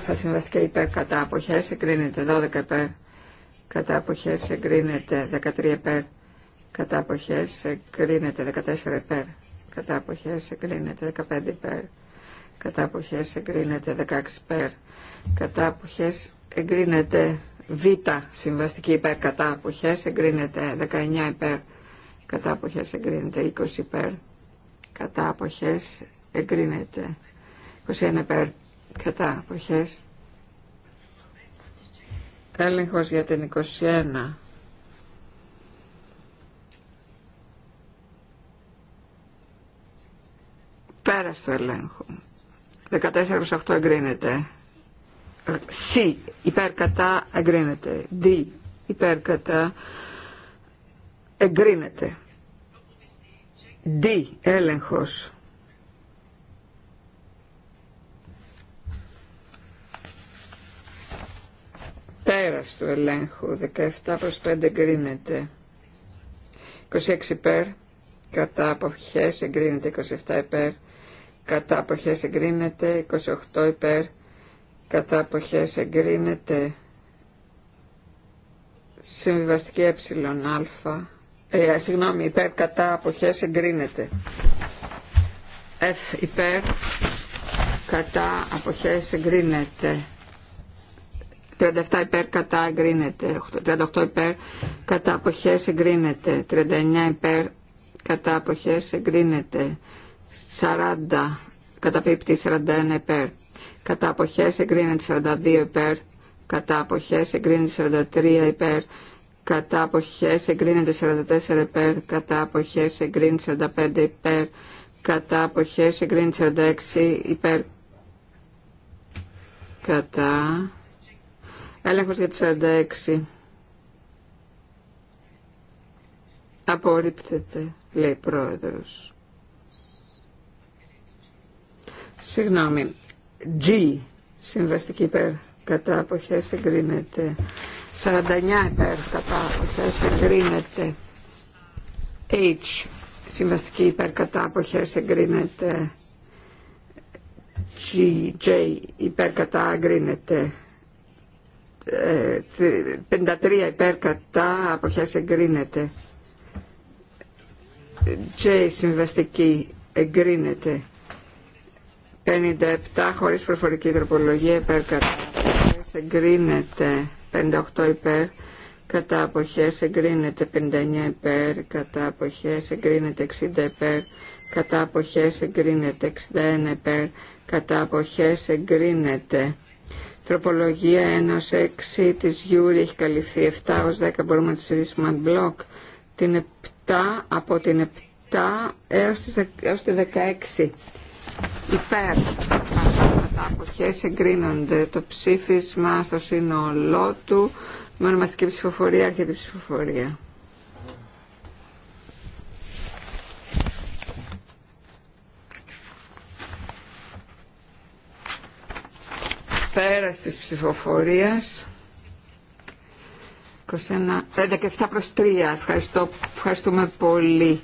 α συμβαστική υπέρ κατά εγκρίνεται, 12 υπέρ κατά εγκρίνεται, 13 υπέρ κατά εγκρίνεται, 14 υπέρ κατά εγκρίνεται, 15 υπέρ κατά εγκρίνεται, 16 υπέρ κατά εγκρίνεται, Β συμβαστική υπέρ κατά αποχές εγκρίνεται 19 υπέρ κατά αποχές εγκρίνεται 20 υπέρ κατά αποχές εγκρίνεται 21 υπέρ κατά αποχές έλεγχος για την 21 πέρα στο ελέγχο 14-8 εγκρίνεται C υπέρ κατά εγκρίνεται. D υπέρ κατά εγκρίνεται. D έλεγχος. Πέρας του ελέγχου 17 προς 5 εγκρίνεται. 26 υπέρ κατά αποχές εγκρίνεται. 27 υπέρ κατά αποχές εγκρίνεται. 28 υπέρ κατά αποχές εγκρίνεται συμβιβαστική ε ε, συγγνώμη υπέρ κατά αποχές εγκρίνεται F υπέρ κατά αποχές εγκρίνεται 37 υπέρ κατά εγκρίνεται 38 υπέρ κατά αποχές εγκρίνεται 39 υπέρ κατά αποχές εγκρίνεται 40 κατά καταπίπτει 41 υπέρ κατά αποχές εγκρίνεται 42 υπέρ, κατά αποχές εγκρίνεται 43 υπέρ, κατά αποχές εγκρίνεται 44 υπέρ, κατά αποχές εγκρίνεται 45 υπέρ, κατά αποχές εγκρίνεται 46 υπέρ, κατά έλεγχος για 46 απορρίπτεται λέει πρόεδρος συγγνώμη G συμβαστική υπέρ κατά αποχές εγκρίνεται 49 υπέρ κατά αποχές εγκρίνεται H συμβαστική υπέρ κατά αποχές εγκρίνεται J υπέρ κατά εγκρίνεται 53 ε, υπέρ κατά αποχές εγκρίνεται J συμβαστική εγκρίνεται 57 χωρίς προφορική τροπολογία υπέρ κατά αποχές εγκρίνεται 58 υπέρ κατά αποχές εγκρίνεται 59 υπέρ κατά αποχές εγκρίνεται 60 υπέρ κατά αποχές εγκρίνεται 61 υπέρ κατά αποχές εγκρίνεται Τροπολογία 1 6 της Γιούρη έχει καλυφθεί 7 ως 10 μπορούμε να τις ψηφίσουμε αν μπλοκ την 7 από την 7 έως, τις, έως τη 16 υπέρ τα αποχές εγκρίνονται το ψήφισμα στο σύνολό του με ονομαστική ψηφοφορία αρχιετή ψηφοφορία πέρας της ψηφοφορίας 17 5 προς 3 Ευχαριστώ, ευχαριστούμε πολύ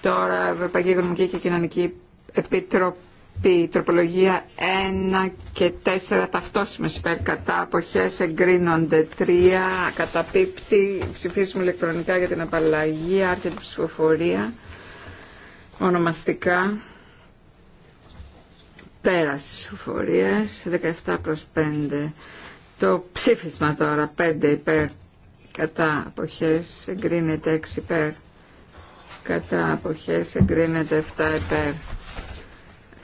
Τώρα Ευρωπαϊκή Οικονομική και Κοινωνική Επιτροπή, τροπολογία 1 και 4 ταυτόσιμες υπέρ κατά αποχές εγκρίνονται 3 κατά καταπίπτει ψηφίσουμε ηλεκτρονικά για την απαλλαγή την ψηφοφορία ονομαστικά πέρας ψηφοφορίας 17 προς 5 το ψήφισμα τώρα 5 υπέρ κατά αποχές εγκρίνεται 6 υπέρ κατά αποχές εγκρίνεται 7 υπέρ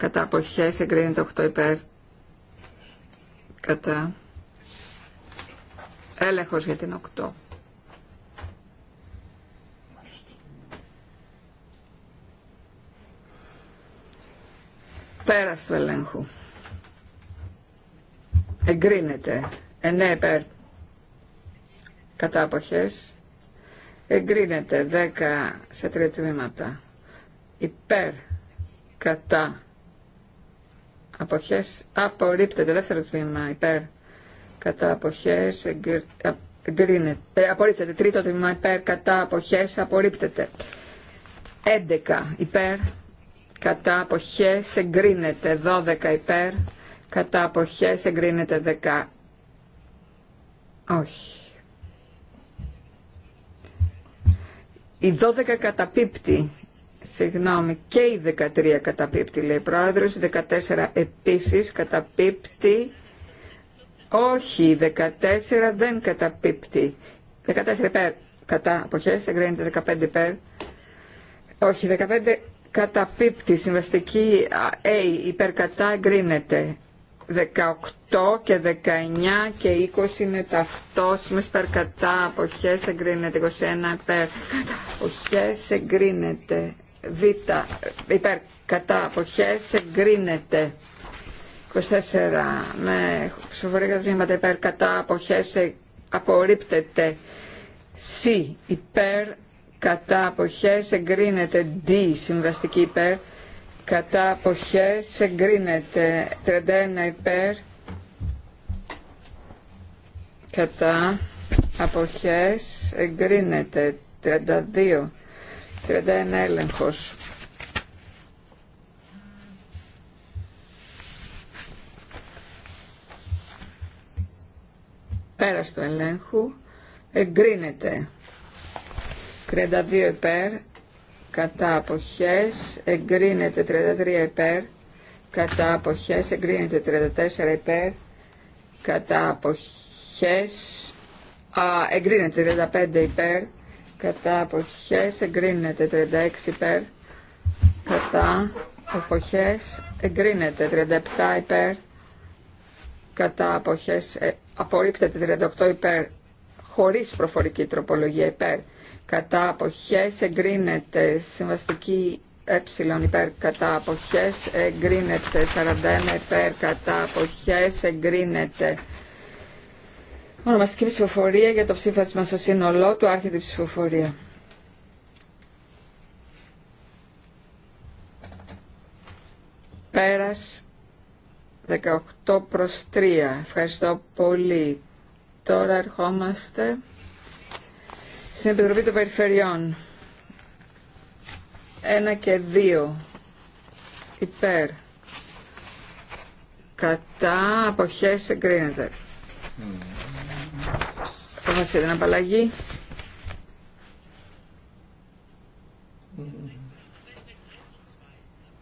κατά αποχές εγκρίνεται 8 υπέρ κατά έλεγχος για την 8 πέρας του ελέγχου εγκρίνεται 9 υπέρ κατά αποχές εγκρίνεται 10 σε τρία τμήματα υπέρ κατά αποχές απορρίπτεται. Δεύτερο τμήμα υπέρ κατά αποχές εγκρίνεται. Ε, απορρίπτεται. Τρίτο τμήμα υπέρ κατά αποχές απορρίπτεται. 11 υπέρ κατά αποχές εγκρίνεται. 12 υπέρ κατά αποχές εγκρίνεται. 10 όχι. Η 12 καταπίπτει. Συγγνώμη, και η 13 καταπίπτει, λέει πρόεδρος, η 14 επίσης καταπίπτει. Όχι, η 14 δεν καταπίπτει. 14 υπέρ, κατά αποχές, εγκρίνεται 15 υπέρ. Όχι, 15 καταπίπτει, συμβαστική A, υπέρ κατά εγκρίνεται. 18 και 19 και 20 είναι ταυτόσιμες υπέρ κατά αποχές εγκρίνεται. 21 υπέρ αποχές εγκρίνεται β υπέρ κατά αποχές εγκρίνεται 24 με ναι, ψηφοφορία τμήματα υπέρ κατά αποχές ε, απορρίπτεται σ υπέρ κατά αποχές εγκρίνεται D συμβαστική υπέρ κατά αποχές εγκρίνεται 31 υπέρ κατά αποχές εγκρίνεται 32 31 έλεγχος. Πέρα του ελέγχου εγκρίνεται. 32 υπέρ κατά αποχές εγκρίνεται. 33 υπέρ κατά αποχές εγκρίνεται. 34 υπέρ κατά αποχές α, εγκρίνεται. 35 υπέρ κατά αποχές εγκρίνεται 36 υπέρ κατά αποχές εγκρίνεται 37 υπέρ κατά αποχές ε, απορρίπτεται 38 υπέρ χωρίς προφορική τροπολογία υπέρ κατά αποχές εγκρίνεται συμβαστική ε υπέρ κατά αποχές εγκρίνεται 41 υπέρ κατά αποχές εγκρίνεται Ονομαστική ψηφοφορία για το ψήφισμα στο σύνολό του άρχεται η ψηφοφορία. Πέρας 18 προς 3. Ευχαριστώ πολύ. Τώρα ερχόμαστε στην Επιτροπή των Περιφερειών. 1 και 2. Υπέρ. Κατά αποχές εγκρίνεται. Mm αποφασία την απαλλαγή.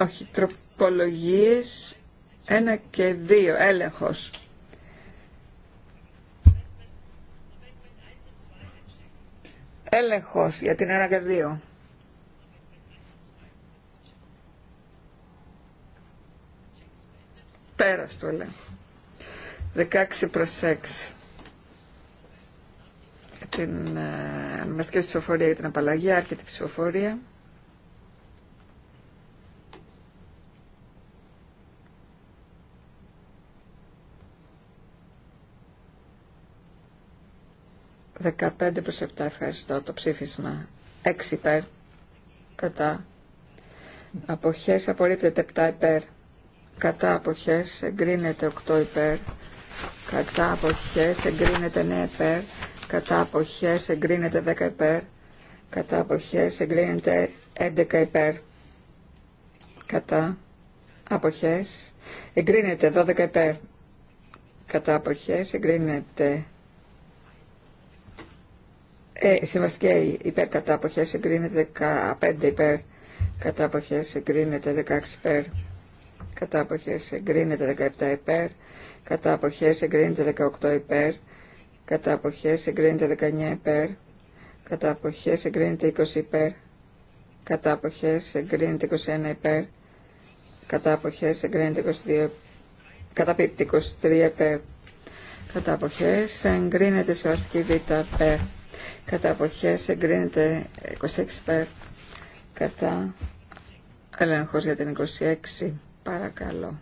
Όχι, τροπολογίες ένα και δύο έλεγχος. Έλεγχος για την ένα και δύο Πέρας του έλεγχο 16 προς 6 την ε, Μεσική ψηφοφορία για την απαλλαγή, άρχεται η ψηφοφορία. 15 προς 7 ευχαριστώ το ψήφισμα. 6 υπέρ, κατά. Αποχές απορρίπτεται 7 υπέρ. Κατά αποχές εγκρίνεται 8 υπέρ. Κατά αποχές εγκρίνεται 9 υπέρ κατά αποχές εγκρίνεται 10 υπέρ, κατά αποχές εγκρίνεται 11 υπέρ, κατά αποχές εγκρίνεται 12 υπέρ, κατά αποχές εγκρίνεται ε, συμβαστική υπέρ κατά αποχές εγκρίνεται 15 υπέρ, κατά αποχές εγκρίνεται 16 υπέρ, κατά αποχές εγκρίνεται 17 υπέρ, κατά αποχές εγκρίνεται 18 υπέρ, κατά αποχές εγκρίνεται 19 υπέρ, κατά αποχές εγκρίνεται 20 υπέρ, κατά αποχές εγκρίνεται 21 υπέρ, κατά αποχές εγκρίνεται 22 κατά 23 υπέρ, κατά αποχές εγκρίνεται σεβαστική β υπέρ, κατά αποχές εγκρίνεται 26 υπέρ, κατά έλεγχος για την 26 παρακαλώ.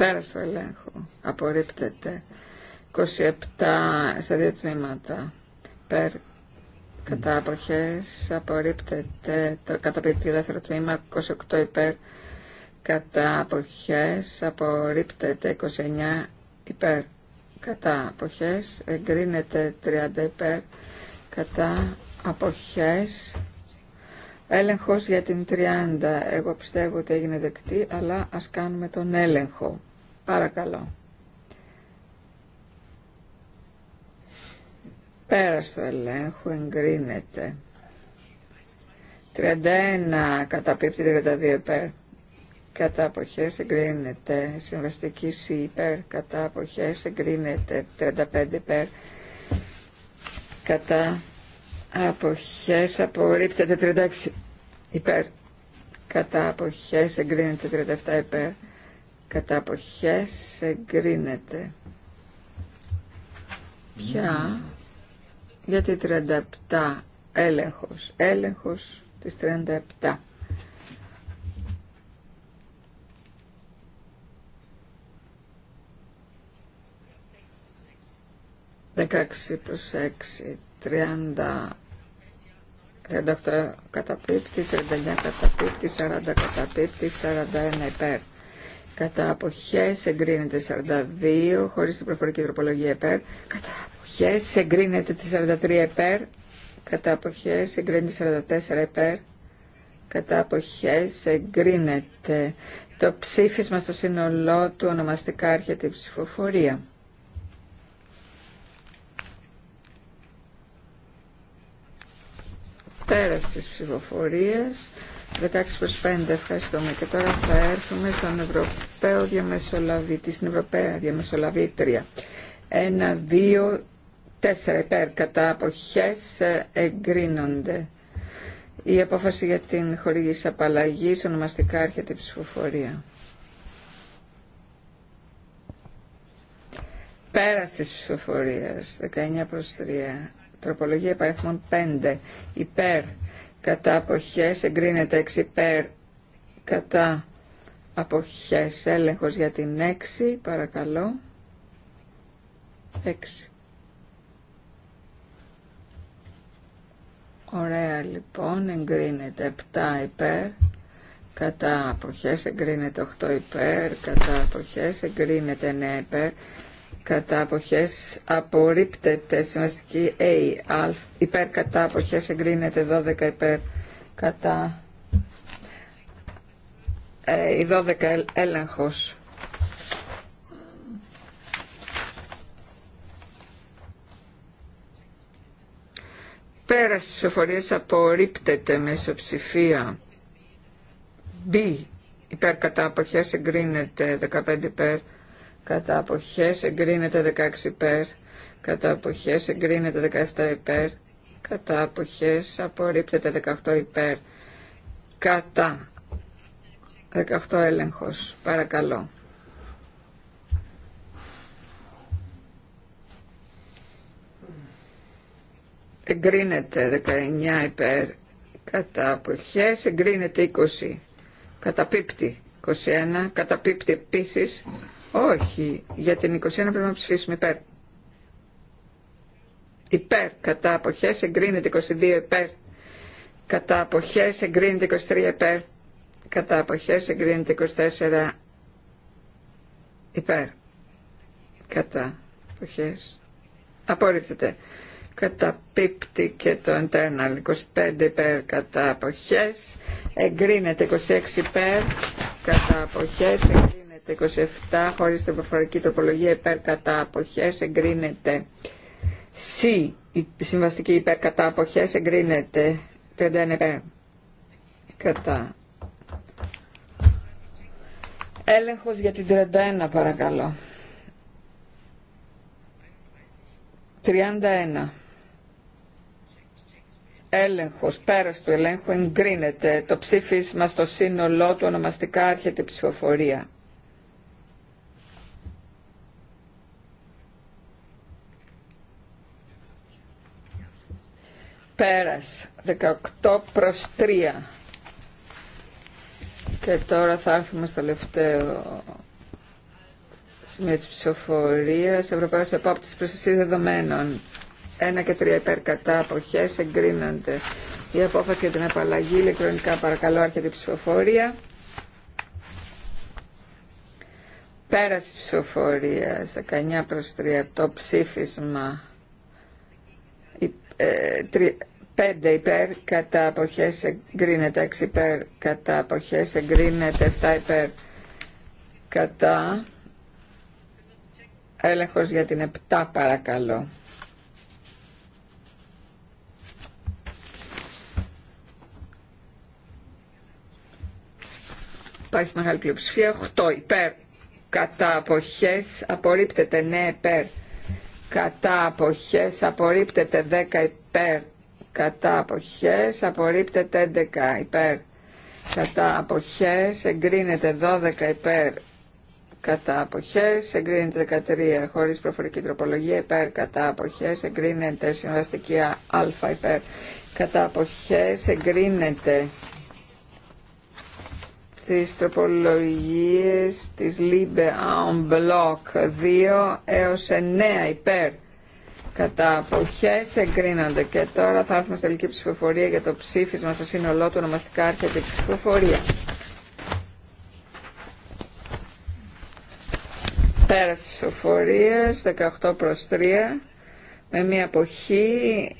Πέρα το έλεγχο Απορρίπτεται. 27 σε δύο τμήματα. Περ κατά αποχές. Απορρίπτεται. Το καταπληκτικό δεύτερο τμήμα. 28 υπέρ κατά αποχές. Απορρίπτεται. 29 υπέρ κατά αποχές. Εγκρίνεται. 30 υπέρ κατά αποχές. Έλεγχος για την 30. Εγώ πιστεύω ότι έγινε δεκτή, αλλά ας κάνουμε τον έλεγχο. Παρακαλώ. Πέρα στο ελέγχου εγκρίνεται. 31 πίπτη 32 υπέρ. Κατά αποχές εγκρίνεται. Συμβαστική C υπέρ. Κατά αποχές εγκρίνεται. 35 υπέρ. Κατά αποχές απορρίπτεται. 36 υπέρ. Κατά αποχές εγκρίνεται. 37 υπέρ κατά αποχές εγκρίνεται. πια για τη 37 έλεγχος, έλεγχος της 37. 16 προς 6, 30 38 καταπίπτει, 39 καταπίπτει, 40 καταπίπτει, 41 υπέρ κατά αποχές εγκρίνεται 42 χωρίς την προφορική τροπολογία ΕΠΕΡ. κατά αποχές εγκρίνεται 43 ΕΠΕΡ. κατά αποχές εγκρίνεται 44 ΕΠΕΡ. κατά αποχές εγκρίνεται το ψήφισμα στο σύνολό του ονομαστικά έρχεται η ψηφοφορία πέρας της ψηφοφορίας 16 προς 5 ευχαριστούμε και τώρα θα έρθουμε στον Ευρωπαίο Διαμεσολαβήτη, στην Ευρωπαία Διαμεσολαβήτρια. 1, 2, 4 υπέρ κατά αποχές εγκρίνονται. Η απόφαση για την χορήγηση απαλλαγή ονομαστικά έρχεται η ψηφοφορία. Πέρα τη ψηφοφορία, 19 προς 3, τροπολογία παριθμών 5, υπέρ κατά αποχές εγκρίνεται 6 υπέρ κατά αποχές έλεγχος για την 6 παρακαλώ 6 Ωραία λοιπόν, εγκρίνεται 7 υπέρ, κατά αποχές εγκρίνεται 8 υπέρ, κατά αποχές εγκρίνεται 9 υπέρ, κατά αποχές απορρίπτεται σημαντική A α, υπέρ κατά αποχές εγκρίνεται 12 υπέρ κατά ε, 12 ε, έλεγχος πέρα στις εφορίε απορρίπτεται με ισοψηφία B υπέρ κατά αποχές εγκρίνεται 15 υπέρ κατά αποχές εγκρίνεται 16 υπέρ, κατά αποχές εγκρίνεται 17 υπέρ, κατά αποχές απορρίπτεται 18 υπέρ, κατά 18 έλεγχος, παρακαλώ. Εγκρίνεται 19 υπέρ, κατά αποχές εγκρίνεται 20, καταπίπτει 21, καταπίπτει επίσης όχι, για την 21 πρέπει να ψηφίσουμε υπέρ. Υπέρ, κατά αποχές, εγκρίνεται 22 υπέρ. Κατά αποχές, εγκρίνεται 23 υπέρ. Κατά αποχές, εγκρίνεται 24 υπέρ. Κατά αποχές, απορρίπτεται. πίπτη και το internal 25 υπέρ κατά αποχές, εγκρίνεται 26 υπέρ, κατά αποχές, εγκρίνεται το 27 χωρίς την προφορική τροπολογία υπέρ κατά αποχές εγκρίνεται. Σύ. Η συμβαστική υπέρ κατά αποχές εγκρίνεται. 31 υπέρ κατά. Έλεγχος για την 31 παρακαλώ. 31. Έλεγχος, πέρας του ελέγχου εγκρίνεται το ψήφισμα στο σύνολό του ονομαστικά άρχεται ψηφοφορία. Πέρας, 18 προς 3. Και τώρα θα έρθουμε στο τελευταίο σημείο της ψηφοφορίας. Ευρωπαϊκός Επόπτης Προστασίας Δεδομένων. 1 και 3 υπέρ κατά αποχές εγκρίνονται. Η απόφαση για την απαλλαγή ηλεκτρονικά παρακαλώ άρχεται η ψηφοφορία. Πέρας της ψηφοφορίας, 19 προς 3, το ψήφισμα ε, 5 υπέρ κατά αποχές εγκρίνεται 6 υπέρ κατά αποχές εγκρίνεται 7 υπέρ κατά έλεγχος για την 7 παρακαλώ υπάρχει μεγάλη πλειοψηφία 8 υπέρ κατά αποχές απορρίπτεται 9 υπέρ κατά αποχές απορρίπτεται 10 υπέρ κατά αποχές απορρίπτεται 11 υπέρ κατά αποχές εγκρίνεται 12 υπέρ κατά αποχές εγκρίνεται 13 χωρίς προφορική τροπολογία υπέρ κατά αποχές εγκρίνεται συμβαστική α υπέρ κατά αποχές εγκρίνεται τις τροπολογίες της ΛΥΜΠΕ Αμπλοκ 2 έως 9 υπέρ κατά αποχές εγκρίνονται. Και τώρα θα έρθουμε στη τελική ψηφοφορία για το ψήφισμα στο σύνολό του ονομαστικά άρχια η ψηφοφορία. Πέρασε ψηφοφορίες, 18 προς 3, με μία αποχή.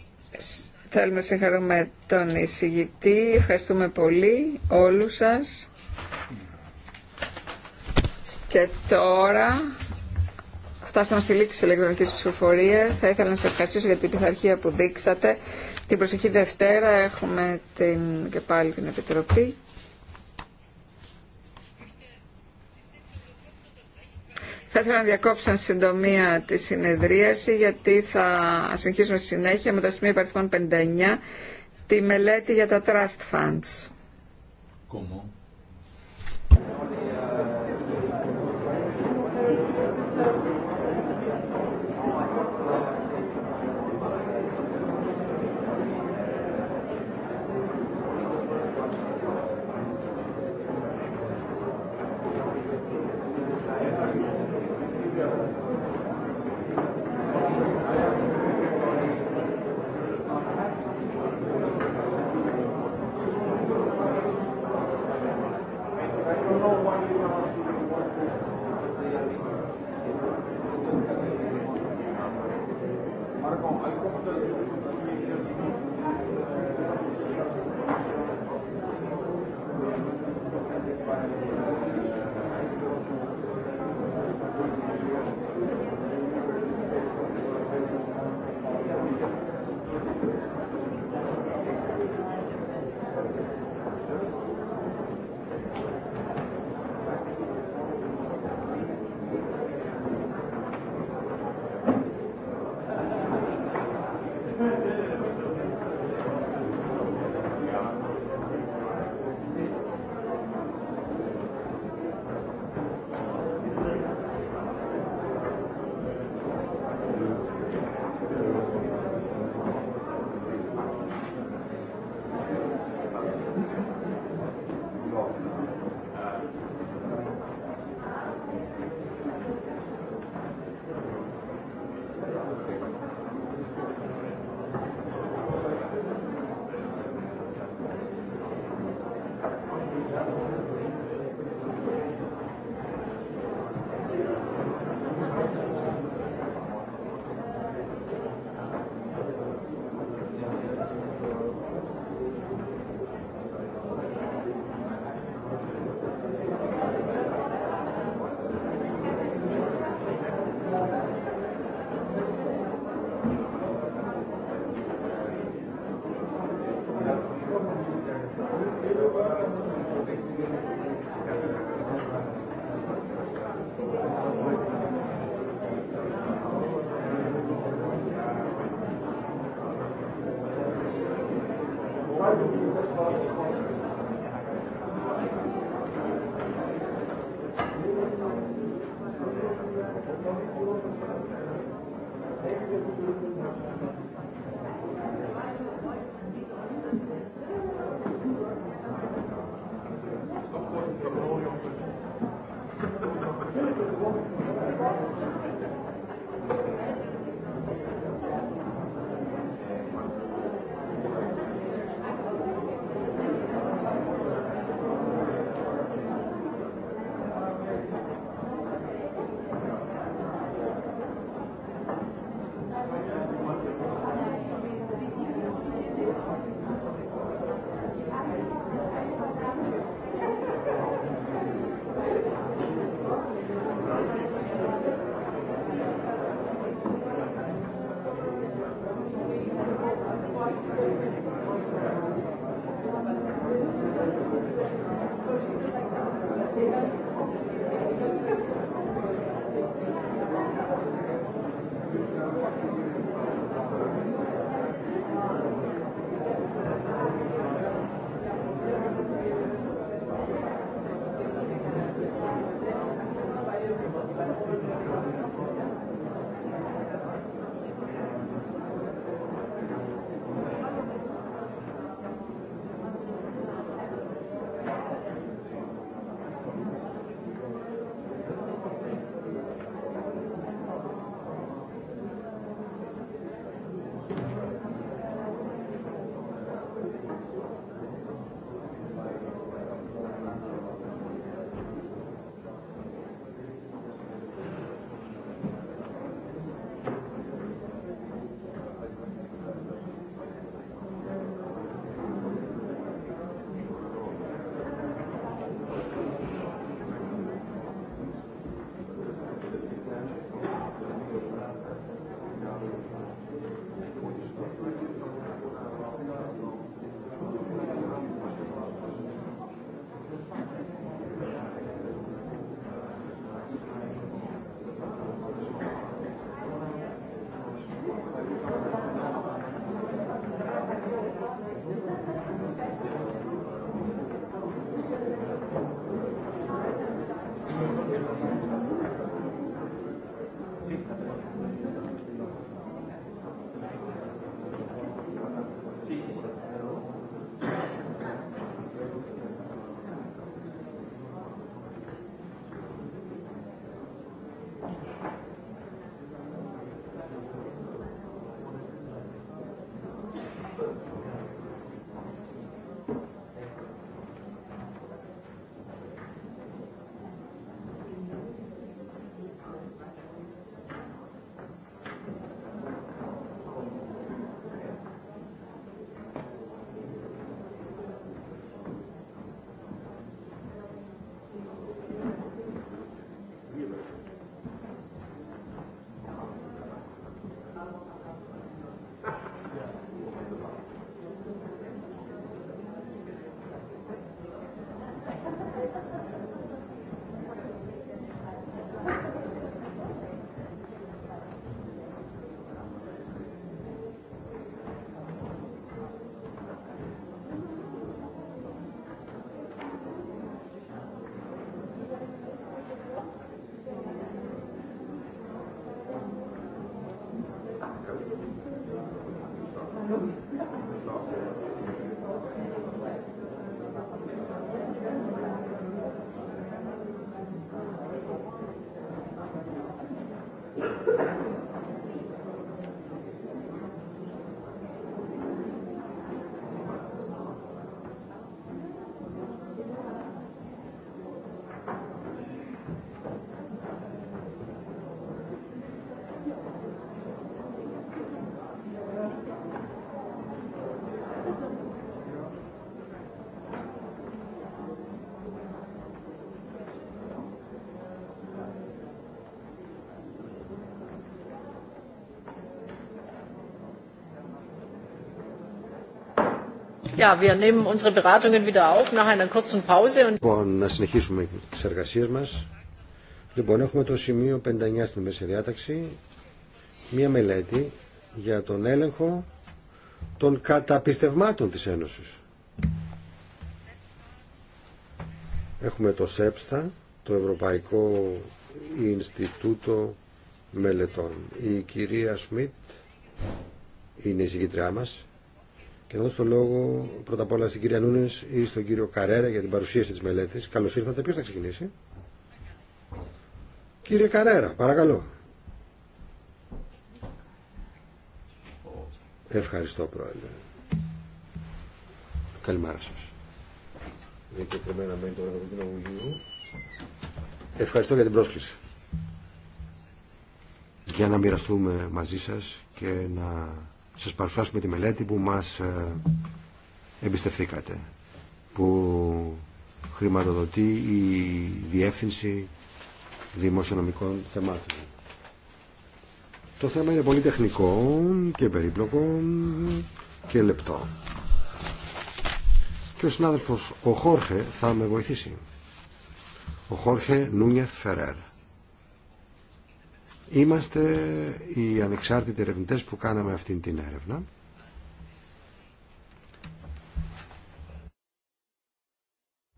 Θέλουμε να συγχαρούμε τον εισηγητή. Ευχαριστούμε πολύ όλους σας. Και τώρα Φτάσαμε στη λήξη τη ηλεκτρονικής ψηφοφορίας. Θα ήθελα να σα ευχαριστήσω για την πειθαρχία που δείξατε. Την προσεχή Δευτέρα έχουμε την, και πάλι την Επιτροπή. Θα ήθελα να διακόψω εν συντομία τη συνεδρίαση, γιατί θα συνεχίσουμε στη συνέχεια με τα σημεία υπαριθμών 59, τη μελέτη για τα trust funds. Ja, wir nehmen unsere Beratungen wieder auf nach einer kurzen Λοιπόν, να συνεχίσουμε τις εργασίες μα. Λοιπόν, έχουμε το σημείο 59 στην μέση διάταξη. Μία μελέτη για τον έλεγχο των καταπιστευμάτων της Ένωσης. Έχουμε το ΣΕΠΣΤΑ, το Ευρωπαϊκό Ινστιτούτο Μελετών. Η κυρία Σμιτ είναι η συγκεντριά μας και να δώσω λόγο πρώτα απ' όλα στην κυρία Νούνε ή στον κύριο Καρέρα για την παρουσίαση τη μελέτη. Καλώ ήρθατε. Ποιο θα ξεκινήσει, Κύριε Καρέρα, παρακαλώ. Ευχαριστώ, Πρόεδρε. Καλημέρα σα. Ευχαριστώ για την πρόσκληση. Για να μοιραστούμε μαζί σας και να σας παρουσιάσουμε τη μελέτη που μας ε, εμπιστευθήκατε, που χρηματοδοτεί η Διεύθυνση Δημοσιονομικών Θεμάτων. Το θέμα είναι πολύ τεχνικό και περίπλοκο και λεπτό. Και ο συνάδελφος ο Χόρχε θα με βοηθήσει. Ο Χόρχε Νούνιεθ Φερέρα. Είμαστε οι ανεξάρτητοι ερευνητέ που κάναμε αυτή την έρευνα.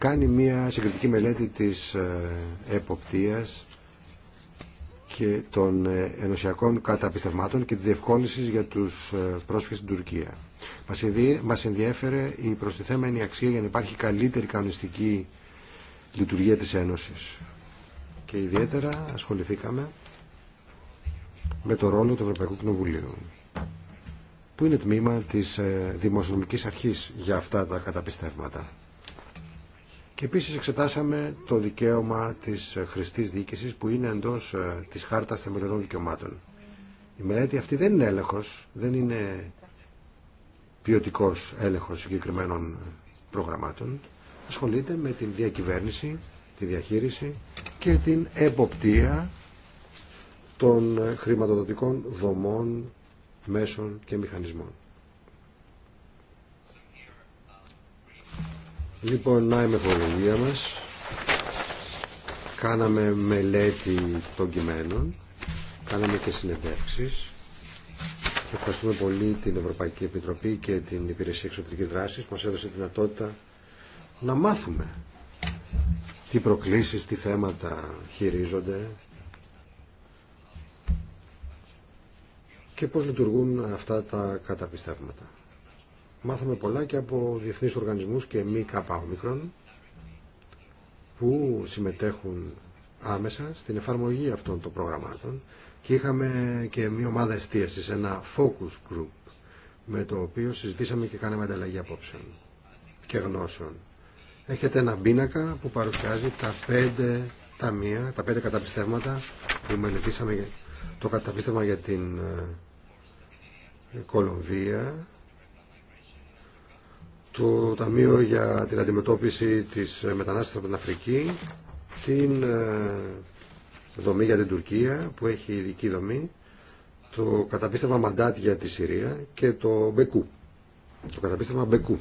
Κάνει μια συγκριτική μελέτη της ε, εποπτείας και των ε, ενωσιακών καταπιστευμάτων και τη διευκόλυνση για τους ε, πρόσφυγες στην Τουρκία. Μας ενδιέφερε η προστιθέμενη αξία για να υπάρχει καλύτερη κανονιστική λειτουργία της Ένωσης. Και ιδιαίτερα ασχοληθήκαμε με το ρόλο του Ευρωπαϊκού Κοινοβουλίου που είναι τμήμα της ε, δημοσιονομικής αρχής για αυτά τα καταπιστεύματα. Και επίσης εξετάσαμε το δικαίωμα της ε, χρηστής διοίκησης που είναι εντός ε, της χάρτας θεμελιωδών δικαιωμάτων. Η μελέτη αυτή δεν είναι έλεγχος, δεν είναι ποιοτικό έλεγχος συγκεκριμένων προγραμμάτων. Ασχολείται με την διακυβέρνηση, τη διαχείριση και την εποπτεία των χρηματοδοτικών δομών, μέσων και μηχανισμών. Λοιπόν, να η μεθοδολογία μας. Κάναμε μελέτη των κειμένων, κάναμε και συνεντεύξεις. Ευχαριστούμε πολύ την Ευρωπαϊκή Επιτροπή και την Υπηρεσία Εξωτερικής Δράσης που μας έδωσε τη δυνατότητα να μάθουμε τι προκλήσεις, τι θέματα χειρίζονται και πώς λειτουργούν αυτά τα καταπιστεύματα. Μάθαμε πολλά και από διεθνείς οργανισμούς και μη καπαόμικρον που συμμετέχουν άμεσα στην εφαρμογή αυτών των προγραμμάτων και είχαμε και μια ομάδα εστίασης, ένα focus group με το οποίο συζητήσαμε και κάναμε ανταλλαγή απόψεων και γνώσεων. Έχετε ένα πίνακα που παρουσιάζει τα πέντε ταμεία, τα πέντε καταπιστεύματα που μελετήσαμε το καταπίστευμα για την ε, Κολομβία, το Ταμείο για την Αντιμετώπιση της Μετανάστευσης από την Αφρική, την ε, δομή για την Τουρκία που έχει ειδική δομή, το καταπίστευμα Μαντάτ για τη Συρία και το Μπεκού. Το καταπίστευμα Μπεκού.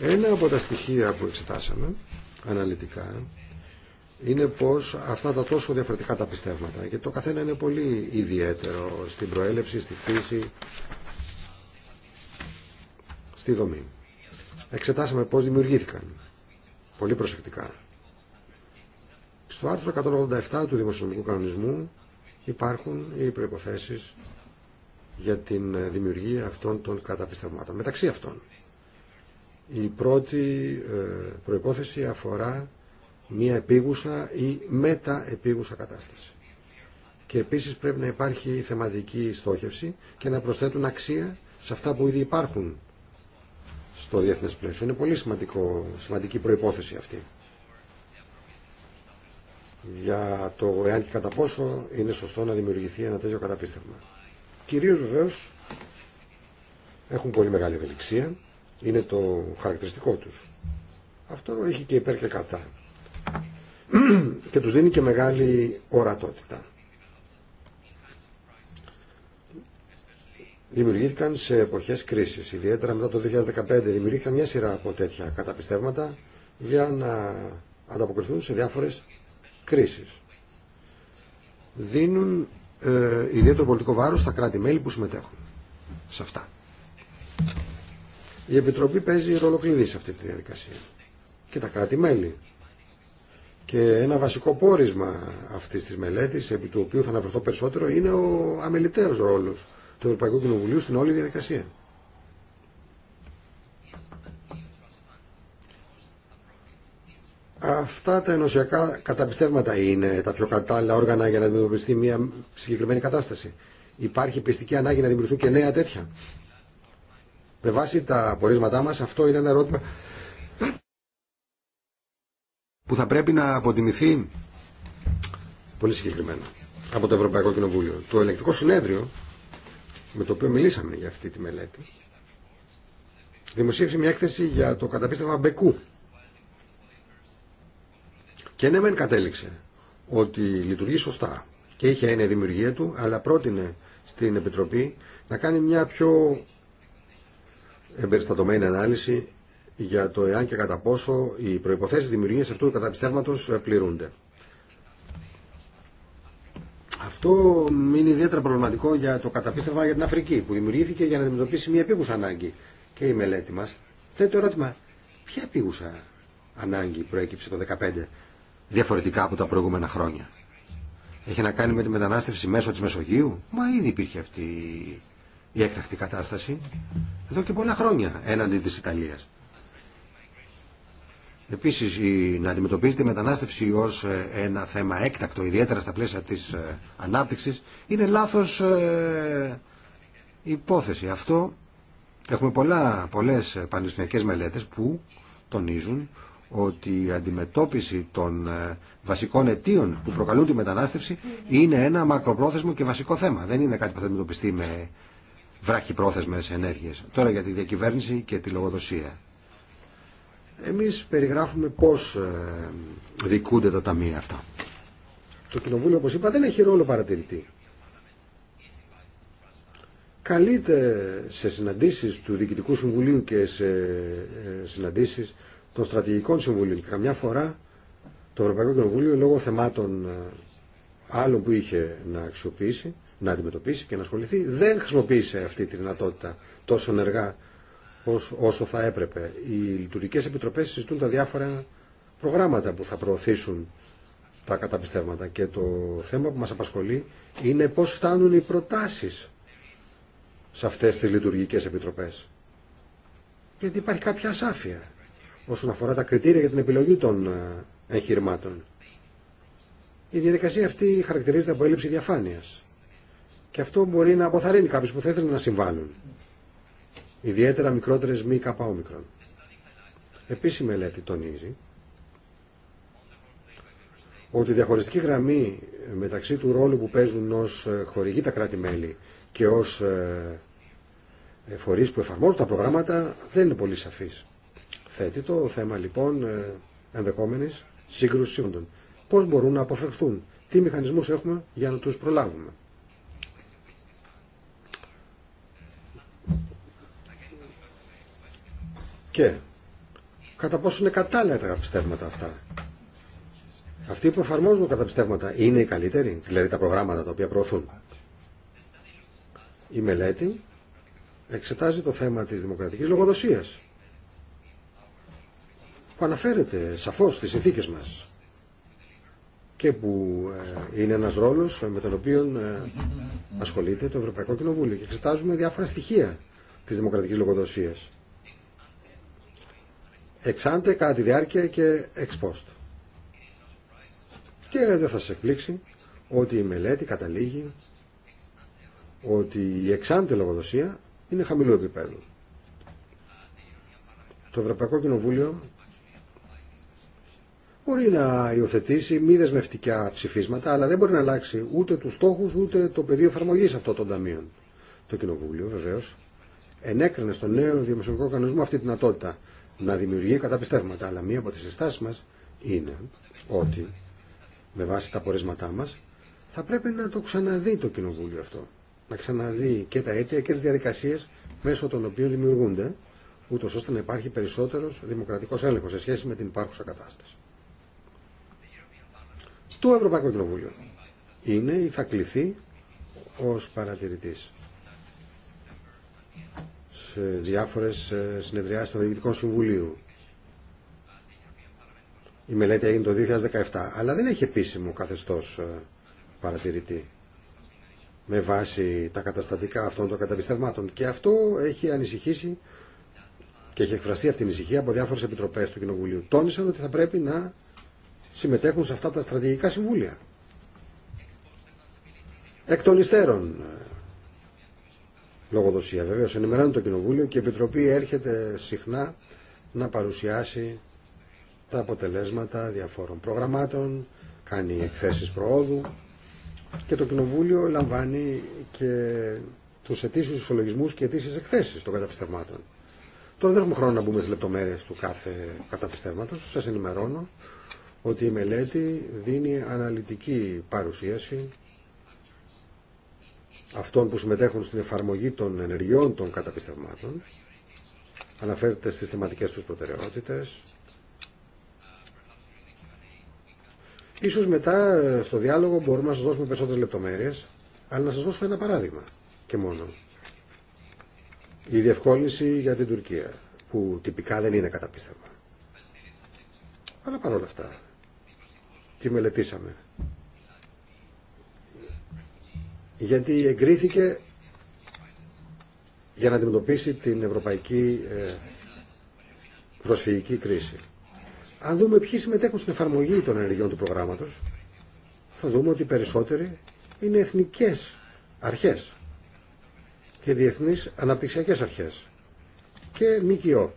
Ένα από τα στοιχεία που εξετάσαμε αναλυτικά είναι πως αυτά τα τόσο διαφορετικά τα πιστεύματα και το καθένα είναι πολύ ιδιαίτερο στην προέλευση, στη φύση, στη δομή. Εξετάσαμε πώς δημιουργήθηκαν πολύ προσεκτικά. Στο άρθρο 187 του Δημοσιονομικού Κανονισμού υπάρχουν οι προϋποθέσεις για την δημιουργία αυτών των καταπιστευμάτων. Μεταξύ αυτών, η πρώτη ε, προϋπόθεση αφορά μια επίγουσα ή μεταεπίγουσα κατάσταση. Και επίσης πρέπει να υπάρχει θεματική στόχευση και να προσθέτουν αξία σε αυτά που ήδη υπάρχουν στο διεθνέ πλαίσιο. Είναι πολύ σημαντικό, σημαντική προϋπόθεση αυτή για το εάν και κατά πόσο είναι σωστό να δημιουργηθεί ένα τέτοιο καταπίστευμα. Κυρίως βεβαίω έχουν πολύ μεγάλη ευελιξία, είναι το χαρακτηριστικό τους. Αυτό έχει και υπέρ και κατά και τους δίνει και μεγάλη ορατότητα. Δημιουργήθηκαν σε εποχές κρίσης, ιδιαίτερα μετά το 2015, δημιουργήθηκαν μια σειρά από τέτοια καταπιστεύματα για να ανταποκριθούν σε διάφορες κρίσεις. Δίνουν ε, ιδιαίτερο πολιτικό βάρος στα κράτη-μέλη που συμμετέχουν σε αυτά. Η Επιτροπή παίζει ρόλο κλειδί σε αυτή τη διαδικασία. Και τα κράτη-μέλη και ένα βασικό πόρισμα αυτή τη μελέτη, επί του οποίου θα αναφερθώ περισσότερο, είναι ο αμεληταίο ρόλο του Ευρωπαϊκού Κοινοβουλίου στην όλη διαδικασία. Αυτά τα ενωσιακά καταπιστεύματα είναι τα πιο κατάλληλα όργανα για να αντιμετωπιστεί μια συγκεκριμένη κατάσταση. Υπάρχει πιστική ανάγκη να δημιουργηθούν και νέα τέτοια. Με βάση τα απορίσματά μας αυτό είναι ένα ερώτημα που θα πρέπει να αποτιμηθεί πολύ συγκεκριμένα από το Ευρωπαϊκό Κοινοβούλιο. Το ελεκτικό συνέδριο με το οποίο μιλήσαμε για αυτή τη μελέτη δημοσίευσε μια έκθεση για το καταπίστευμα Μπεκού και ναι μεν κατέληξε ότι λειτουργεί σωστά και είχε έννοια δημιουργία του αλλά πρότεινε στην Επιτροπή να κάνει μια πιο εμπεριστατωμένη ανάλυση για το εάν και κατά πόσο οι προϋποθέσεις δημιουργίας αυτού του καταπιστεύματος ε, πληρούνται. Αυτό είναι ιδιαίτερα προβληματικό για το καταπίστευμα για την Αφρική που δημιουργήθηκε για να αντιμετωπίσει μια επίγουσα ανάγκη. Και η μελέτη μας θέτει το ερώτημα ποια επίγουσα ανάγκη προέκυψε το 2015 διαφορετικά από τα προηγούμενα χρόνια. Έχει να κάνει με τη μετανάστευση μέσω της Μεσογείου. Μα ήδη υπήρχε αυτή η έκτακτη κατάσταση εδώ και πολλά χρόνια έναντι της Ιταλίας. Επίση, η, να αντιμετωπίζεται η μετανάστευση ως ε, ένα θέμα έκτακτο, ιδιαίτερα στα πλαίσια της ε, ανάπτυξης, είναι λάθος ε, υπόθεση. Αυτό έχουμε πολλέ πολλές μελέτε μελέτες που τονίζουν ότι η αντιμετώπιση των βασικών αιτίων που προκαλούν τη μετανάστευση είναι ένα μακροπρόθεσμο και βασικό θέμα. Δεν είναι κάτι που θα αντιμετωπιστεί με βράχυπρόθεσμες ενέργειε. Τώρα για τη διακυβέρνηση και τη λογοδοσία. Εμείς περιγράφουμε πώς ε, δικούνται τα ταμεία αυτά. Το Κοινοβούλιο, όπως είπα, δεν έχει ρόλο παρατηρητή. Καλείται σε συναντήσεις του Διοικητικού Συμβουλίου και σε ε, συναντήσεις των Στρατηγικών Συμβουλίων. καμιά φορά το Ευρωπαϊκό Κοινοβούλιο, λόγω θεμάτων ε, άλλων που είχε να αξιοποιήσει, να αντιμετωπίσει και να ασχοληθεί, δεν χρησιμοποίησε αυτή τη δυνατότητα τόσο ενεργά όσο θα έπρεπε. Οι λειτουργικές επιτροπές συζητούν τα διάφορα προγράμματα που θα προωθήσουν τα καταπιστεύματα και το θέμα που μας απασχολεί είναι πώς φτάνουν οι προτάσεις σε αυτές τις λειτουργικές επιτροπές. Γιατί υπάρχει κάποια ασάφεια όσον αφορά τα κριτήρια για την επιλογή των ε, εγχειρημάτων. Η διαδικασία αυτή χαρακτηρίζεται από έλλειψη διαφάνειας. Και αυτό μπορεί να αποθαρρύνει κάποιους που θα ήθελαν να συμβάλλουν ιδιαίτερα μικρότερες μη καπαόμικρον. Επίσης η μελέτη τονίζει ότι η διαχωριστική γραμμή μεταξύ του ρόλου που παίζουν ως ε, χορηγοί τα κράτη-μέλη και ως ε, ε, φορείς που εφαρμόζουν τα προγράμματα δεν είναι πολύ σαφής. Θέτει το θέμα λοιπόν ενδεχόμενης σύγκρουσης σύμφωντων. Πώς μπορούν να αποφευχθούν, τι μηχανισμούς έχουμε για να τους προλάβουμε. και κατά πόσο είναι κατάλληλα τα καταπιστεύματα αυτά. Αυτοί που εφαρμόζουν καταπιστεύματα είναι οι καλύτεροι, δηλαδή τα προγράμματα τα οποία προωθούν. Η μελέτη εξετάζει το θέμα της δημοκρατικής λογοδοσίας που αναφέρεται σαφώς στις συνθήκες μας και που ε, είναι ένας ρόλος με τον οποίο ε, ασχολείται το Ευρωπαϊκό Κοινοβούλιο και εξετάζουμε διάφορα στοιχεία της δημοκρατικής λογοδοσίας εξάντε, κατά τη διάρκεια και εξ Και δεν θα σας εκπλήξει ότι η μελέτη καταλήγει ότι η εξάντε λογοδοσία είναι χαμηλού επίπεδου. Το Ευρωπαϊκό Κοινοβούλιο μπορεί να υιοθετήσει μη δεσμευτικά ψηφίσματα, αλλά δεν μπορεί να αλλάξει ούτε τους στόχους, ούτε το πεδίο εφαρμογή αυτών των ταμείων. Το Κοινοβούλιο βεβαίω ενέκρινε στο νέο δημοσιονομικό κανονισμό αυτή την δυνατότητα να δημιουργεί καταπιστεύματα. Αλλά μία από τις συστάσει μας είναι ότι με βάση τα πορίσματά μας θα πρέπει να το ξαναδεί το κοινοβούλιο αυτό. Να ξαναδεί και τα αίτια και τις διαδικασίες μέσω των οποίων δημιουργούνται ούτω ώστε να υπάρχει περισσότερος δημοκρατικός έλεγχο σε σχέση με την υπάρχουσα κατάσταση. Το Ευρωπαϊκό Κοινοβούλιο είναι ή θα κληθεί ως παρατηρητής ε, διάφορες ε, συνεδριάσεις του Διοικητικού Συμβουλίου. Η μελέτη έγινε το 2017, αλλά δεν έχει επίσημο καθεστώς ε, παρατηρητή με βάση τα καταστατικά αυτών των καταπιστευμάτων. Και αυτό έχει ανησυχήσει και έχει εκφραστεί αυτή η ανησυχία από διάφορε επιτροπέ του Κοινοβουλίου. Τόνισαν ότι θα πρέπει να συμμετέχουν σε αυτά τα στρατηγικά συμβούλια. Εκ των υστέρων λογοδοσία. Βεβαίω, ενημερώνει το Κοινοβούλιο και η Επιτροπή έρχεται συχνά να παρουσιάσει τα αποτελέσματα διαφόρων προγραμμάτων, κάνει εκθέσεις προόδου και το Κοινοβούλιο λαμβάνει και τους ετήσιους ισολογισμούς και ετήσιες εκθέσεις των καταπιστευμάτων. Τώρα δεν έχουμε χρόνο να μπούμε στις λεπτομέρειες του κάθε καταπιστεύματος. Σας ενημερώνω ότι η μελέτη δίνει αναλυτική παρουσίαση αυτών που συμμετέχουν στην εφαρμογή των ενεργειών των καταπιστευμάτων. Αναφέρεται στις θεματικές τους προτεραιότητες. Ίσως μετά στο διάλογο μπορούμε να σας δώσουμε περισσότερες λεπτομέρειες, αλλά να σας δώσω ένα παράδειγμα και μόνο. Η διευκόλυνση για την Τουρκία, που τυπικά δεν είναι καταπίστευμα. Αλλά παρόλα αυτά, τη μελετήσαμε. γιατί εγκρίθηκε για να αντιμετωπίσει την ευρωπαϊκή ε, προσφυγική κρίση. Αν δούμε ποιοι συμμετέχουν στην εφαρμογή των ενεργειών του προγράμματος, θα δούμε ότι οι περισσότεροι είναι εθνικές αρχές και διεθνείς αναπτυξιακές αρχές και ΜΚΟ.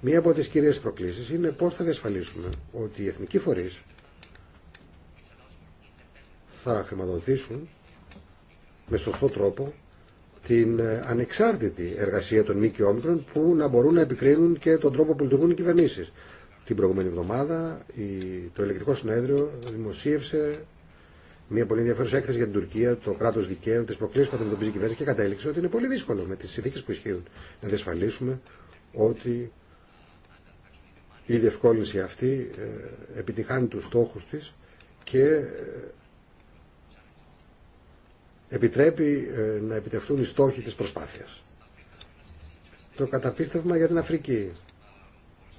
Μία από τις κυρίες προκλήσεις είναι πώς θα διασφαλίσουμε ότι οι εθνικοί φορείς θα χρηματοδοτήσουν με σωστό τρόπο την ε, ανεξάρτητη εργασία των μη κοιόμετρων που να μπορούν να επικρίνουν και τον τρόπο που λειτουργούν οι κυβερνήσεις. Την προηγούμενη εβδομάδα το ηλεκτρικό συνέδριο δημοσίευσε μια πολύ ενδιαφέρουσα έκθεση για την Τουρκία, το κράτο δικαίου, τι προκλήσει που αντιμετωπίζει η κυβέρνηση και κατέληξε ότι είναι πολύ δύσκολο με τι συνθήκε που ισχύουν να διασφαλίσουμε ότι η διευκόλυνση αυτή ε, επιτυχάνει του στόχου τη και ε, επιτρέπει ε, να επιτευχθούν οι στόχοι της προσπάθειας. Το καταπίστευμα για την Αφρική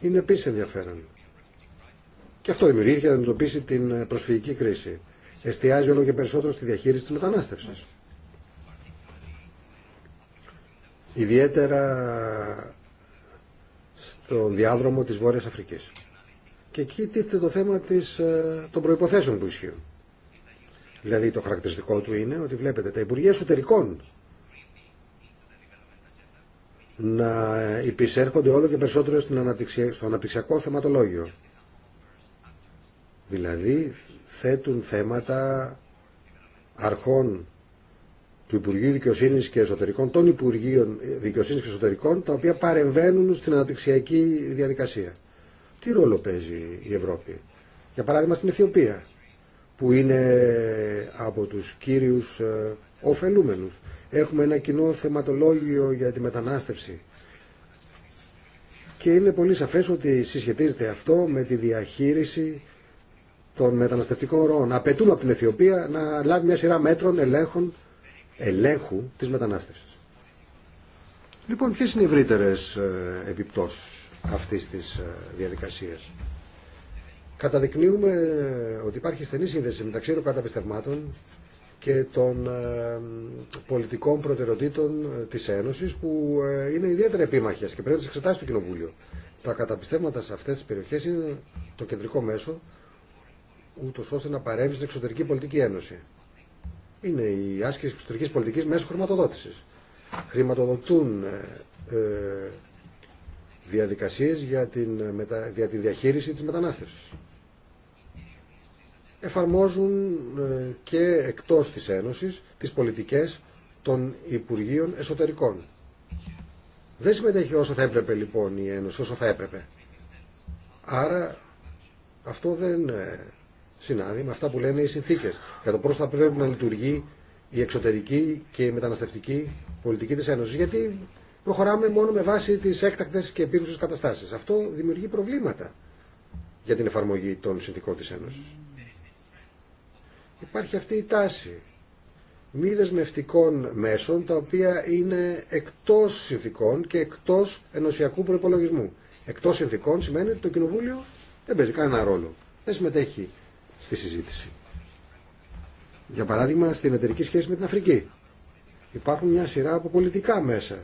είναι επίσης ενδιαφέρον. Και αυτό δημιουργήθηκε να αντιμετωπίσει την ε, προσφυγική κρίση. Εστιάζει όλο και περισσότερο στη διαχείριση της μετανάστευσης. Ιδιαίτερα στον διάδρομο της Βόρειας Αφρικής. Και εκεί τίθεται το θέμα της, ε, των προϋποθέσεων που ισχύουν. Δηλαδή το χαρακτηριστικό του είναι ότι βλέπετε τα Υπουργεία Εσωτερικών να υπησέρχονται όλο και περισσότερο στο αναπτυξιακό θεματολόγιο. Δηλαδή θέτουν θέματα αρχών του Υπουργείου Δικαιοσύνη και Εσωτερικών, των Υπουργείων Δικαιοσύνη και Εσωτερικών, τα οποία παρεμβαίνουν στην αναπτυξιακή διαδικασία. Τι ρόλο παίζει η Ευρώπη, για παράδειγμα στην Αιθιοπία που είναι από τους κύριους ε, ωφελούμενους. Έχουμε ένα κοινό θεματολόγιο για τη μετανάστευση και είναι πολύ σαφές ότι συσχετίζεται αυτό με τη διαχείριση των μεταναστευτικών ροών. Απαιτούμε από την Αιθιοπία να λάβει μια σειρά μέτρων ελέγχων, ελέγχου της μετανάστευσης. Λοιπόν, ποιες είναι οι ευρύτερες ε, επιπτώσεις αυτής της ε, διαδικασίας καταδεικνύουμε ότι υπάρχει στενή σύνδεση μεταξύ των καταπιστευμάτων και των ε, πολιτικών προτεραιοτήτων ε, της Ένωσης που ε, είναι ιδιαίτερα επίμαχες και πρέπει να τις εξετάσει το Κοινοβούλιο. Τα καταπιστεύματα σε αυτές τις περιοχές είναι το κεντρικό μέσο ούτω ώστε να παρέμβει στην εξωτερική πολιτική ένωση. Είναι η άσκηση εξωτερική πολιτική μέσω χρηματοδότηση. Χρηματοδοτούν ε, διαδικασίες για την, για διαχείριση της μετανάστευσης εφαρμόζουν ε, και εκτός της Ένωσης τις πολιτικές των Υπουργείων Εσωτερικών. Δεν συμμετέχει όσο θα έπρεπε λοιπόν η Ένωση, όσο θα έπρεπε. Άρα αυτό δεν ε, συνάδει με αυτά που λένε οι συνθήκες για το πώς θα πρέπει να λειτουργεί η εξωτερική και η μεταναστευτική πολιτική της Ένωσης. Γιατί προχωράμε μόνο με βάση τις έκτακτες και επίγουσες καταστάσεις. Αυτό δημιουργεί προβλήματα για την εφαρμογή των συνθήκων της Ένωσης υπάρχει αυτή η τάση μη δεσμευτικών μέσων τα οποία είναι εκτός συνθήκων και εκτός ενωσιακού προπολογισμού. Εκτός συνθήκων σημαίνει ότι το Κοινοβούλιο δεν παίζει κανένα ρόλο. Δεν συμμετέχει στη συζήτηση. Για παράδειγμα, στην εταιρική σχέση με την Αφρική. Υπάρχουν μια σειρά από πολιτικά μέσα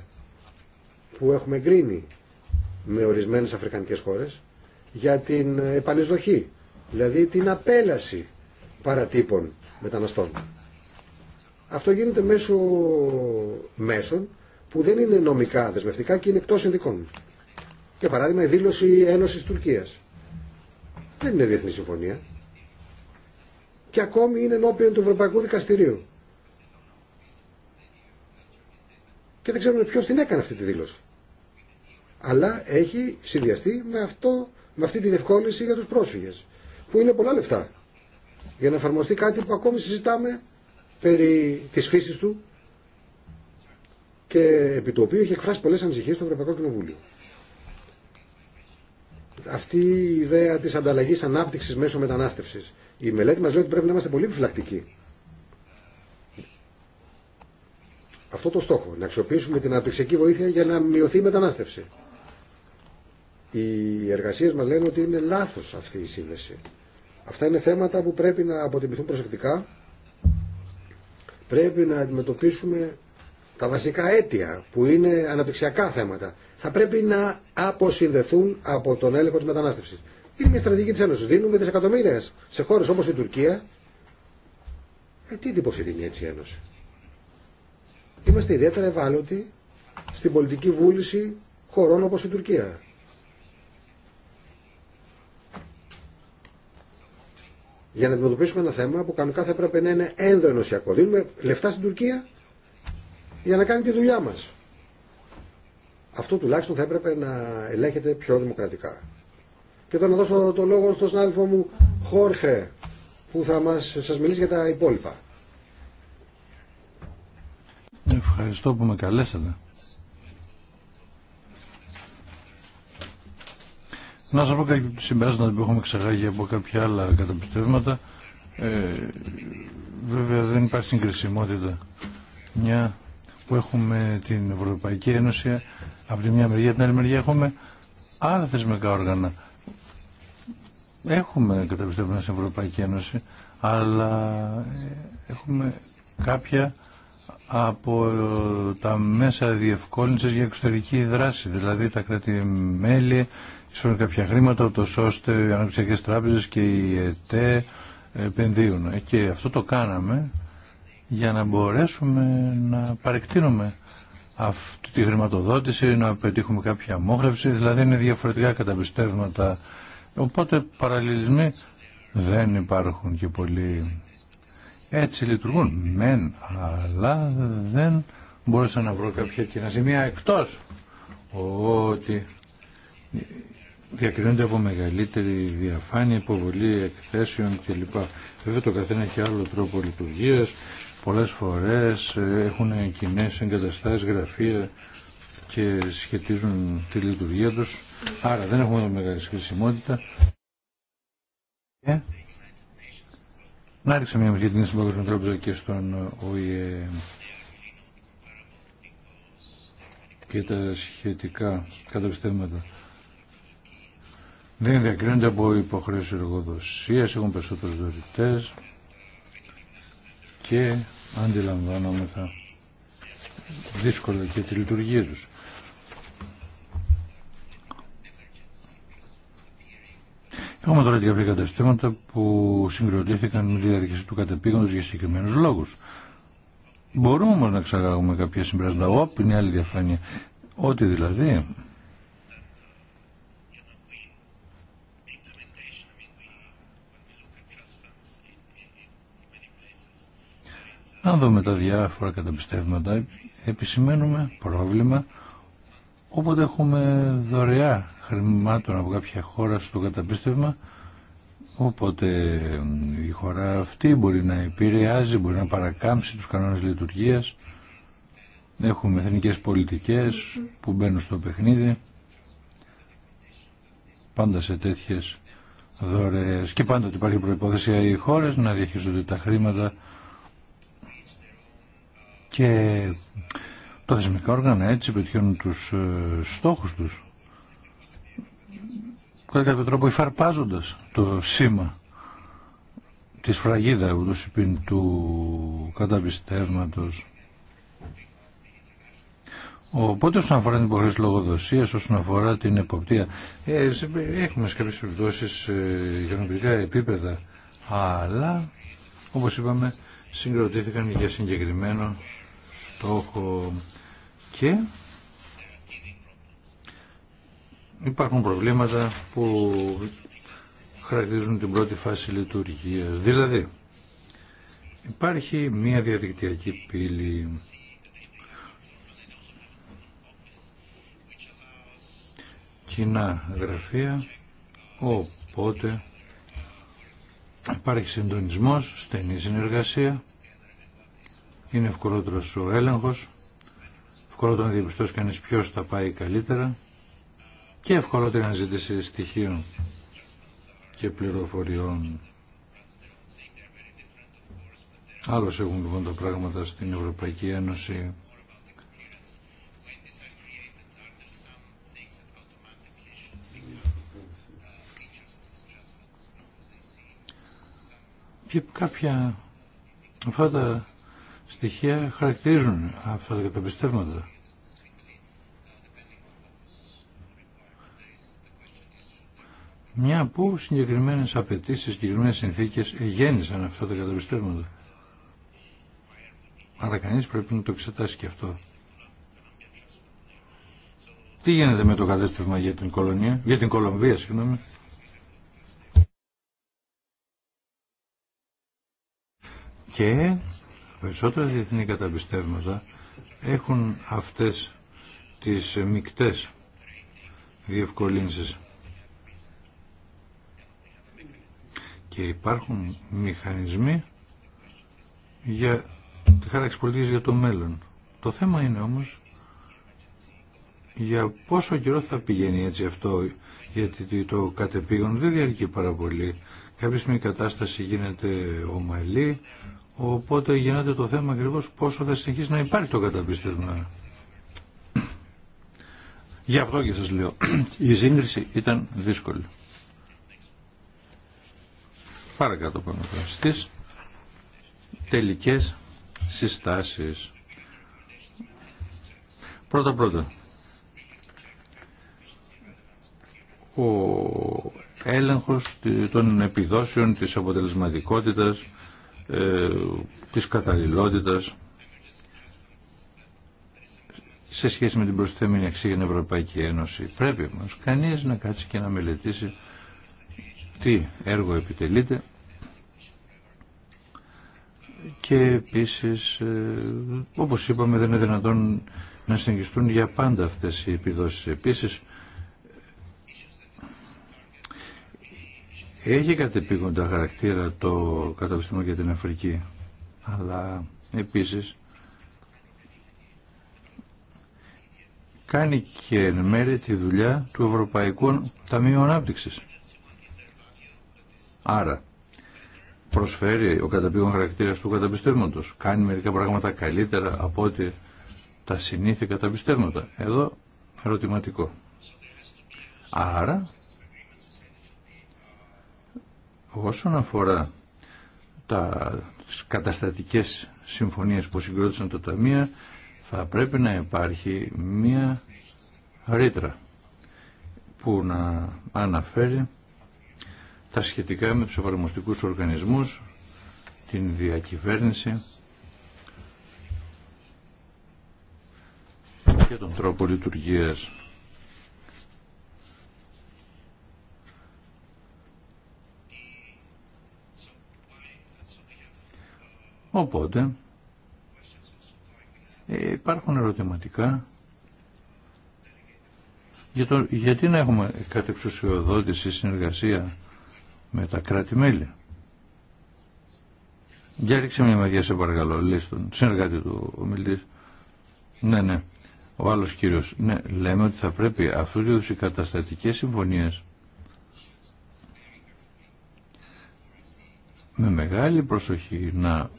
που έχουμε εγκρίνει με ορισμένες αφρικανικές χώρες για την επανεισδοχή, δηλαδή την απέλαση παρατύπων μεταναστών. Αυτό γίνεται μέσω μέσων που δεν είναι νομικά δεσμευτικά και είναι εκτό συνδικών. Για παράδειγμα, η δήλωση Ένωση Τουρκία. Δεν είναι διεθνή συμφωνία. Και ακόμη είναι ενώπιον του Ευρωπαϊκού Δικαστηρίου. Και δεν ξέρουμε ποιο την έκανε αυτή τη δήλωση. Αλλά έχει συνδυαστεί με, αυτό, με αυτή τη διευκόλυνση για του πρόσφυγε. Που είναι πολλά λεφτά για να εφαρμοστεί κάτι που ακόμη συζητάμε περί της φύσης του και επί το οποίο έχει εκφράσει πολλές ανησυχίες στο Ευρωπαϊκό Κοινοβούλιο. Αυτή η ιδέα της ανταλλαγής ανάπτυξης μέσω μετανάστευσης. Η μελέτη μας λέει ότι πρέπει να είμαστε πολύ επιφυλακτικοί. Αυτό το στόχο, να αξιοποιήσουμε την αναπτυξιακή βοήθεια για να μειωθεί η μετανάστευση. Οι εργασίες μας λένε ότι είναι λάθος αυτή η σύνδεση. Αυτά είναι θέματα που πρέπει να αποτιμηθούν προσεκτικά. Πρέπει να αντιμετωπίσουμε τα βασικά αίτια που είναι αναπτυξιακά θέματα. Θα πρέπει να αποσυνδεθούν από τον έλεγχο τη μετανάστευση. Είναι μια στρατηγική τη Ένωση. Δίνουμε δισεκατομμύρια σε χώρε όπω η Τουρκία. Ε, τι εντύπωση δίνει έτσι η Ένωση. Είμαστε ιδιαίτερα ευάλωτοι στην πολιτική βούληση χωρών όπω η Τουρκία. για να αντιμετωπίσουμε ένα θέμα που κανονικά θα έπρεπε να είναι ενδοενωσιακό. Δίνουμε λεφτά στην Τουρκία για να κάνει τη δουλειά μα. Αυτό τουλάχιστον θα έπρεπε να ελέγχεται πιο δημοκρατικά. Και τώρα να δώσω το λόγο στον συνάδελφο μου Χόρχε που θα μας, σας μιλήσει για τα υπόλοιπα. Ευχαριστώ που με καλέσατε. Να σα πω κάποια συμπεράσματα που έχουμε ξεχάσει από κάποια άλλα καταπιστεύματα. Ε, βέβαια δεν υπάρχει συγκρισιμότητα. Μια που έχουμε την Ευρωπαϊκή Ένωση από τη μια μεριά, την άλλη μεριά έχουμε άλλα θεσμικά όργανα. Έχουμε καταπιστεύματα στην Ευρωπαϊκή Ένωση, αλλά ε, έχουμε κάποια από ε, τα μέσα διευκόλυνσης για εξωτερική δράση, δηλαδή τα κράτη-μέλη φέρουν κάποια χρήματα, ούτως ώστε οι αναπτυξιακές Τράπεζε και οι ΕΤΕ επενδύουν. Ε, και αυτό το κάναμε για να μπορέσουμε να παρεκτείνουμε αυτή τη χρηματοδότηση, να πετύχουμε κάποια μόχρευση, δηλαδή είναι διαφορετικά καταπιστεύματα. Οπότε παραλληλισμοί δεν υπάρχουν και πολλοί. Έτσι λειτουργούν, μεν, αλλά δεν μπορούσα να βρω κάποια κοινά σημεία εκτός ότι διακρίνονται από μεγαλύτερη διαφάνεια, υποβολή εκθέσεων κλπ. Βέβαια το καθένα έχει άλλο τρόπο λειτουργίας, πολλές φορές ε, έχουν κοινέ εγκαταστάσεις, γραφεία και σχετίζουν τη λειτουργία τους, άρα δεν έχουμε μεγάλη χρησιμότητα. Ε, να ρίξω μια μουσική την Συμπαγκόσμια τρόπο και στον ΟΗΕ και τα σχετικά καταπιστεύματα δεν ναι, διακρίνονται ναι, από υποχρέωση εργοδοσία, έχουν περισσότερου δωρητέ και αντιλαμβάνομεθα δύσκολα και τη λειτουργία του. Έχουμε τώρα και καταστήματα που συγκροτήθηκαν με τη διαδικασία του κατεπήγοντο για συγκεκριμένου λόγου. Μπορούμε όμω να ξαγάγουμε κάποια συμπεράσματα. Όπ, είναι άλλη διαφάνεια. Ό,τι δηλαδή Αν δούμε τα διάφορα καταπιστεύματα. Επισημαίνουμε πρόβλημα όποτε έχουμε δωρεά χρημάτων από κάποια χώρα στο καταπίστευμα οπότε η χώρα αυτή μπορεί να επηρεάζει, μπορεί να παρακάμψει τους κανόνες λειτουργίας έχουμε εθνικές πολιτικές που μπαίνουν στο παιχνίδι πάντα σε τέτοιες δωρεές και πάντα ότι υπάρχει προϋπόθεση οι χώρες να διαχειριζονται τα χρήματα και τα θεσμικά όργανα έτσι πετυχαίνουν τους ε, στόχους τους κατά κάποιο τρόπο υφαρπάζοντας το σήμα της φραγίδα ούτως υπήν του καταπιστεύματος Οπότε όσον αφορά την υποχρέωση λογοδοσία, όσον αφορά την εποπτεία, ε, έχουμε σε κάποιε περιπτώσει ε, επίπεδα, αλλά όπως είπαμε συγκροτήθηκαν για συγκεκριμένο έχω και υπάρχουν προβλήματα που χαρακτηρίζουν την πρώτη φάση λειτουργίας. Δηλαδή, υπάρχει μία διαδικτυακή πύλη κοινά γραφεία, οπότε υπάρχει συντονισμός, στενή συνεργασία είναι ευκολότερο ο έλεγχος, ευκολότερο να διαπιστώσει κανείς ποιος τα πάει καλύτερα και ευκολότερη να ζητήσει στοιχείων και πληροφοριών. Άλλως έχουν λοιπόν τα πράγματα στην Ευρωπαϊκή Ένωση. Και κάποια αυτά στοιχεία χαρακτηρίζουν αυτά τα καταπιστεύματα. Μια που συγκεκριμένε απαιτήσει, συγκεκριμένε συνθήκε γέννησαν αυτά τα καταπιστεύματα. Άρα κανεί πρέπει να το εξετάσει και αυτό. Τι γίνεται με το κατέστημα για την Κολονία, για την Κολομβία, συγγνώμη. Και περισσότερα διεθνή καταπιστεύματα έχουν αυτές τις μικτές διευκολύνσεις. Και υπάρχουν μηχανισμοί για τη χάραξη πολιτικής για το μέλλον. Το θέμα είναι όμως για πόσο καιρό θα πηγαίνει έτσι αυτό, γιατί το κατεπήγον δεν διαρκεί πάρα πολύ. Κάποια στιγμή η κατάσταση γίνεται ομαλή, Οπότε γίνεται το θέμα ακριβώ πόσο θα συνεχίσει να υπάρχει το καταπίστευμα. Γι' αυτό και σας λέω, η σύγκριση ήταν δύσκολη. Παρακάτω πάμε τώρα στις τελικές συστάσεις. Πρώτα πρώτα, ο έλεγχος των επιδόσεων της αποτελεσματικότητας ε, της καταλληλότητας σε σχέση με την προσθέμενη αξία για την Ευρωπαϊκή Ένωση. Πρέπει όμως κανείς να κάτσει και να μελετήσει τι έργο επιτελείται και επίσης ε, όπως είπαμε δεν είναι δυνατόν να συνεχιστούν για πάντα αυτές οι επιδόσεις. Επίσης Έχει κατεπήγοντα χαρακτήρα το καταπιστήμιο για την Αφρική, αλλά επίσης κάνει και εν μέρει τη δουλειά του Ευρωπαϊκού Ταμείου Ανάπτυξης. Άρα, προσφέρει ο καταπήγον χαρακτήρας του καταπιστεύματος. Κάνει μερικά πράγματα καλύτερα από ότι τα συνήθεια καταπιστεύματα. Εδώ ερωτηματικό. Άρα Όσον αφορά τα καταστατικές συμφωνίες που συγκρότησαν το Ταμείο, θα πρέπει να υπάρχει μία ρήτρα που να αναφέρει τα σχετικά με τους εφαρμοστικούς οργανισμούς, την διακυβέρνηση και τον τρόπο λειτουργίας Οπότε ε, υπάρχουν ερωτηματικά για γιατί να έχουμε κατεξουσιοδότηση συνεργασία με τα κράτη-μέλη. Για ρίξε μια μαγιά σε παρακαλώ, του συνεργάτη του ομιλητή; Ναι, ναι, ο άλλος κύριος. Ναι, λέμε ότι θα πρέπει αυτούς τους οι καταστατικές συμφωνίες με μεγάλη προσοχή να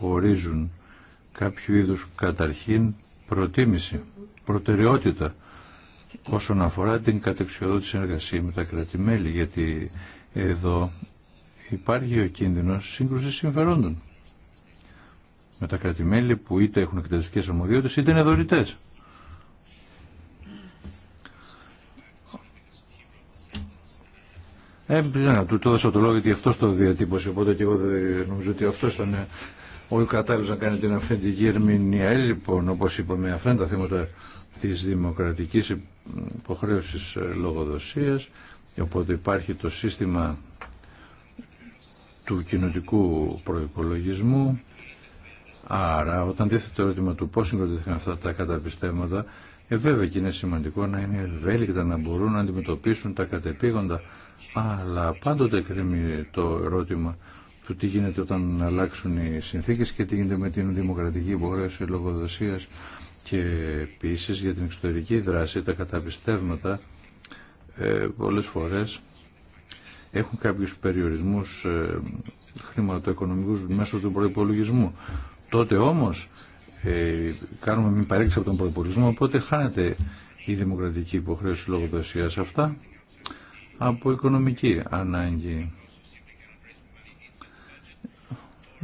ορίζουν κάποιο είδους καταρχήν προτίμηση, προτεραιότητα όσον αφορά την κατεξιοδότηση εργασία με τα κρατημέλη, γιατί εδώ υπάρχει ο κίνδυνος σύγκρουσης συμφερόντων με τα κρατημέλη που είτε έχουν εκτελεστικές αρμοδιότητες είτε είναι δωρητές. Ε, ναι, του το δώσω το λόγο γιατί αυτό το διατύπωσε, οπότε και εγώ νομίζω ότι αυτό ήταν ο κατάλληλος να κάνει την αυθεντική ερμηνεία. Ε, λοιπόν, όπως είπαμε, αυτά είναι τα θέματα της δημοκρατικής υποχρέωσης ε, λογοδοσίας, οπότε υπάρχει το σύστημα του κοινοτικού προϋπολογισμού, άρα όταν τίθεται το ερώτημα του πώς συγκροτήθηκαν αυτά τα καταπιστέματα, ε, βέβαια και είναι σημαντικό να είναι ευέλικτα να μπορούν να αντιμετωπίσουν τα κατεπήγοντα, αλλά πάντοτε κρίνει το ερώτημα του τι γίνεται όταν αλλάξουν οι συνθήκες και τι γίνεται με την δημοκρατική υποχρέωση λογοδοσίας και επίση για την εξωτερική δράση τα καταπιστεύματα ε, πολλές φορές έχουν κάποιους περιορισμούς ε, χρηματοοικονομικούς μέσω του προϋπολογισμού. Τότε όμως ε, κάνουμε μην παρέξη από τον προϋπολογισμό, οπότε χάνεται η δημοκρατική υποχρέωση λογοδοσίας αυτά από οικονομική ανάγκη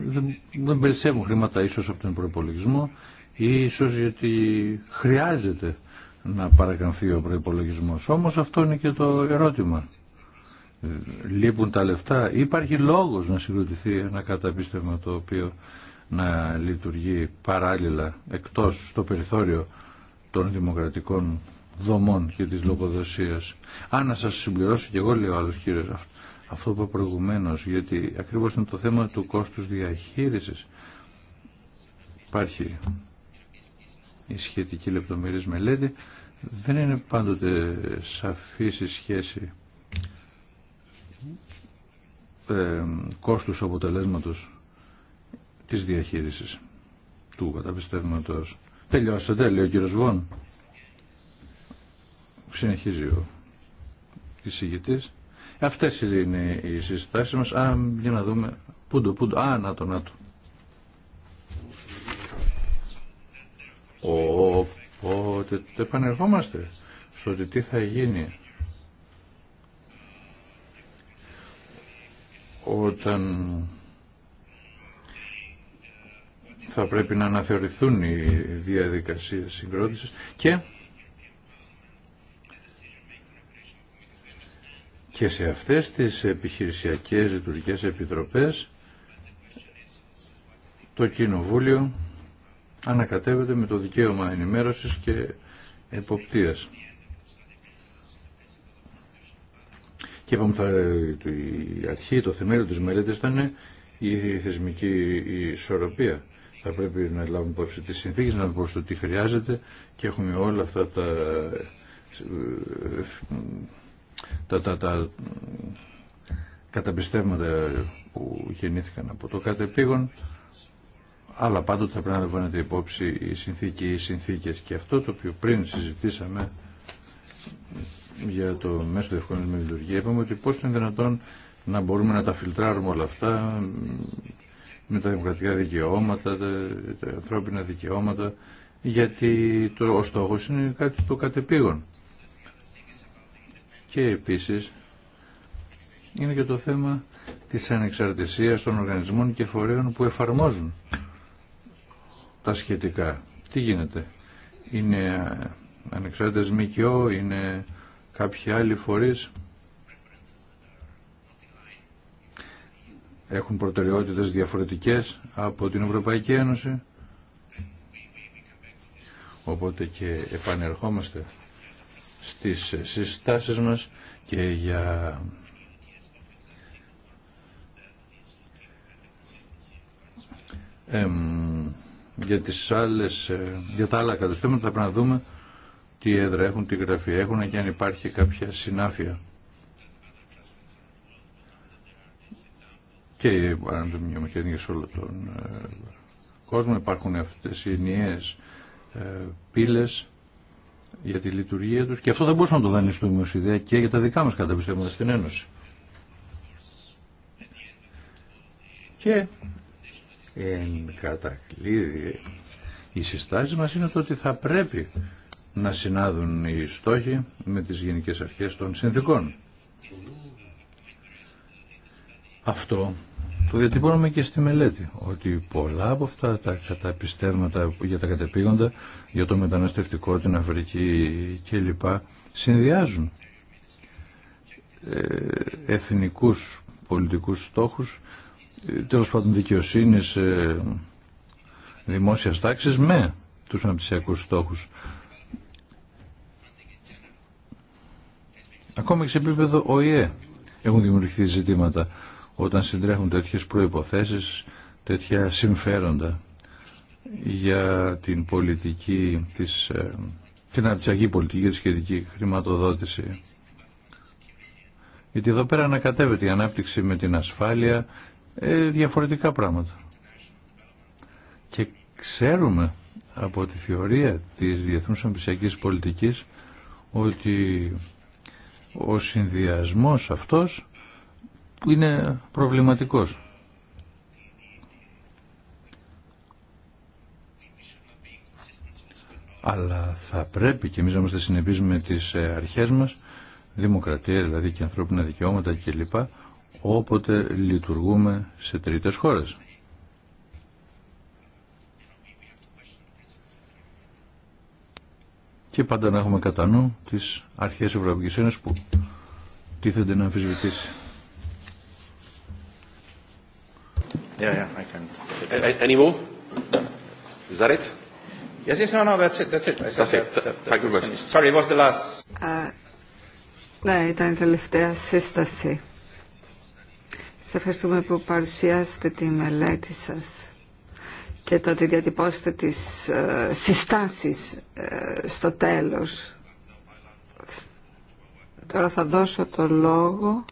δεν, δεν περισσεύουν χρήματα ίσως από τον προπολογισμό ή ίσως γιατί χρειάζεται να παρακαμφθεί ο προπολογισμό. Όμως αυτό είναι και το ερώτημα. Λείπουν τα λεφτά. Υπάρχει λόγος να συγκροτηθεί ένα καταπίστευμα το οποίο να λειτουργεί παράλληλα εκτός στο περιθώριο των δημοκρατικών δομών και της λογοδοσίας. Αν να σας συμπληρώσω και εγώ λέω άλλος κύριος αυτό που είπα προηγουμένως, γιατί ακριβώς είναι το θέμα του κόστους διαχείρισης. Υπάρχει η σχετική λεπτομερή μελέτη, δεν είναι πάντοτε σαφής η σχέση ε, κόστους αποτελέσματος της διαχείρισης του καταπιστεύματος. Τελειώσατε, λέει ο κύριος Βόν. Συνεχίζει ο εισηγητής. Αυτέ είναι οι συστάσει μας. Α, για να δούμε. Πούντο, πούντο. Α, να το, να το. Οπότε το επανερχόμαστε στο ότι τι θα γίνει όταν θα πρέπει να αναθεωρηθούν οι διαδικασίες συγκρότησης και Και σε αυτές τις επιχειρησιακές λειτουργικέ επιτροπές το Κοινοβούλιο ανακατεύεται με το δικαίωμα ενημέρωσης και εποπτείας. Και είπαμε θα, η αρχή, το θεμέλιο της μελέτης ήταν η θεσμική ισορροπία. Θα πρέπει να λάβουμε υπόψη τις συνθήκες, να λάβουμε το τι χρειάζεται και έχουμε όλα αυτά τα ε, τα, τα, τα καταπιστεύματα που γεννήθηκαν από το κατεπήγον αλλά πάντοτε θα πρέπει να λαμβάνεται υπόψη η συνθήκη ή οι συνθήκες και αυτό το οποίο πριν συζητήσαμε για το μέσο διευκολύνης με λειτουργία είπαμε ότι πώς είναι δυνατόν να μπορούμε να τα φιλτράρουμε όλα αυτά με τα δημοκρατικά δικαιώματα, τα, τα ανθρώπινα δικαιώματα γιατί το, ο στόχος είναι κάτι το κατεπήγον και επίσης είναι και το θέμα της ανεξαρτησίας των οργανισμών και φορέων που εφαρμόζουν τα σχετικά. Τι γίνεται. Είναι ανεξάρτητες ΜΚΟ, είναι κάποιοι άλλοι φορείς. Έχουν προτεραιότητες διαφορετικές από την Ευρωπαϊκή Ένωση. Οπότε και επανερχόμαστε στις συστάσεις μας και για για τις άλλες, ε, για τα άλλα καταστήματα θα πρέπει να δούμε τι έδρα έχουν, τι γραφεία έχουν και αν υπάρχει κάποια συνάφεια. Και αν το σε όλο τον κόσμο υπάρχουν αυτές οι ενιαίες ε, πύλες για τη λειτουργία τους και αυτό δεν μπορούσαμε να το δανειστούμε ως ιδέα και για τα δικά μας καταπιστεύματα στην Ένωση. Και εν κατακλείδη οι συστάσεις μας είναι το ότι θα πρέπει να συνάδουν οι στόχοι με τις γενικές αρχές των συνδικών. Αυτό το διατυπώνουμε και στη μελέτη ότι πολλά από αυτά τα καταπιστεύματα για τα κατεπήγοντα, για το μεταναστευτικό, την Αφρική κλπ. συνδυάζουν ε, εθνικούς πολιτικούς στόχους, ε, τέλος πάντων δικαιοσύνης, ε, δημόσιας τάξης με τους αναπτυσιακούς στόχους. Ακόμα και σε επίπεδο ΟΗΕ έχουν δημιουργηθεί ζητήματα όταν συντρέχουν τέτοιες προϋποθέσεις, τέτοια συμφέροντα για την πολιτική της, ε, την πολιτική τη σχετική χρηματοδότηση. Γιατί εδώ πέρα ανακατεύεται η ανάπτυξη με την ασφάλεια, ε, διαφορετικά πράγματα. Και ξέρουμε από τη θεωρία της διεθνούς αμπισιακής πολιτικής ότι ο συνδυασμός αυτός που είναι προβληματικός. Αλλά θα πρέπει και εμείς να είμαστε συνεπείς με τις ε, αρχές μας, δημοκρατία δηλαδή και ανθρώπινα δικαιώματα κλπ. όποτε λειτουργούμε σε τρίτες χώρες. Και πάντα να έχουμε κατά νου τις αρχές Ευρωπαϊκής Ένωσης που τίθενται να αμφισβητήσει. Yeah, yeah, I can. Any more? Is that it? Yes, yes, no, no, that's it, that's it. I that's it. Thank you very much. Sorry, it was the last. Ναι, ήταν η τελευταία σύσταση. Σας ευχαριστούμε που παρουσιάσετε τη μελέτη σας και το ότι διατυπώσετε τις ε, συστάσεις ε, στο τέλος. Τώρα θα δώσω το λόγο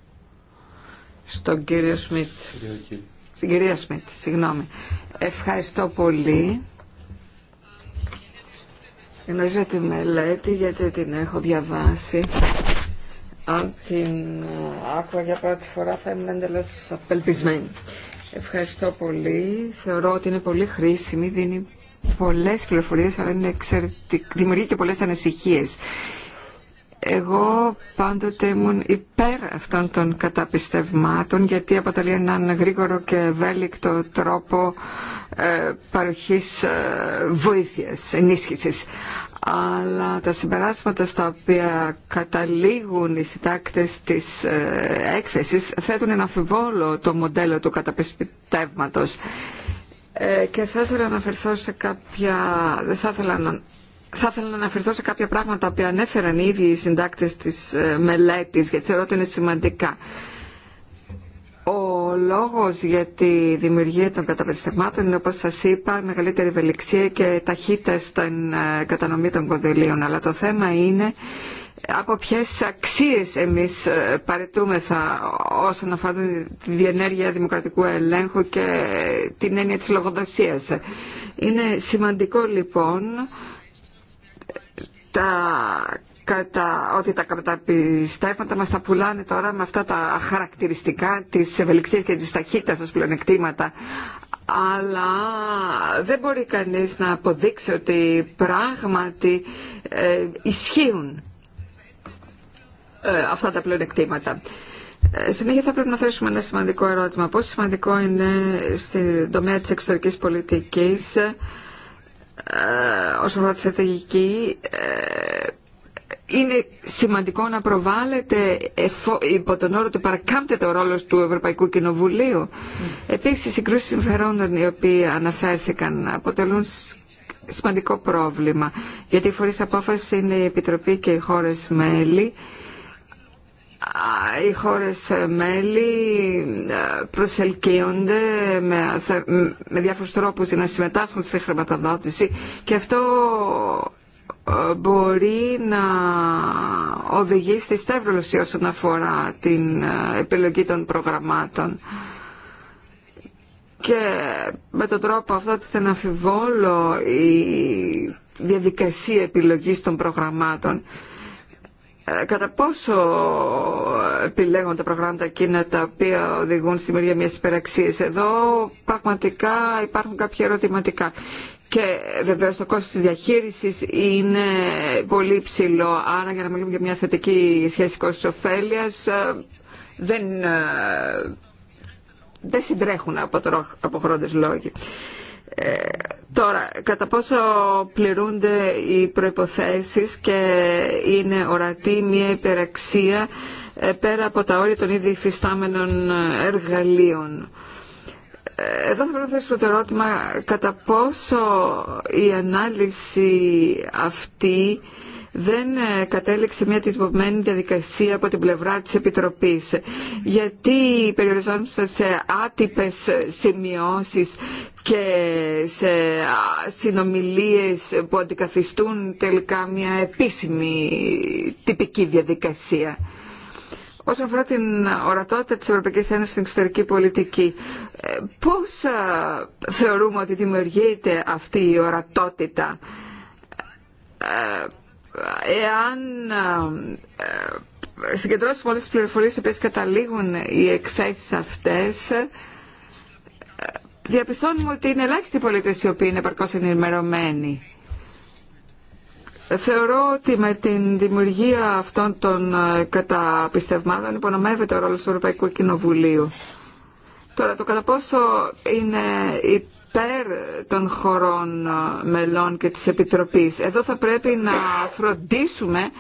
στον κύριο Σμιτ. Κύριε, κύριε. Στην κυρία Σμιτ, συγγνώμη. Ευχαριστώ πολύ. Γνωρίζω τη μελέτη γιατί την έχω διαβάσει. Αν την ε, άκουγα για πρώτη φορά θα ήμουν εντελώ απελπισμένη. Ευχαριστώ πολύ. Θεωρώ ότι είναι πολύ χρήσιμη, δίνει πολλές πληροφορίες, αλλά είναι εξαιρετικ... δημιουργεί και πολλές ανησυχίε. Εγώ πάντοτε ήμουν υπέρ αυτών των καταπιστευμάτων γιατί αποτελεί έναν γρήγορο και ευέλικτο τρόπο ε, παροχής ε, βοήθειας, ενίσχυσης. Αλλά τα συμπεράσματα στα οποία καταλήγουν οι συντάκτες της ε, έκθεσης θέτουν ένα αφιβόλο το μοντέλο του καταπιστεύματος. Και θα ήθελα να αναφερθώ σε κάποια... Δεν θα ήθελα να θα ήθελα να αναφερθώ σε κάποια πράγματα που ανέφεραν ήδη οι συντάκτες της ε, μελέτης, γιατί θεωρώ ότι είναι σημαντικά. Ο λόγος για τη δημιουργία των καταπαιδευτευμάτων είναι, όπως σας είπα, μεγαλύτερη ευελιξία και ταχύτητα στην ε, κατανομή των κονδυλίων. Αλλά το θέμα είναι από ποιε αξίες εμείς ε, παρετούμεθα όσον αφορά τη διενέργεια δημοκρατικού ελέγχου και την έννοια τη λογοδοσία. Είναι σημαντικό, λοιπόν, τα, ότι τα καταπιστεύματα μας τα πουλάνε τώρα με αυτά τα χαρακτηριστικά της ευελιξίας και της ταχύτητας ως πλεονεκτήματα αλλά δεν μπορεί κανείς να αποδείξει ότι πράγματι ε, ισχύουν ε, αυτά τα πλεονεκτήματα. Ε, συνέχεια θα πρέπει να θέσουμε ένα σημαντικό ερώτημα. Πόσο σημαντικό είναι στην τομέα της εξωτερικής πολιτικής ε, όσον αφορά τη στρατηγική ε, είναι σημαντικό να προβάλλεται υπό τον όρο ότι παρακάμπτεται ο ρόλος του Ευρωπαϊκού Κοινοβουλίου. Mm. Επίσης, οι συγκρούσεις συμφερόντων οι οποίοι αναφέρθηκαν αποτελούν σημαντικό πρόβλημα, γιατί οι φορείς απόφαση είναι η Επιτροπή και οι χώρες μέλη οι χώρες μέλη ε, προσελκύονται με, με διάφορους τρόπους να συμμετάσχουν στη χρηματοδότηση και αυτό ε, μπορεί να οδηγεί στη στέβλωση όσον αφορά την ε, επιλογή των προγραμμάτων. Και με τον τρόπο αυτό ότι να αμφιβόλω η διαδικασία επιλογής των προγραμμάτων. Ε, κατά πόσο επιλέγουν τα προγράμματα εκείνα τα οποία οδηγούν στη μεριά μιας υπεραξίας. Εδώ πραγματικά υπάρχουν κάποια ερωτηματικά. Και βεβαίως το κόστος της διαχείρισης είναι πολύ ψηλό, άρα για να μιλούμε για μια θετική σχέση κόστος ωφέλειας ε, δεν, ε, δεν συντρέχουν από, από λόγοι. Ε, τώρα, κατά πόσο πληρούνται οι προϋποθέσεις και είναι ορατή μια υπεραξία ε, πέρα από τα όρια των ήδη υφιστάμενων εργαλείων. Ε, εδώ θα πρέπει να θέσουμε το ερώτημα κατά πόσο η ανάλυση αυτή δεν ε, κατέληξε μια τυπωμένη διαδικασία από την πλευρά της Επιτροπής. Γιατί περιοριζόμαστε σε άτυπες σημειώσεις και σε συνομιλίες που αντικαθιστούν τελικά μια επίσημη τυπική διαδικασία. Όσον αφορά την ορατότητα της Ευρωπαϊκής Ένωσης στην εξωτερική πολιτική, ε, πώς θεωρούμε ότι δημιουργείται αυτή η ορατότητα ε, εάν ε, ε, συγκεντρώσουμε όλες τις πληροφορίες οι οποίες καταλήγουν οι εκθέσεις αυτές, ε, διαπιστώνουμε ότι είναι ελάχιστοι οι πολίτες οι οποίοι είναι επαρκώς ενημερωμένοι. Θεωρώ ότι με την δημιουργία αυτών των καταπιστευμάτων υπονομεύεται ο ρόλος του Ευρωπαϊκού Κοινοβουλίου. Τώρα, το κατά πόσο είναι υπέρ των χωρών ε, μελών και της Επιτροπής. Εδώ θα πρέπει να φροντίσουμε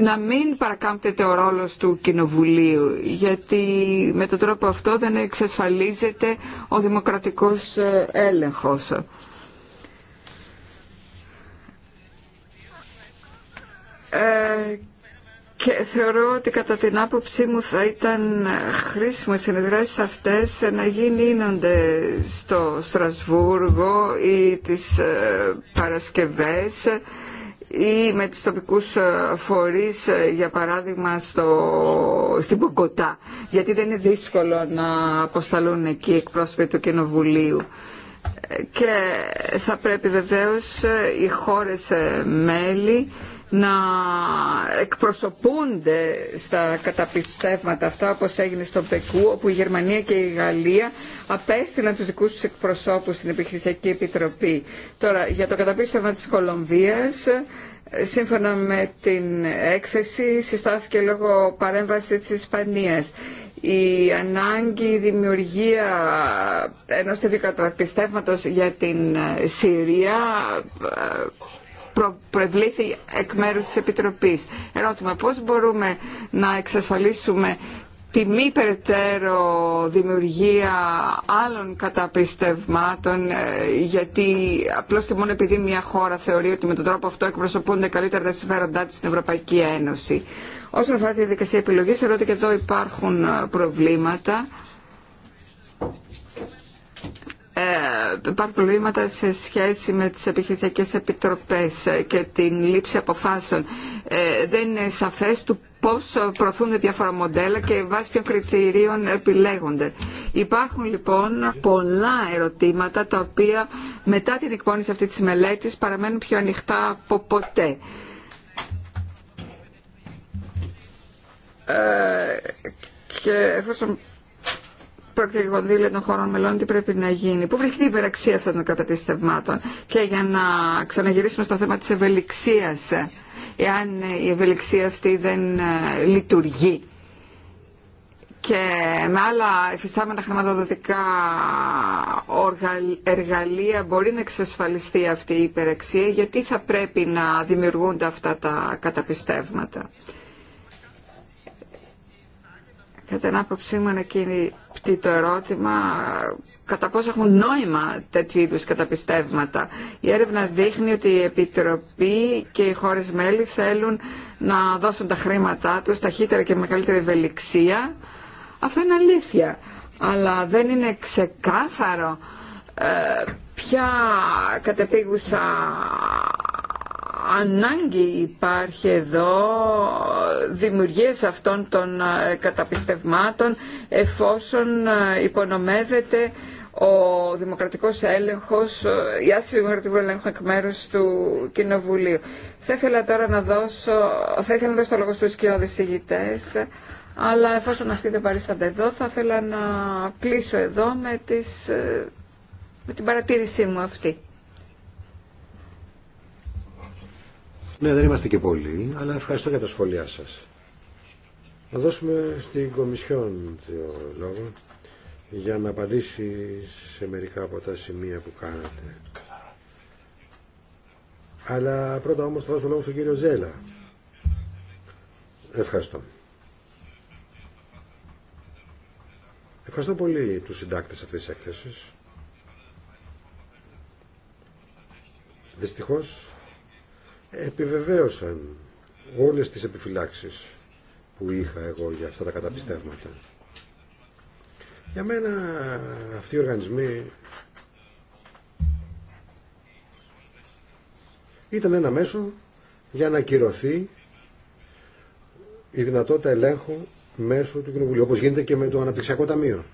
να μην παρακάμπτεται ο ρόλος του Κοινοβουλίου, γιατί με τον τρόπο αυτό δεν εξασφαλίζεται ο δημοκρατικός ε, έλεγχος. Ε, και θεωρώ ότι κατά την άποψή μου θα ήταν χρήσιμο οι συνεδράσεις αυτές να γίνονται στο Στρασβούργο ή τις ε, Παρασκευές ή με τους τοπικούς ε, φορείς, ε, για παράδειγμα, στο, στην Πογκοτά, γιατί δεν είναι δύσκολο να αποσταλούν εκεί εκπρόσωποι του Κοινοβουλίου. Και θα πρέπει βεβαίως οι χώρες μέλη να εκπροσωπούνται στα καταπιστεύματα αυτά όπως έγινε στο Πεκού όπου η Γερμανία και η Γαλλία απέστειλαν τους δικούς τους εκπροσώπους στην Επιχειρησιακή Επιτροπή. Τώρα για το καταπίστευμα της Κολομβίας σύμφωνα με την έκθεση συστάθηκε λόγω παρέμβαση της Ισπανίας. Η ανάγκη δημιουργία ενός τέτοιου καταπιστεύματος για την Συρία προευλήθη εκ μέρου της Επιτροπής. Ερώτημα, πώς μπορούμε να εξασφαλίσουμε τη μη περαιτέρω δημιουργία άλλων καταπιστευμάτων ε, γιατί απλώς και μόνο επειδή μια χώρα θεωρεί ότι με τον τρόπο αυτό εκπροσωπούνται καλύτερα τα συμφέροντά της στην Ευρωπαϊκή Ένωση. Όσον αφορά τη διαδικασία επιλογής, θεωρώ ότι και εδώ υπάρχουν ε, προβλήματα ε, υπάρχουν προβλήματα σε σχέση με τις επιχειρησιακές επιτροπές και την λήψη αποφάσεων. Ε, δεν είναι σαφές του πώς προωθούν διάφορα μοντέλα και βάσει ποιων κριτηρίων επιλέγονται. Υπάρχουν λοιπόν πολλά ερωτήματα τα οποία μετά την εκπόνηση αυτή της μελέτης παραμένουν πιο ανοιχτά από ποτέ. Ε, και εφόσον πρόκειται κονδύλια των χωρών μελών, τι πρέπει να γίνει, πού βρίσκεται η υπεραξία αυτών των κατατίστευμάτων Και για να ξαναγυρίσουμε στο θέμα της ευελιξίας, εάν η ευελιξία αυτή δεν ε, λειτουργεί και με άλλα εφιστάμενα χρηματοδοτικά εργαλεία μπορεί να εξασφαλιστεί αυτή η υπεραξία, γιατί θα πρέπει να δημιουργούνται αυτά τα καταπιστεύματα. Κατά την άποψή μου ανακύπτει το ερώτημα κατά πόσο έχουν νόημα τέτοιου είδου καταπιστεύματα. Η έρευνα δείχνει ότι η Επιτροπή και οι χώρες μέλη θέλουν να δώσουν τα χρήματά τους ταχύτερα και με καλύτερη ευελιξία. Αυτό είναι αλήθεια. Αλλά δεν είναι ξεκάθαρο ε, ποια κατεπίγουσα ανάγκη υπάρχει εδώ δημιουργίας αυτών των ε, καταπιστευμάτων εφόσον ε, υπονομεύεται ο δημοκρατικός έλεγχος, ε, η άσκηση του δημοκρατικού έλεγχου εκ μέρους του Κοινοβουλίου. Θα ήθελα τώρα να δώσω, θα ήθελα να δώσω το λόγο στους κοιόδης ηγητές, αλλά εφόσον αυτοί δεν παρήσανται εδώ, θα ήθελα να κλείσω εδώ με, τις, με την παρατήρησή μου αυτή. Ναι, δεν είμαστε και πολλοί, αλλά ευχαριστώ για τα σχόλιά σα. Να δώσουμε στην Κομισιόν το λόγο για να απαντήσει σε μερικά από τα σημεία που κάνατε. Αλλά πρώτα όμως θα δώσω λόγο στον κύριο Ζέλα. Ευχαριστώ. Ευχαριστώ πολύ τους συντάκτες αυτής της έκθεσης. Δυστυχώς επιβεβαίωσαν όλες τις επιφυλάξεις που είχα εγώ για αυτά τα καταπιστεύματα. Για μένα αυτοί οι οργανισμοί ήταν ένα μέσο για να ακυρωθεί η δυνατότητα ελέγχου μέσω του Κοινοβουλίου, όπως γίνεται και με το Αναπτυξιακό Ταμείο.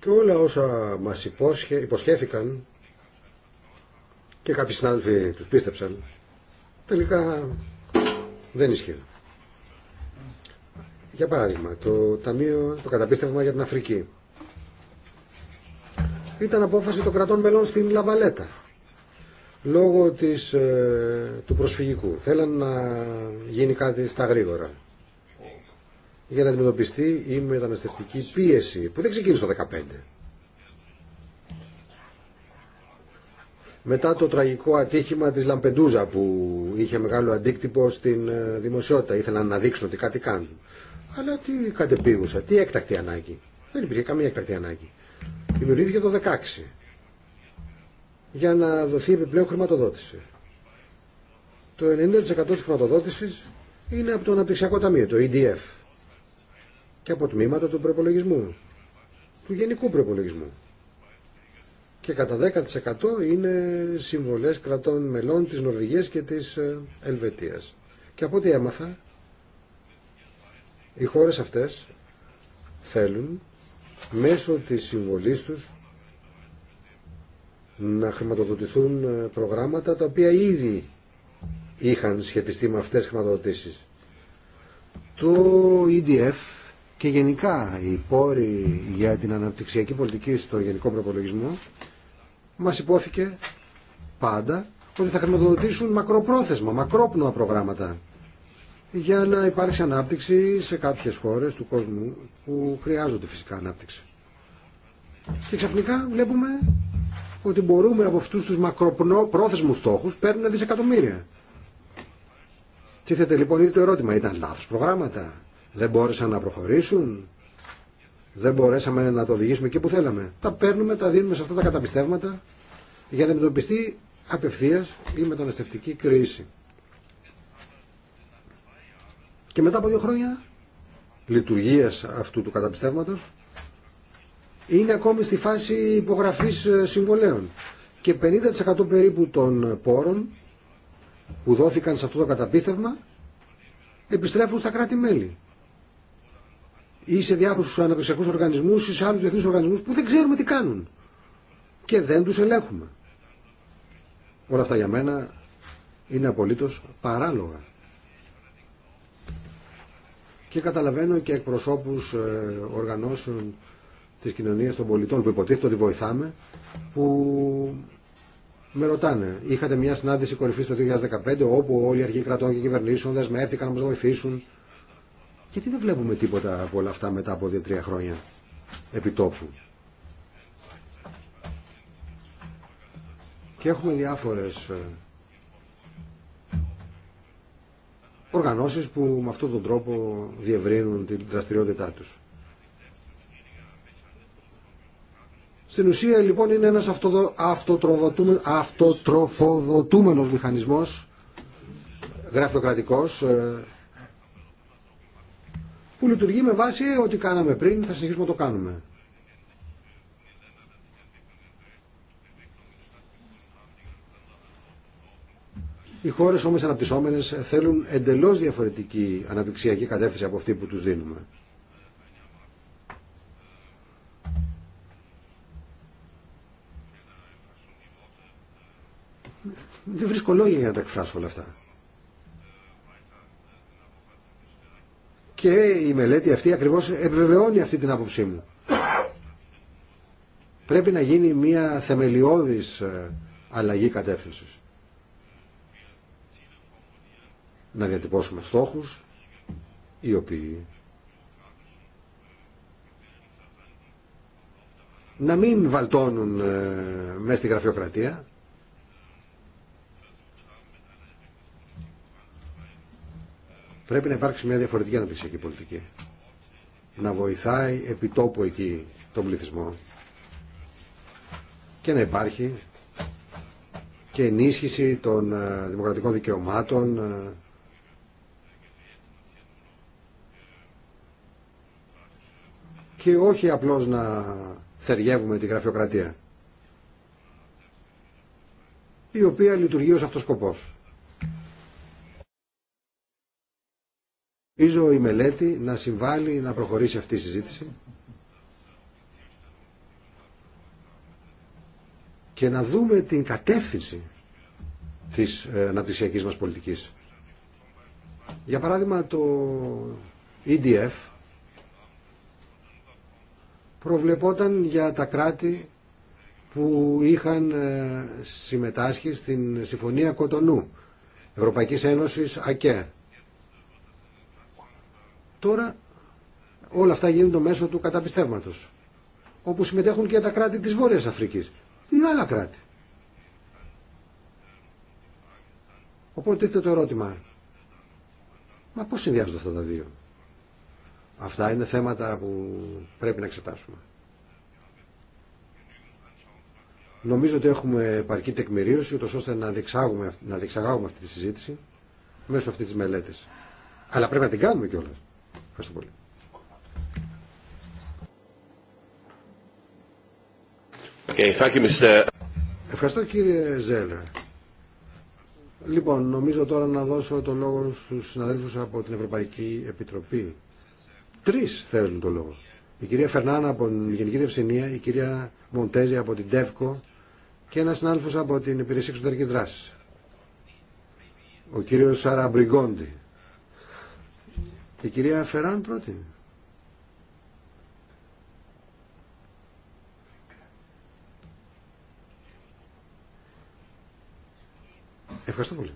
Και όλα όσα μας υποσχέθηκαν και κάποιοι συνάδελφοι τους πίστεψαν. Τελικά δεν ισχύει. Για παράδειγμα, το, ταμείο, το καταπίστευμα για την Αφρική. Ήταν απόφαση των κρατών μελών στην Λαβαλέτα. Λόγω της, ε, του προσφυγικού. Θέλαν να γίνει κάτι στα γρήγορα. Για να αντιμετωπιστεί η μεταναστευτική πίεση που δεν ξεκίνησε το 2015. μετά το τραγικό ατύχημα της Λαμπεντούζα που είχε μεγάλο αντίκτυπο στην ε, δημοσιότητα. Ήθελαν να δείξουν ότι κάτι κάνουν. Αλλά τι κατεπίγουσα, τι έκτακτη ανάγκη. Δεν υπήρχε καμία έκτακτη ανάγκη. Δημιουργήθηκε το 16 για να δοθεί επιπλέον χρηματοδότηση. Το 90% της χρηματοδότησης είναι από το Αναπτυξιακό Ταμείο, το EDF και από τμήματα του προπολογισμού, του γενικού προπολογισμού και κατά 10% είναι συμβολές κρατών μελών της Νορβηγίας και της ε, Ελβετίας. Και από ό,τι έμαθα, οι χώρες αυτές θέλουν μέσω της συμβολής τους να χρηματοδοτηθούν ε, προγράμματα τα οποία ήδη είχαν σχετιστεί με αυτές τις χρηματοδοτήσεις. Το EDF και γενικά οι πόροι για την αναπτυξιακή πολιτική στο γενικό προπολογισμό μας υπόθηκε πάντα ότι θα χρηματοδοτήσουν μακροπρόθεσμα, μακρόπνοα προγράμματα για να υπάρξει ανάπτυξη σε κάποιες χώρες του κόσμου που χρειάζονται φυσικά ανάπτυξη. Και ξαφνικά βλέπουμε ότι μπορούμε από αυτούς τους μακροπρόθεσμους στόχους παίρνουν δισεκατομμύρια. Τίθεται λοιπόν ήδη το ερώτημα, ήταν λάθος προγράμματα, δεν μπόρεσαν να προχωρήσουν, δεν μπορέσαμε να το οδηγήσουμε εκεί που θέλαμε. Τα παίρνουμε, τα δίνουμε σε αυτά τα καταπιστεύματα για να αντιμετωπιστεί απευθεία η μεταναστευτική κρίση. Και μετά από δύο χρόνια λειτουργίας αυτού του καταπιστεύματο είναι ακόμη στη φάση υπογραφής ε, συμβολέων και 50% περίπου των πόρων που δόθηκαν σε αυτό το καταπίστευμα επιστρέφουν στα κράτη-μέλη ή σε διάφορου αναπτυξιακού οργανισμούς ή σε άλλους διεθνεί οργανισμούς που δεν ξέρουμε τι κάνουν και δεν τους ελέγχουμε. Όλα αυτά για μένα είναι απολύτω παράλογα. Και καταλαβαίνω και εκπροσώπους ε, οργανώσεων τη κοινωνία των πολιτών που υποτίθεται ότι βοηθάμε που με ρωτάνε. Είχατε μια συνάντηση κορυφή το 2015 όπου όλοι οι αρχηγοί κρατών και κυβερνήσεων δεσμεύτηκαν να μα βοηθήσουν γιατί δεν βλέπουμε τίποτα από όλα αυτά μετά από δύο-τρία χρόνια επιτόπου. Και έχουμε διάφορες ε, οργανώσεις που με αυτόν τον τρόπο διευρύνουν την δραστηριότητά τους. Στην ουσία λοιπόν είναι ένας αυτοτροφοδοτούμενος μηχανισμός γραφειοκρατικός ε, που λειτουργεί με βάση ό,τι κάναμε πριν, θα συνεχίσουμε να το κάνουμε. Οι χώρε όμω αναπτυσσόμενε θέλουν εντελώ διαφορετική αναπτυξιακή κατεύθυνση από αυτή που του δίνουμε. Δεν βρίσκω λόγια για να τα εκφράσω όλα αυτά. Και η μελέτη αυτή ακριβώς επιβεβαιώνει αυτή την άποψή μου. Πρέπει να γίνει μια θεμελιώδης ε, αλλαγή κατεύθυνσης. Να διατυπώσουμε στόχους οι οποίοι να μην βαλτώνουν ε, μέσα στη γραφειοκρατία Πρέπει να υπάρξει μια διαφορετική αναπτυξιακή πολιτική. Να βοηθάει επιτόπου εκεί τον πληθυσμό και να υπάρχει και ενίσχυση των ε, δημοκρατικών δικαιωμάτων ε, και όχι απλώς να θεριεύουμε τη γραφειοκρατία η οποία λειτουργεί ως αυτός σκοπός. Ελπίζω η μελέτη να συμβάλλει να προχωρήσει αυτή η συζήτηση και να δούμε την κατεύθυνση της ε, αναπτυξιακής μας πολιτικής. Για παράδειγμα το EDF προβλεπόταν για τα κράτη που είχαν ε, συμμετάσχει στην Συμφωνία Κοτονού Ευρωπαϊκής Ένωσης ΑΚΕ Τώρα όλα αυτά γίνονται μέσω του καταπιστεύματος, όπου συμμετέχουν και τα κράτη της Βόρειας Αφρικής ή άλλα κράτη. Οπότε τίθεται το ερώτημα, μα πώς συνδυάζονται αυτά τα δύο. Αυτά είναι θέματα που πρέπει να εξετάσουμε. Νομίζω ότι έχουμε επαρκή τεκμηρίωση, ούτως ώστε να να διεξαγάγουμε αυτή τη συζήτηση μέσω αυτής της μελέτης. Αλλά πρέπει να την κάνουμε κιόλας. Ευχαριστώ πολύ. Okay, Ευχαριστώ κύριε Ζέλε. Λοιπόν, νομίζω τώρα να δώσω το λόγο στους συναδέλφους από την Ευρωπαϊκή Επιτροπή. Τρεις θέλουν το λόγο. Η κυρία Φερνάνα από την Γενική Δευσυνία, η κυρία Μοντέζη από την ΤΕΦΚΟ και ένας συνάδελφος από την Υπηρεσία Εξωτερικής Δράσης. Ο κύριος Μπριγκόντι. Η κυρία Φεράν πρώτη. Ευχαριστώ πολύ.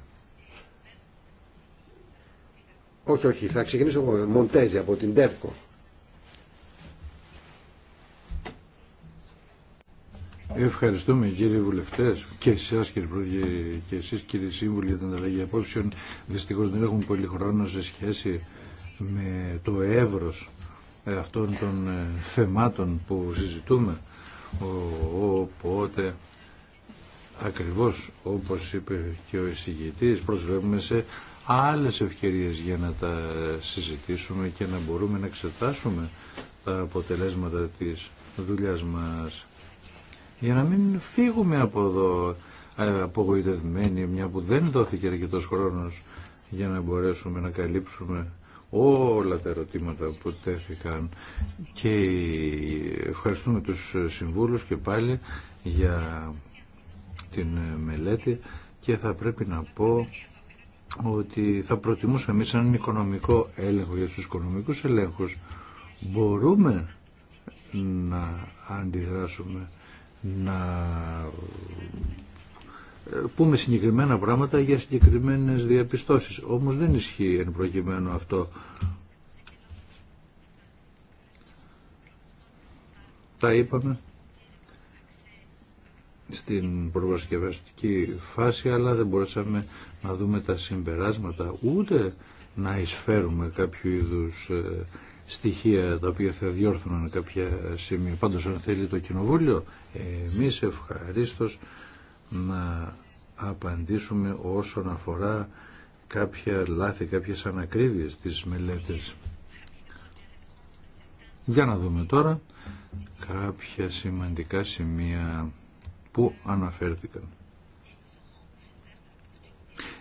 Όχι, όχι, θα ξεκινήσω εγώ. Μοντέζη από την ΤΕΦΚΟ. Ευχαριστούμε κύριε Βουλευτέ και εσά κύριε Πρόεδρε και εσεί κύριε Σύμβουλοι για την ανταλλαγή απόψεων. Δυστυχώ δεν έχουμε πολύ χρόνο σε σχέση με το εύρος αυτών των ε, θεμάτων που συζητούμε οπότε ακριβώς όπως είπε και ο εισηγητής προσβλέπουμε σε άλλες ευκαιρίες για να τα συζητήσουμε και να μπορούμε να εξετάσουμε τα αποτελέσματα της δουλειάς μας για να μην φύγουμε από εδώ ε, απογοητευμένοι μια που δεν δόθηκε αρκετός χρόνος για να μπορέσουμε να καλύψουμε όλα τα ερωτήματα που τέθηκαν και ευχαριστούμε τους συμβούλους και πάλι για την μελέτη και θα πρέπει να πω ότι θα προτιμούσαμε εμείς έναν οικονομικό έλεγχο για τους οικονομικούς ελέγχους μπορούμε να αντιδράσουμε να πούμε συγκεκριμένα πράγματα για συγκεκριμένες διαπιστώσεις. Όμως δεν ισχύει εν προκειμένου αυτό. Τα είπαμε στην προπαρασκευαστική φάση, αλλά δεν μπορούσαμε να δούμε τα συμπεράσματα, ούτε να εισφέρουμε κάποιο είδους ε, στοιχεία τα οποία θα διόρθωναν κάποια σημεία. Πάντως, αν θέλει το Κοινοβούλιο, εμείς ευχαρίστως να απαντήσουμε όσον αφορά κάποια λάθη, κάποιες ανακρίβειες της μελέτης. Για να δούμε τώρα κάποια σημαντικά σημεία που αναφέρθηκαν.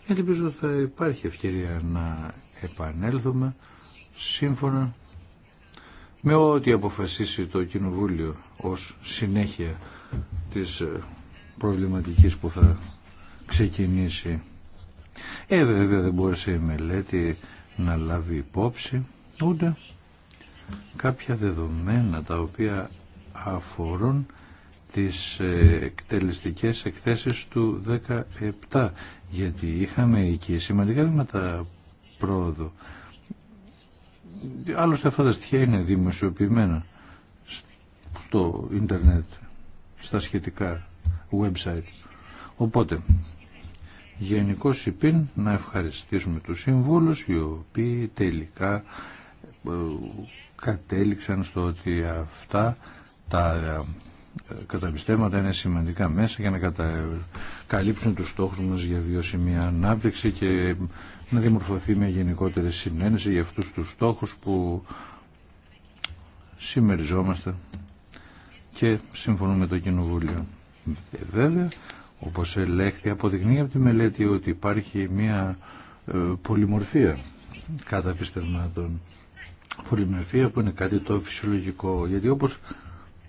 Ελπίζω θα υπάρχει ευκαιρία να επανέλθουμε σύμφωνα με ό,τι αποφασίσει το Κοινοβούλιο ως συνέχεια της προβληματικής που θα ξεκινήσει. Ε, βέβαια δεν μπόρεσε η μελέτη να λάβει υπόψη ούτε κάποια δεδομένα τα οποία αφορούν τις ε, εκτελεστικές εκθέσεις του 17 γιατί είχαμε εκεί σημαντικά βήματα πρόοδο άλλωστε αυτά τα στοιχεία είναι δημοσιοποιημένα στο ίντερνετ στα σχετικά Οπότε, γενικώ υπήν να ευχαριστήσουμε τους συμβούλους οι οποίοι τελικά ε, κατέληξαν στο ότι αυτά τα ε, καταπιστέματα είναι σημαντικά μέσα για να καλύψουν τους στόχους μας για δυο βιώσιμη ανάπτυξη και να δημορφωθεί μια γενικότερη συνένεση για αυτούς τους στόχους που συμμεριζόμαστε και συμφωνούμε με το Κοινοβούλιο. Ε, βέβαια, όπως ελέγχθη, αποδεικνύει από τη μελέτη ότι υπάρχει μια ε, πολυμορφία κατά Πολυμορφία που είναι κάτι το φυσιολογικό, γιατί όπως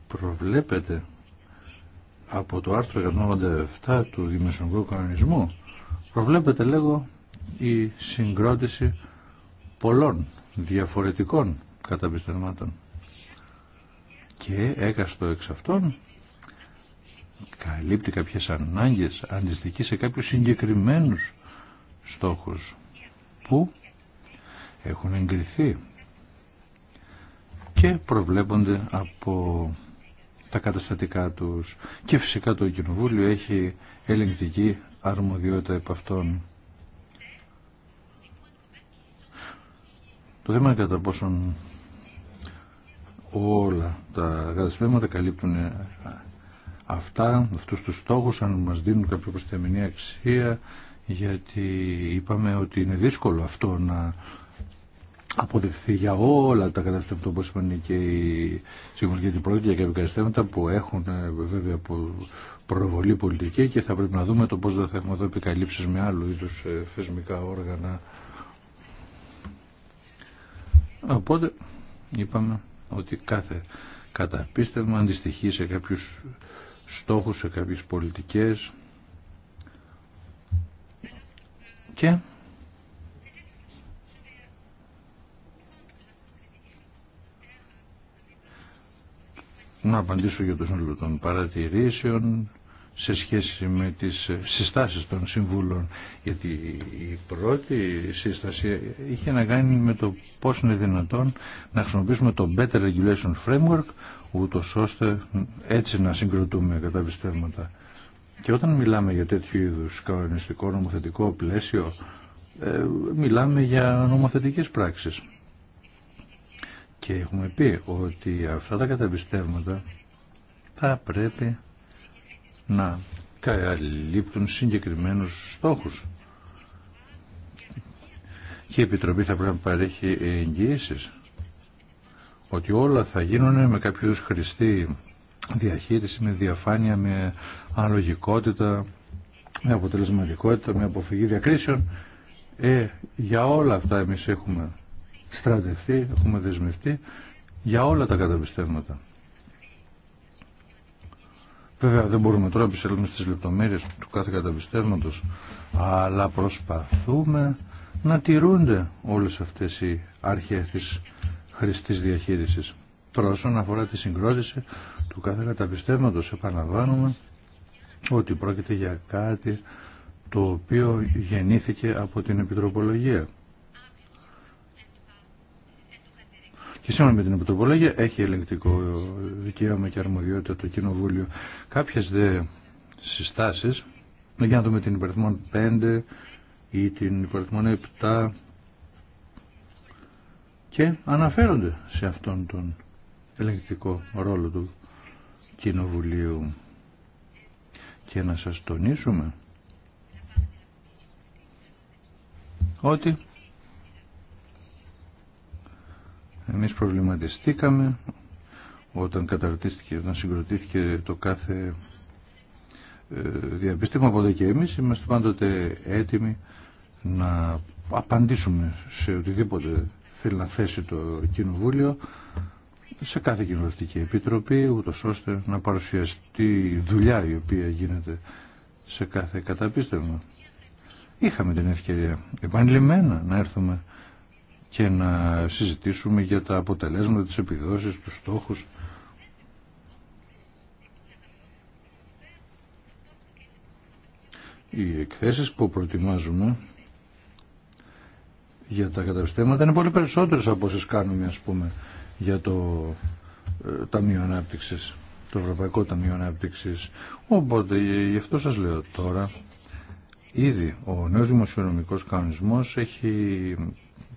προβλέπεται από το άρθρο 187 του Δημοσιονομικού Κανονισμού, προβλέπεται, λέγω, η συγκρότηση πολλών διαφορετικών καταπιστευμάτων. Και έκαστο εξ αυτών καλύπτει κάποιες ανάγκες, αντιστοιχεί σε κάποιους συγκεκριμένους στόχους που έχουν εγκριθεί και προβλέπονται από τα καταστατικά τους και φυσικά το Κοινοβούλιο έχει ελεγκτική αρμοδιότητα επ' αυτών. Το θέμα είναι κατά πόσον όλα τα καταστήματα καλύπτουν αυτά, αυτούς τους στόχους, αν μας δίνουν κάποια προσταμινή αξία, γιατί είπαμε ότι είναι δύσκολο αυτό να αποδεχθεί για όλα τα καταστήματα όπως είπαν και οι για την πρώτη και κάποια καταστήματα που έχουν ε, βέβαια από προβολή πολιτική και θα πρέπει να δούμε το πώς θα έχουμε εδώ επικαλύψεις με άλλου είδους ε, θεσμικά όργανα. Οπότε είπαμε ότι κάθε καταπίστευμα αντιστοιχεί σε κάποιους στόχους, σε κάποιες πολιτικές και να απαντήσω για το σύνολο των παρατηρήσεων σε σχέση με τις συστάσεις των συμβούλων γιατί η πρώτη σύσταση είχε να κάνει με το πώς είναι δυνατόν να χρησιμοποιήσουμε το Better Regulation Framework ούτω ώστε έτσι να συγκροτούμε καταπιστεύματα. Και όταν μιλάμε για τέτοιου είδους κανονιστικό νομοθετικό πλαίσιο, ε, μιλάμε για νομοθετικές πράξεις. Και έχουμε πει ότι αυτά τα καταπιστεύματα θα πρέπει να καλύπτουν συγκεκριμένους στόχους. Και η Επιτροπή θα πρέπει να παρέχει εγγυήσεις ότι όλα θα γίνουν με κάποιους χρηστή διαχείριση, με διαφάνεια, με αναλογικότητα, με αποτελεσματικότητα, με αποφυγή διακρίσεων. Ε, για όλα αυτά εμείς έχουμε στρατευτεί, έχουμε δεσμευτεί, για όλα τα καταπιστεύματα. Βέβαια δεν μπορούμε τώρα να επισέλθουμε στις λεπτομέρειες του κάθε καταπιστεύματος, αλλά προσπαθούμε να τηρούνται όλες αυτές οι αρχές της χρηστής διαχείριση. Τώρα όσον αφορά τη συγκρότηση του κάθε καταπιστεύματος επαναλαμβάνουμε ότι πρόκειται για κάτι το οποίο γεννήθηκε από την Επιτροπολογία. Και σήμερα με την Επιτροπολογία έχει ελεγκτικό δικαίωμα και αρμοδιότητα το Κοινοβούλιο. Κάποιες δε συστάσεις, για να δούμε την υπαριθμόν 5 ή την υπαριθμόν και αναφέρονται σε αυτόν τον ελεγκτικό ρόλο του Κοινοβουλίου. Και να σας τονίσουμε ότι εμείς προβληματιστήκαμε όταν καταρτίστηκε, όταν συγκροτήθηκε το κάθε ε, διαπίστευμα από εδώ και εμείς είμαστε πάντοτε έτοιμοι να απαντήσουμε σε οτιδήποτε θέλει να θέσει το Κοινοβούλιο σε κάθε κοινοβουλευτική επιτροπή, ούτω ώστε να παρουσιαστεί η δουλειά η οποία γίνεται σε κάθε καταπίστευμα. Είχαμε την ευκαιρία επανειλημμένα να έρθουμε και να συζητήσουμε για τα αποτελέσματα, της επιδόσεις, τους στόχους. Οι εκθέσεις που προετοιμάζουμε για τα καταστήματα είναι πολύ περισσότερες από όσες κάνουμε ας πούμε για το ε, Ταμείο το Ευρωπαϊκό Ταμείο ανάπτυξη. Οπότε γι' αυτό σας λέω τώρα, ήδη ο νέος δημοσιονομικός κανονισμός έχει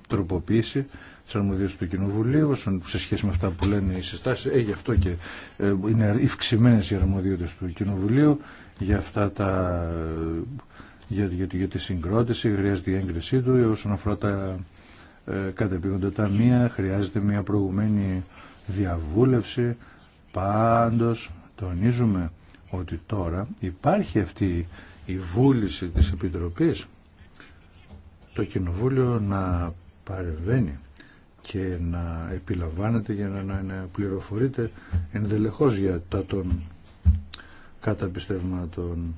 τροποποιήσει τι αρμοδίε του Κοινοβουλίου σε σχέση με αυτά που λένε οι συστάσει. Ε, γι' αυτό και ε, είναι ευξημένε οι αρμοδιότητε του Κοινοβουλίου για αυτά τα για, για, για τη συγκρότηση, χρειάζεται η έγκρισή του όσον αφορά τα ε, ταμεία, χρειάζεται μια προηγουμένη διαβούλευση. Πάντως τονίζουμε ότι τώρα υπάρχει αυτή η βούληση της Επιτροπής το Κοινοβούλιο να παρεμβαίνει και να επιλαμβάνεται για να, να, να πληροφορείται ενδελεχώς για τα των καταπιστεύματων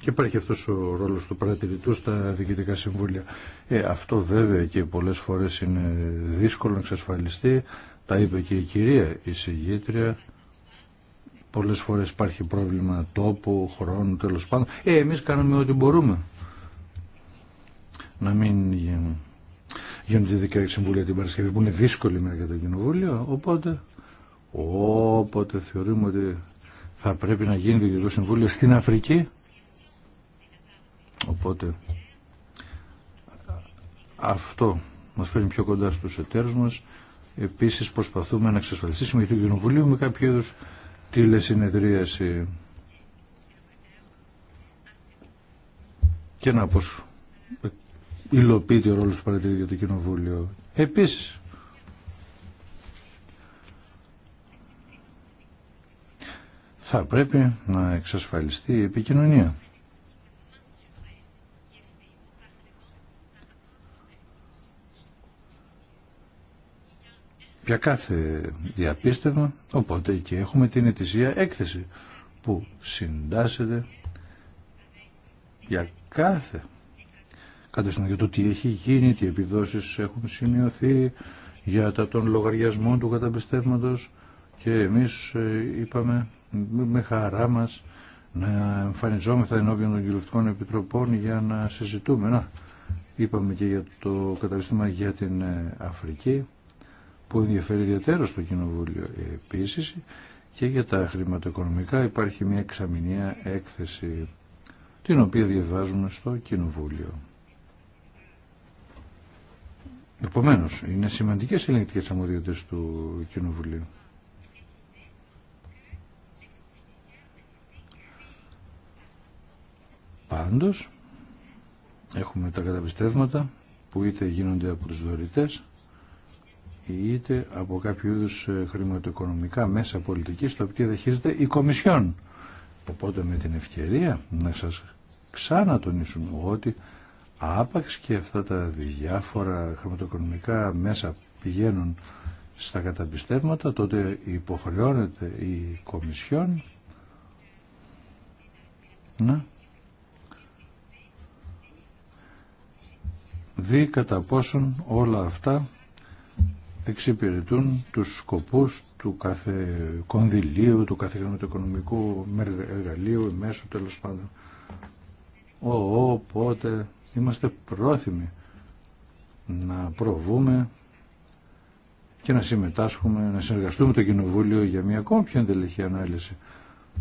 Και υπάρχει αυτό ο ρόλο του παρατηρητού στα διοικητικά συμβούλια. Ε, αυτό βέβαια και πολλέ φορέ είναι δύσκολο να εξασφαλιστεί. Τα είπε και η κυρία η συγγήτρια. Πολλές φορές υπάρχει πρόβλημα τόπου, χρόνου, τέλο πάντων. Ε, εμεί κάνουμε ό,τι μπορούμε. Να μην γίνονται διοικητικά συμβούλια την Παρασκευή που είναι δύσκολη μέρα για το κοινοβούλιο. Οπότε, όποτε θεωρούμε ότι θα πρέπει να γίνει το Συμβούλιο στην Αφρική, Οπότε αυτό μας φέρνει πιο κοντά στους εταίρους μας. Επίσης προσπαθούμε να εξασφαλιστεί συμμετοχή το Κοινοβουλίου με κάποιο είδους τηλεσυνεδρίαση και να πως υλοποιείται ο ρόλος του παρατηρητή για το Κοινοβούλιο. Επίσης, θα πρέπει να εξασφαλιστεί η επικοινωνία. για κάθε διαπίστευμα, οπότε και έχουμε την ετησία έκθεση που συντάσσεται για κάθε κάτω για το τι έχει γίνει, τι επιδόσεις έχουν σημειωθεί, για τα των λογαριασμών του καταπιστεύματος και εμείς ε, είπαμε με χαρά μας να εμφανιζόμεθα ενώπιον των κοινωνικών επιτροπών για να συζητούμε. Να, είπαμε και για το καταπιστήμα για την ε, Αφρική που ενδιαφέρει ιδιαίτερα στο Κοινοβούλιο. Επίση και για τα χρηματοοικονομικά υπάρχει μια εξαμηνία έκθεση την οποία διαβάζουμε στο Κοινοβούλιο. Επομένως, είναι σημαντικές ελεγκτικές αμμοδιότητες του Κοινοβουλίου. Πάντως, έχουμε τα καταπιστεύματα που είτε γίνονται από τους δωρητές, είτε από κάποιο είδου ε, χρηματοοικονομικά μέσα πολιτική τα οποία δεχίζεται η Κομισιόν. Οπότε με την ευκαιρία να σας ξανατονίσουν ότι άπαξ και αυτά τα διάφορα χρηματοοικονομικά μέσα πηγαίνουν στα καταπιστεύματα, τότε υποχρεώνεται η Κομισιόν να δει κατά πόσον όλα αυτά εξυπηρετούν τους σκοπούς του κάθε κονδυλίου, του κάθε οικονομικού εργαλείου, μέσου τέλος πάντων. Ο, οπότε είμαστε πρόθυμοι να προβούμε και να συμμετάσχουμε, να συνεργαστούμε το Κοινοβούλιο για μια ακόμη πιο εντελεχή ανάλυση.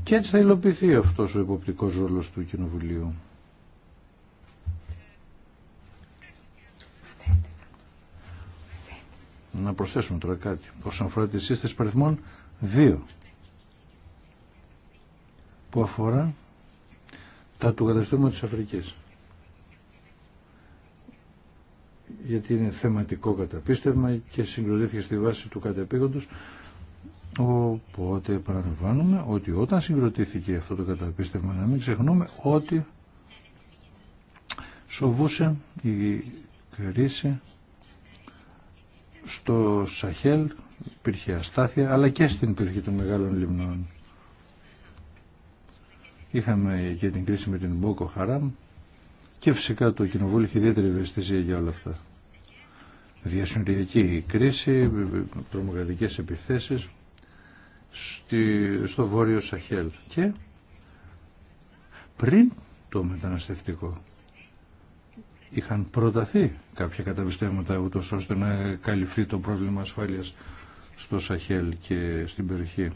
Και έτσι θα υλοποιηθεί αυτός ο υποπτικός ρόλος του Κοινοβουλίου. να προσθέσουμε τώρα κάτι όσον αφορά τη σύσταση παριθμών 2 που αφορά τα του καταστήματος της Αφρικής. Γιατί είναι θεματικό καταπίστευμα και συγκροτήθηκε στη βάση του κατεπήγοντος οπότε παραλαμβάνουμε ότι όταν συγκροτήθηκε αυτό το καταπίστευμα να μην ξεχνούμε ότι σοβούσε η κρίση στο Σαχέλ υπήρχε αστάθεια αλλά και στην περιοχή των μεγάλων λιμνών. Είχαμε και την κρίση με την Μπόκο Χαράμ και φυσικά το κοινοβούλιο είχε ιδιαίτερη ευαισθησία για όλα αυτά. Διασυνοριακή κρίση, τρομοκρατικές επιθέσεις στη, στο βόρειο Σαχέλ και πριν το μεταναστευτικό είχαν προταθεί κάποια καταπιστεύματα ούτως ώστε να καλυφθεί το πρόβλημα ασφάλειας στο Σαχέλ και στην περιοχή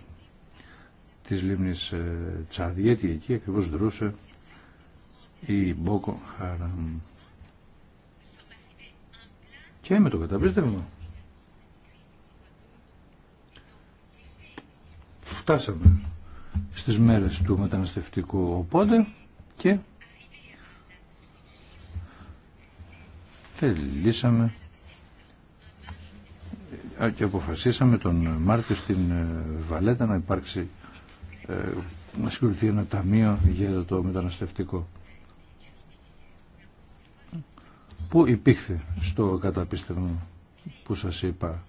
της λίμνης ε, Τσάδ, γιατί εκεί ακριβώς δρούσε η Μπόκο Χαραμ. Και με το καταπίστευμα. Φτάσαμε στις μέρες του μεταναστευτικού οπότε και λύσαμε και αποφασίσαμε τον Μάρτιο στην ε, Βαλέτα να υπάρξει ε, να συγκριθεί ένα ταμείο για το μεταναστευτικό που υπήρχε στο καταπίστευμα που σας είπα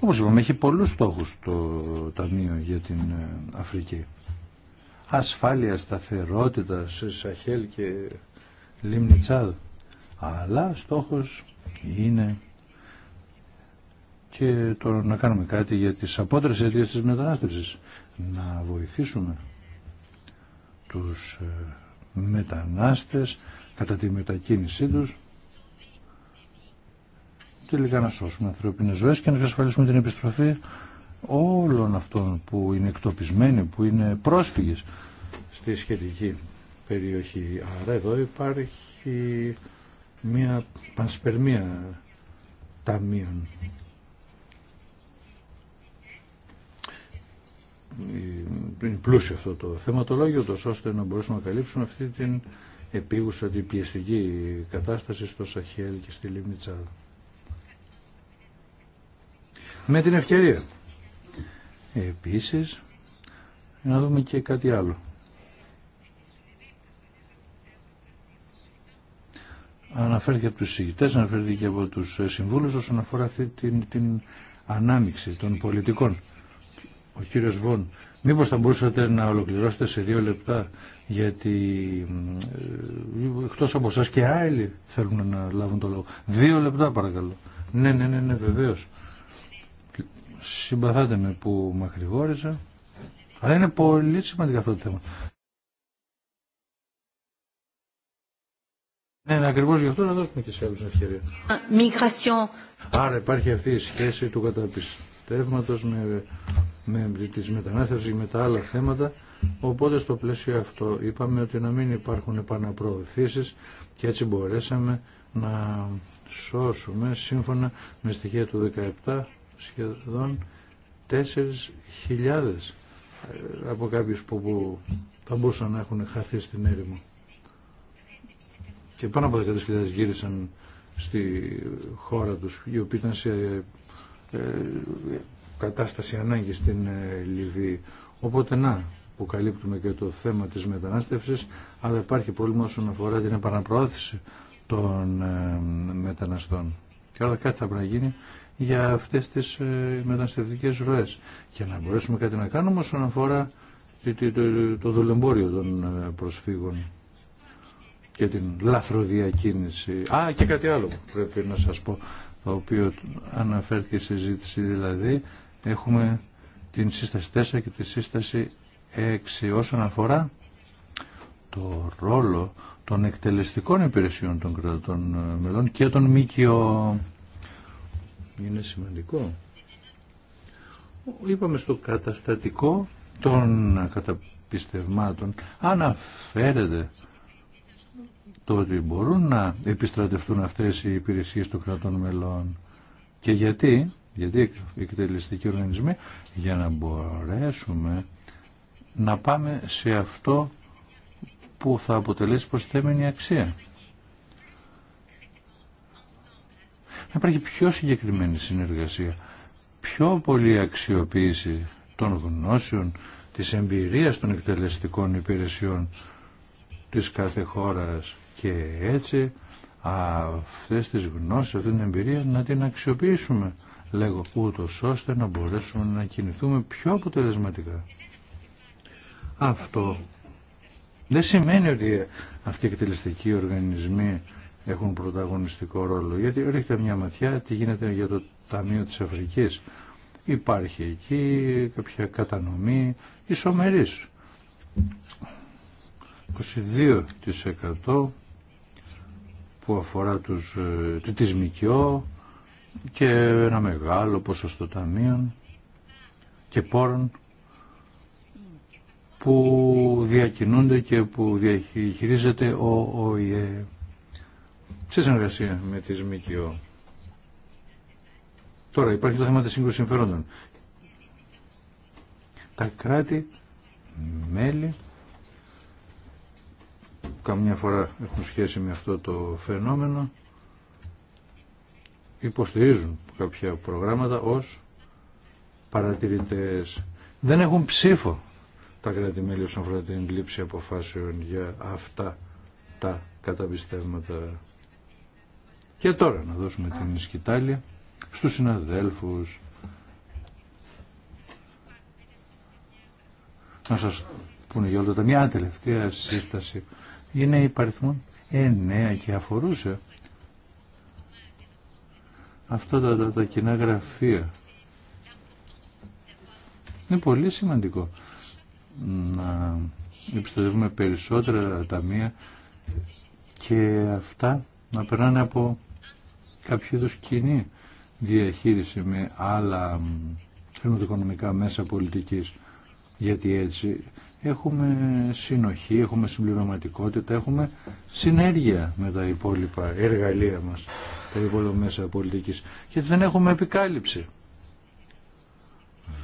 όπως είπαμε έχει πολλούς στόχους το ταμείο για την ε, Αφρική ασφάλεια, σταθερότητα σε Σαχέλ και Λίμνη Τσάδ. Αλλά στόχος είναι και το να κάνουμε κάτι για τις απότερες αιτίες της μετανάστευσης. Να βοηθήσουμε τους ε, μετανάστες κατά τη μετακίνησή τους τελικά να σώσουμε ανθρώπινες ζωές και να εξασφαλίσουμε την επιστροφή όλων αυτών που είναι εκτοπισμένοι, που είναι πρόσφυγες στη σχετική περιοχή. Άρα εδώ υπάρχει μια πανσπερμία ταμείων. Είναι πλούσιο αυτό το θεματολόγιο, τόσο ώστε να μπορέσουμε να καλύψουμε αυτή την επίγουσα, την πιεστική κατάσταση στο Σαχέλ και στη Λίμνη Τσάδα. Με την ευκαιρία Επίσης, να δούμε και κάτι άλλο. Αναφέρθηκε από τους συγητές, αναφέρθηκε από τους συμβούλους όσον αφορά αυτή την, την ανάμιξη των πολιτικών. Ο κύριος Βον, μήπως θα μπορούσατε να ολοκληρώσετε σε δύο λεπτά, γιατί ε, εκτός από εσάς και άλλοι θέλουν να λάβουν το λόγο. Δύο λεπτά παρακαλώ. Ναι, ναι, ναι, ναι βεβαίως συμπαθάτε με που μακρηγόρησα, αλλά είναι πολύ σημαντικό αυτό το θέμα. Ναι, ναι ακριβώ γι' αυτό να δώσουμε και σε άλλου ευκαιρία. Migration. Άρα υπάρχει αυτή η σχέση του καταπιστεύματο με, με τη μετανάστευση με τα άλλα θέματα. Οπότε στο πλαίσιο αυτό είπαμε ότι να μην υπάρχουν επαναπροωθήσει και έτσι μπορέσαμε να σώσουμε σύμφωνα με στοιχεία του 17 σχεδόν 4.000 ε, από κάποιους που θα μπορούσαν να έχουν χαθεί στην έρημο. Και πάνω από 10.000 γύρισαν στη χώρα τους, οι οποίοι ήταν σε ε, κατάσταση ανάγκη στην ε, Λιβύη. Οπότε να, που καλύπτουμε και το θέμα της μετανάστευσης, αλλά υπάρχει πρόβλημα όσον αφορά την επαναπροώθηση των μεταναστών. Και όλα κάτι θα πρέπει να γίνει για αυτές τις ε, μεταναστευτικές ροές και να μπορέσουμε κάτι να κάνουμε όσον αφορά το δουλεμπόριο των ε, προσφύγων και την λαθροδιακίνηση. Α, και κάτι άλλο πρέπει να σας πω, το οποίο αναφέρθηκε στη συζήτηση, δηλαδή έχουμε την σύσταση 4 και τη σύσταση 6 όσον αφορά το ρόλο των εκτελεστικών υπηρεσιών των κρατών ε, μελών και των ΜΚΟ είναι σημαντικό. Είπαμε στο καταστατικό των καταπιστευμάτων αναφέρεται το ότι μπορούν να επιστρατευτούν αυτές οι υπηρεσίες των κρατών μελών. Και γιατί, γιατί οι εκτελεστικοί οργανισμοί, για να μπορέσουμε να πάμε σε αυτό που θα αποτελέσει προσθέμενη αξία. να υπάρχει πιο συγκεκριμένη συνεργασία, πιο πολλή αξιοποίηση των γνώσεων, της εμπειρίας των εκτελεστικών υπηρεσιών της κάθε χώρας και έτσι αυτές τις γνώσεις, αυτή την εμπειρία να την αξιοποιήσουμε λέγω ούτω ώστε να μπορέσουμε να κινηθούμε πιο αποτελεσματικά. Αυτό δεν σημαίνει ότι αυτοί οι εκτελεστικοί οργανισμοί έχουν πρωταγωνιστικό ρόλο. Γιατί ρίχνετε μια ματιά τι γίνεται για το Ταμείο της Αφρικής. Υπάρχει εκεί κάποια κατανομή ισομερής. 22% που αφορά τους, ε, τις ΜΚΟ και ένα μεγάλο ποσοστό ταμείων και πόρων που διακινούνται και που διαχειρίζεται ο ΟΗΕ σε συνεργασία με τη ΜΚΟ. Τώρα υπάρχει το θέμα της σύγκρουσης συμφερόντων. Τα κράτη, μέλη, καμιά φορά έχουν σχέση με αυτό το φαινόμενο, υποστηρίζουν κάποια προγράμματα ως παρατηρητές. Δεν έχουν ψήφο τα κράτη-μέλη όσον αφορά την λήψη αποφάσεων για αυτά τα καταπιστεύματα. Και τώρα να δώσουμε την σκητάλη στους συναδέλφους. Να σας πούνε για όλα τα μια τελευταία σύσταση. Είναι υπαριθμόν εννέα και αφορούσε αυτά τα, τα, τα κοινά γραφεία. Είναι πολύ σημαντικό να επιστοδεύουμε περισσότερα ταμεία και αυτά να περνάνε από κάποιο είδου κοινή διαχείριση με άλλα χρηματοοικονομικά μέσα πολιτικής. Γιατί έτσι έχουμε συνοχή, έχουμε συμπληρωματικότητα, έχουμε συνέργεια με τα υπόλοιπα εργαλεία μας, τα υπόλοιπα μέσα πολιτικής. Γιατί δεν έχουμε επικάλυψη.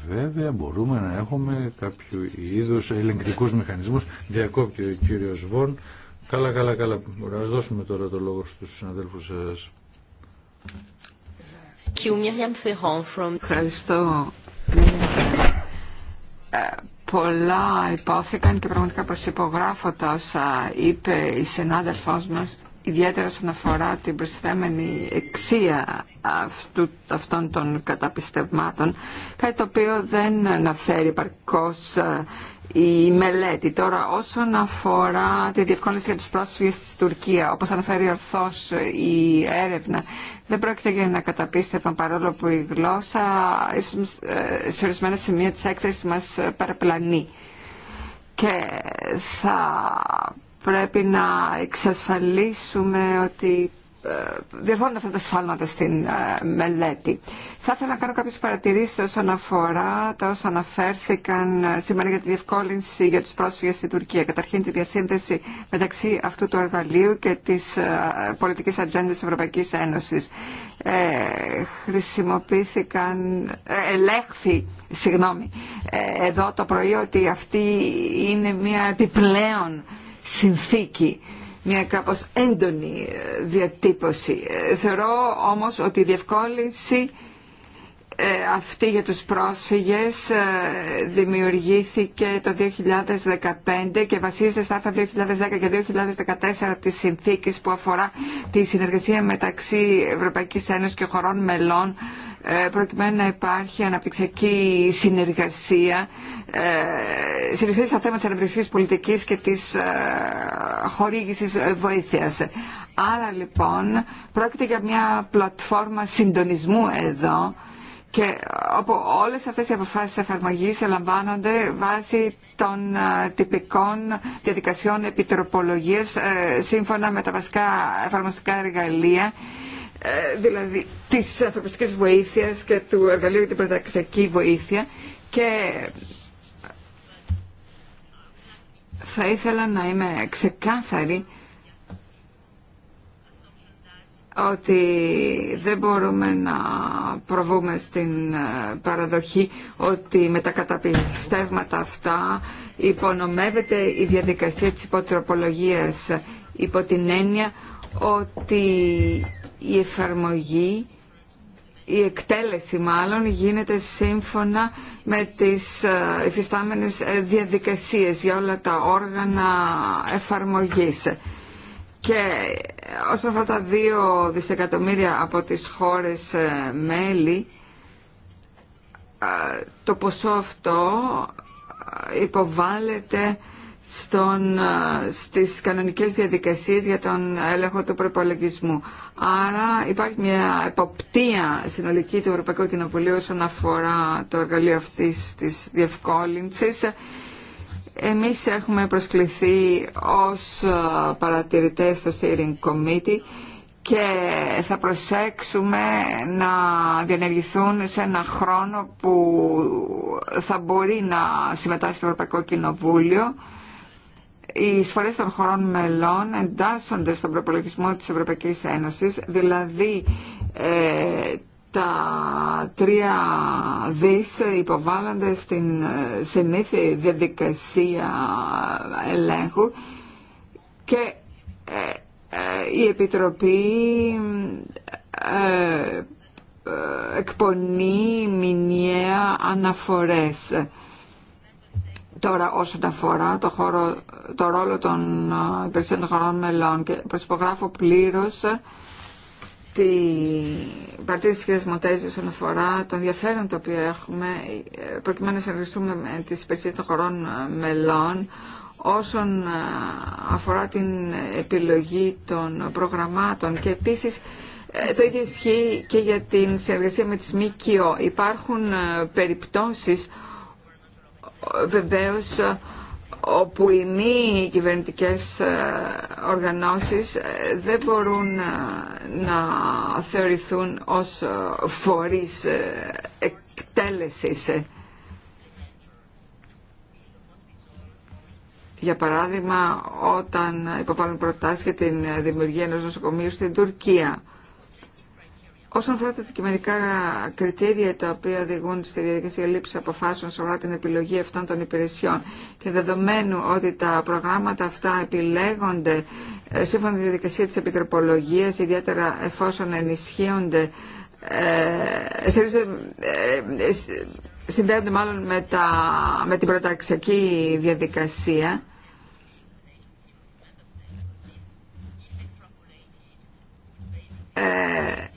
Βέβαια μπορούμε να έχουμε κάποιο είδους ελεγκτικούς μηχανισμούς. Διακόπτει ο κύριος Βον. Καλά, καλά, καλά. Ας δώσουμε τώρα το λόγο στους συναδέλφους σας. Ευχαριστώ. Ε, πολλά υπόθηκαν και πραγματικά προσυπογράφω τα όσα είπε η συνάδελφός μας ιδιαίτερα όσον αφορά την προσθέμενη εξία αυτού, αυτών των καταπιστευμάτων, κάτι το οποίο δεν αναφέρει παρκώς ε, η μελέτη. Τώρα, όσον αφορά τη διευκόλυνση για τους πρόσφυγες στη Τουρκία, όπως αναφέρει ορθώς ε, η έρευνα, δεν πρόκειται για ένα καταπίστευμα παρόλο που η γλώσσα ε, σε ορισμένα σημεία της έκθεσης μας παραπλανεί. Και θα πρέπει να εξασφαλίσουμε ότι ε, διορθώνουν αυτά τα σφάλματα στην ε, μελέτη. Θα ήθελα να κάνω κάποιες παρατηρήσεις όσον αφορά τα όσα αναφέρθηκαν ε, σήμερα για τη διευκόλυνση για τους πρόσφυγες στην Τουρκία. Καταρχήν τη διασύνδεση μεταξύ αυτού του εργαλείου και της πολιτικής ατζέντα της Ευρωπαϊκής Ένωσης. Ε, χρησιμοποιήθηκαν, ελέγχθη, συγγνώμη, εδώ το πρωί ότι αυτή είναι μια επιπλέον συνθήκη, μια κάπως έντονη ε, διατύπωση. Ε, θεωρώ όμως ότι η διευκόλυνση ε, αυτή για τους πρόσφυγες δημιουργήθηκε το 2015 και βασίζεται στα 2010 και 2014 της συνθήκης που αφορά τη συνεργασία μεταξύ Ευρωπαϊκής Ένωσης και χωρών μελών ε, προκειμένου να υπάρχει αναπτυξιακή συνεργασία ε, συνεργασία στα θέματα της αναπτυξιακής πολιτικής και της ε, χορήγησης βοήθειας. Άρα λοιπόν πρόκειται για μια πλατφόρμα συντονισμού εδώ και όπου όλες αυτές οι αποφάσεις εφαρμογής ελαμβάνονται βάσει των τυπικών διαδικασιών επιτροπολογίας σύμφωνα με τα βασικά εφαρμοστικά εργαλεία ε, δηλαδή της ανθρωπιστικής βοήθειας και του εργαλείου για την πρωταξιακή βοήθεια και θα ήθελα να είμαι ξεκάθαρη ότι δεν μπορούμε να προβούμε στην ε, παραδοχή ότι με τα καταπιστεύματα αυτά υπονομεύεται η διαδικασία της υποτροπολογίας ε, υπό την έννοια ότι η εφαρμογή, η εκτέλεση μάλλον γίνεται σύμφωνα με τις εφιστάμενες ε, διαδικασίες για όλα τα όργανα εφαρμογής. Και ε, όσον αφορά τα δύο δισεκατομμύρια από τις χώρες ε, μέλη, το ποσό αυτό υποβάλλεται στον, στις κανονικές διαδικασίες για τον έλεγχο του προπολογισμού. Άρα υπάρχει μια εποπτεία συνολική του Ευρωπαϊκού Κοινοβουλίου όσον αφορά το εργαλείο αυτής της διευκόλυνσης. Εμείς έχουμε προσκληθεί ως παρατηρητές στο Steering Committee και θα προσέξουμε να διενεργηθούν σε ένα χρόνο που θα μπορεί να συμμετάσχει το Ευρωπαϊκό Κοινοβούλιο οι εισφορέ των χωρών μελών εντάσσονται στον προπολογισμό τη Ευρωπαϊκή Ένωση, δηλαδή ε, τα τρία δι υποβάλλονται στην ε, συνήθεια διαδικασία ελέγχου και ε, η Επιτροπή εκπονεί μηνιαία αναφορές Τώρα όσον αφορά το, χώρο, το ρόλο των ε, υπηρεσιών των χωρών μελών και προσυπογράφω πλήρως ε, την παρτίδα τη κυρία Μοντέζη όσον αφορά το ενδιαφέρον το οποίο έχουμε ε, προκειμένου να συνεργαστούμε με τι υπηρεσίε των χωρών μελών όσον αφορά την επιλογή των προγραμμάτων και επίσης το ίδιο ισχύει και για την συνεργασία με τις ΜΚΙΟ. Υπάρχουν περιπτώσεις βεβαίως ε, όπου οι μη κυβερνητικές ε, οργανώσεις ε, δεν μπορούν να θεωρηθούν ως φορείς εκτέλεσης. Για παράδειγμα, όταν υποβάλλουν προτάσεις για την δημιουργία ενός νοσοκομείου στην Τουρκία. Όσον αφορά τα αντικειμενικά κριτήρια τα οποία οδηγούν στη διαδικασία λήψη αποφάσεων σε αφορά την επιλογή αυτών των υπηρεσιών και δεδομένου ότι τα προγράμματα αυτά επιλέγονται ε, σύμφωνα με τη διαδικασία της επιτροπολογίας, ιδιαίτερα εφόσον ενισχύονται, ε, ε, συνδέονται μάλλον με, τα, με την πρωταξιακή διαδικασία, ε,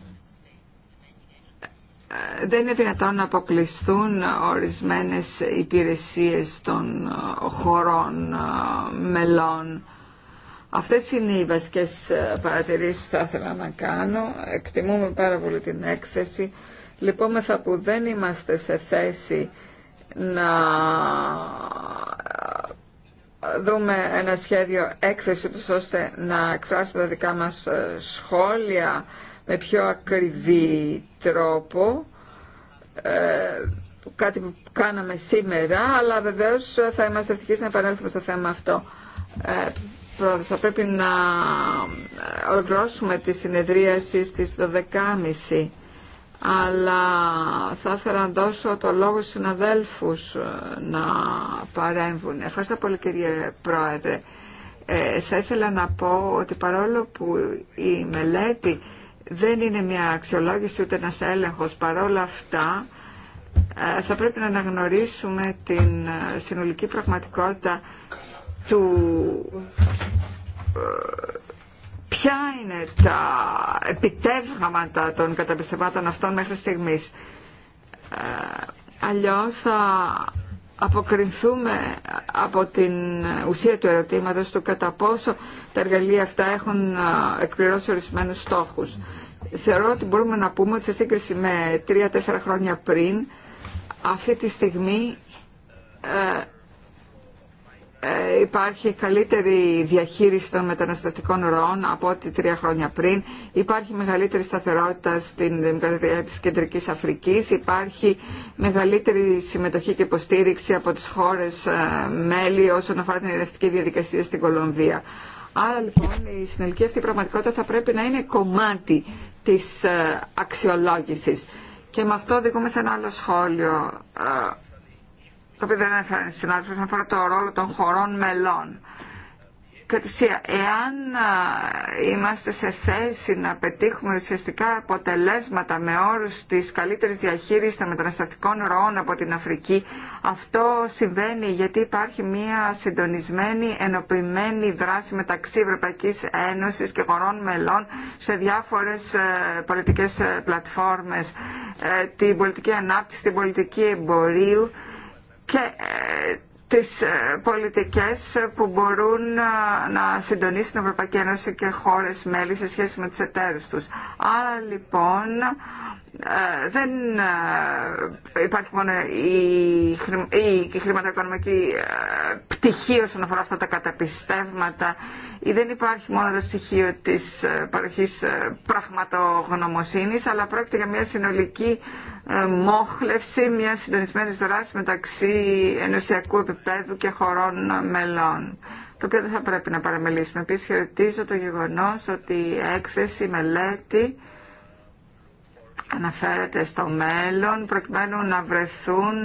δεν είναι δυνατόν να αποκλειστούν ορισμένες υπηρεσίες των ε, χωρών ε, μελών. Αυτές είναι οι βασικές ε, παρατηρήσεις που θα ήθελα να κάνω. Εκτιμούμε πάρα πολύ την έκθεση. Λυπόμεθα που δεν είμαστε σε θέση να δούμε ένα σχέδιο έκθεση ώστε να εκφράσουμε τα δικά μας σχόλια με πιο ακριβή τρόπο ε, κάτι που κάναμε σήμερα αλλά βεβαίως θα είμαστε ευτυχείς να επανέλθουμε στο θέμα αυτό ε, θα πρέπει να ε, ολοκληρώσουμε τη συνεδρίαση στις 12.30 αλλά θα ήθελα να δώσω το λόγο στους συναδέλφους να παρέμβουν. Ευχαριστώ πολύ κύριε Πρόεδρε. θα ήθελα να πω ότι παρόλο που η μελέτη δεν είναι μια αξιολόγηση ούτε ένας έλεγχος. Παρόλα αυτά ε, θα πρέπει να αναγνωρίσουμε την ε, συνολική πραγματικότητα του ε, ποια είναι τα επιτεύγματα των καταπιστευμάτων αυτών μέχρι στιγμής. Αλλιώς αποκρινθούμε από την ουσία του ερωτήματος του κατά πόσο τα εργαλεία αυτά έχουν εκπληρώσει ορισμένου στόχους. Θεωρώ ότι μπορούμε να πούμε ότι σε σύγκριση με τρία-τέσσερα χρόνια πριν αυτή τη στιγμή ε, ε, υπάρχει καλύτερη διαχείριση των μεταναστευτικών ροών από ό,τι τρία χρόνια πριν. Υπάρχει μεγαλύτερη σταθερότητα στην Δημοκρατία της Κεντρικής Αφρικής. Υπάρχει μεγαλύτερη συμμετοχή και υποστήριξη από τις χώρες ε, μέλη όσον αφορά την ερευνητική διαδικασία στην Κολομβία. Άρα λοιπόν η συνολική αυτή πραγματικότητα θα πρέπει να είναι κομμάτι της ε, αξιολόγησης. Και με αυτό οδηγούμε σε ένα άλλο σχόλιο το οποίο δεν έφερε αφορά το ρόλο των χωρών μελών. εάν είμαστε σε θέση να πετύχουμε ουσιαστικά αποτελέσματα με όρους της καλύτερης διαχείρισης των μεταναστευτικών ροών από την Αφρική, αυτό συμβαίνει γιατί υπάρχει μια συντονισμένη, ενοποιημένη δράση μεταξύ Ευρωπαϊκής Ένωσης και χωρών μελών σε διάφορες ε, πολιτικές ε, πλατφόρμες, ε, την πολιτική ανάπτυξη, την πολιτική εμπορίου και ε, τις ε, πολιτικές που μπορούν ε, να συντονίσουν την Ευρωπαϊκή Ένωση και χώρες μέλη σε σχέση με τους εταίρους τους. Άρα λοιπόν ε, δεν ε, υπάρχει μόνο η χρηματοοικονομική ε, πτυχή όσον αφορά αυτά τα καταπιστεύματα ή δεν υπάρχει μόνο το στοιχείο της παροχής πραγματογνωμοσύνης αλλά πρόκειται για μια συνολική μόχλευση μια συντονισμένη δράση μεταξύ ενωσιακού επίπεδου και χωρών μελών το οποίο δεν θα πρέπει να παραμελήσουμε. Επίσης χαιρετίζω το γεγονός ότι η έκθεση, μελέτη αναφέρεται στο μέλλον προκειμένου να βρεθούν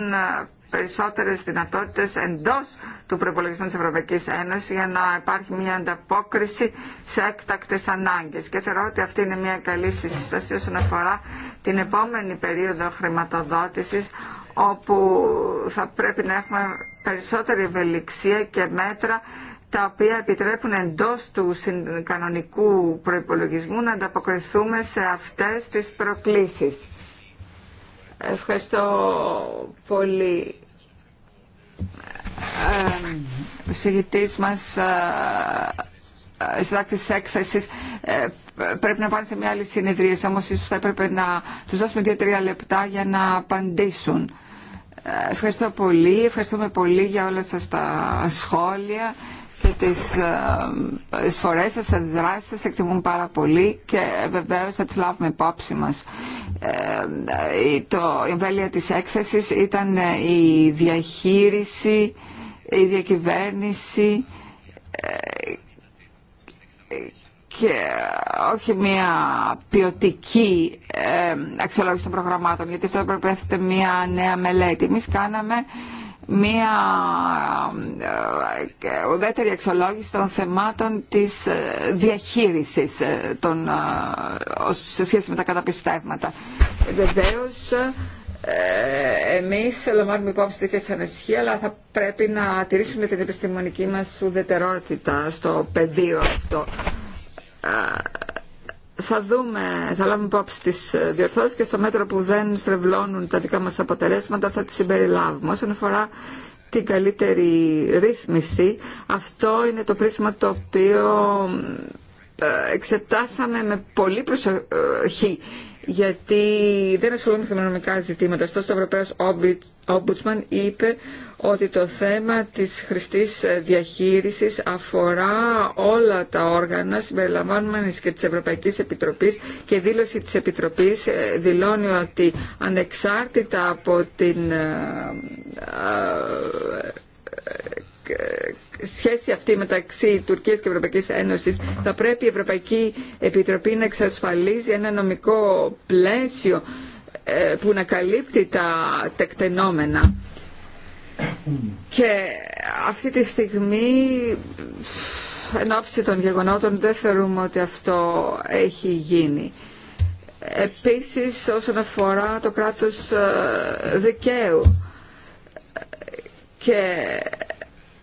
περισσότερες δυνατότητες εντός του προπολογισμού της Ευρωπαϊκής Ένωσης για να υπάρχει μια ανταπόκριση σε έκτακτες ανάγκες. Και θεωρώ ότι αυτή είναι μια καλή συστασία όσον αφορά την επόμενη περίοδο χρηματοδότησης όπου θα πρέπει να έχουμε περισσότερη ευελιξία και μέτρα τα οποία επιτρέπουν εντός του κανονικού προϋπολογισμού να ανταποκριθούμε σε αυτές τις προκλήσεις. Ευχαριστώ πολύ. Ε, ο συγητής μας ε, ε, συντάκτης έκθεσης πρέπει να πάνε σε μια άλλη συνεδρία, όμως ίσως θα έπρεπε να τους δώσουμε δύο-τρία λεπτά για να απαντήσουν. Ευχαριστώ πολύ, ευχαριστούμε πολύ για όλα σας τα σχόλια και τις ε, φορέ σας, τις αντιδράσεις σας εκτιμούν πάρα πολύ και ε, βεβαίως θα τις λάβουμε υπόψη μας. Ε, το, η εμβέλεια της έκθεσης ήταν η διαχείριση, η διακυβέρνηση και όχι μια ποιοτική αξιολόγηση των προγραμμάτων, γιατί αυτό προβλέπεται μια νέα μελέτη. Εμεί κάναμε μία ε, ε, ουδέτερη εξολόγηση των θεμάτων της ε, διαχείρισης των, σε σχέση με τα καταπιστεύματα. Βεβαίως, εμείς λαμβάνουμε υπόψη σαν ισχύ, αλλά θα πρέπει να τηρήσουμε την επιστημονική μας ουδετερότητα στο πεδίο αυτό θα δούμε, θα λάβουμε υπόψη τι ε, διορθώσεις και στο μέτρο που δεν στρεβλώνουν τα δικά μας αποτελέσματα θα τις συμπεριλάβουμε. Όσον αφορά την καλύτερη ρύθμιση, αυτό είναι το πρίσμα το οποίο ε, εξετάσαμε με πολύ προσοχή γιατί δεν ασχολούμαστε με νομικά ζητήματα. Ωστόσο, ο Ευρωπαίος Όμπουτσμαν είπε ότι το θέμα της χρηστής διαχείρισης αφορά όλα τα όργανα συμπεριλαμβάνομενης και της Ευρωπαϊκής Επιτροπής και δήλωση της Επιτροπής ε, δηλώνει ότι ανεξάρτητα από την ε, ε, σχέση αυτή μεταξύ Τουρκίας και Ευρωπαϊκής Ένωσης θα πρέπει η Ευρωπαϊκή Επιτροπή να εξασφαλίζει ένα νομικό πλαίσιο που να καλύπτει τα τεκτενόμενα. Και αυτή τη στιγμή, εν ώψη των γεγονότων, δεν θεωρούμε ότι αυτό έχει γίνει. Επίσης, όσον αφορά το κράτος ε, δικαίου, και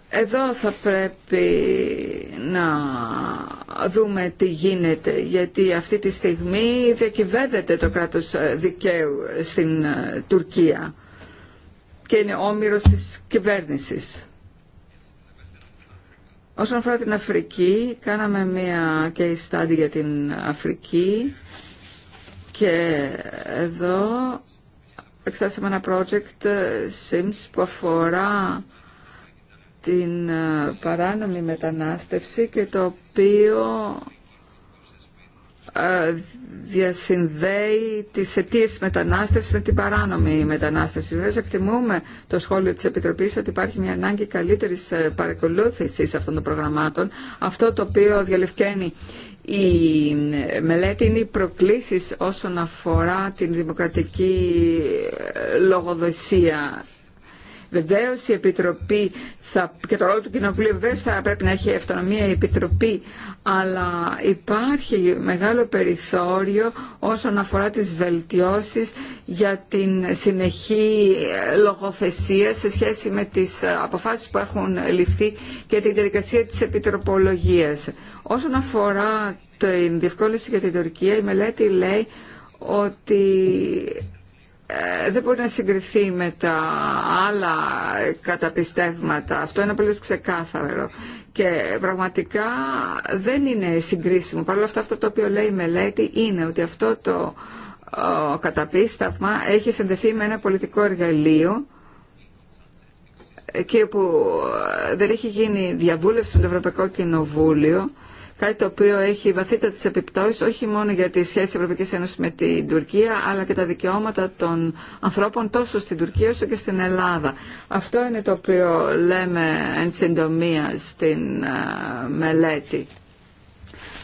εδώ θα πρέπει να δούμε τι γίνεται, γιατί αυτή τη στιγμή διακυβεύεται το κράτος ε, δικαίου στην ε, Τουρκία και είναι όμοιρος της κυβέρνησης. Όσον αφορά την Αφρική, κάναμε μία case study για την Αφρική και εδώ εξετάσαμε ένα project ε, SIMS που αφορά την ε, παράνομη μετανάστευση και το οποίο διασυνδέει τις αιτίε μετανάστευση με την παράνομη μετανάστευση. Βέβαια, εκτιμούμε το σχόλιο της Επιτροπής ότι υπάρχει μια ανάγκη καλύτερης ε, παρακολούθησης αυτών των προγραμμάτων. Αυτό το οποίο διαλευκαίνει η ε, μελέτη είναι οι προκλήσεις όσον αφορά την δημοκρατική ε, λογοδοσία Βεβαίω η Επιτροπή και το ρόλο του Κοινοβουλίου βεβαίω θα πρέπει να έχει αυτονομία η Επιτροπή, αλλά υπάρχει μεγάλο περιθώριο όσον αφορά τις βελτιώσεις για την συνεχή ε, λογοθεσία σε σχέση με τις ε, αποφάσεις που έχουν ληφθεί και την διαδικασία της επιτροπολογία. Όσον αφορά την διευκόλυνση για την Τουρκία, η μελέτη λέει ότι ε, δεν μπορεί να συγκριθεί με τα άλλα καταπιστεύματα. Αυτό είναι πολύ ξεκάθαρο. Και πραγματικά δεν είναι συγκρίσιμο. Παρ' όλα αυτά, αυτό το οποίο λέει η μελέτη είναι ότι αυτό το καταπίστευμα έχει συνδεθεί με ένα πολιτικό εργαλείο ε, και που ε, δεν έχει γίνει διαβούλευση με το Ευρωπαϊκό Κοινοβούλιο κάτι το οποίο έχει βαθύτατες επιπτώσεις όχι μόνο για τη σχέση Ευρωπαϊκή Ένωση με την Τουρκία αλλά και τα δικαιώματα των ανθρώπων τόσο στην Τουρκία όσο και στην Ελλάδα. Αυτό είναι το οποίο λέμε εν συντομία στην ε, μελέτη.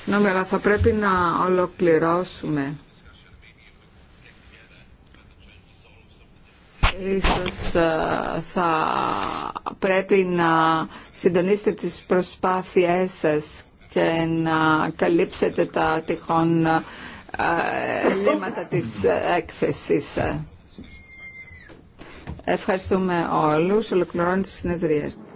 Νομίζω αλλά θα πρέπει να ολοκληρώσουμε. ίσως ε, θα πρέπει να συντονίσετε τις προσπάθειές σας και να καλύψετε τα τυχόν ε, λίματα της έκθεσης. Ευχαριστούμε όλους. Ολοκληρώνει τη συνεδρία.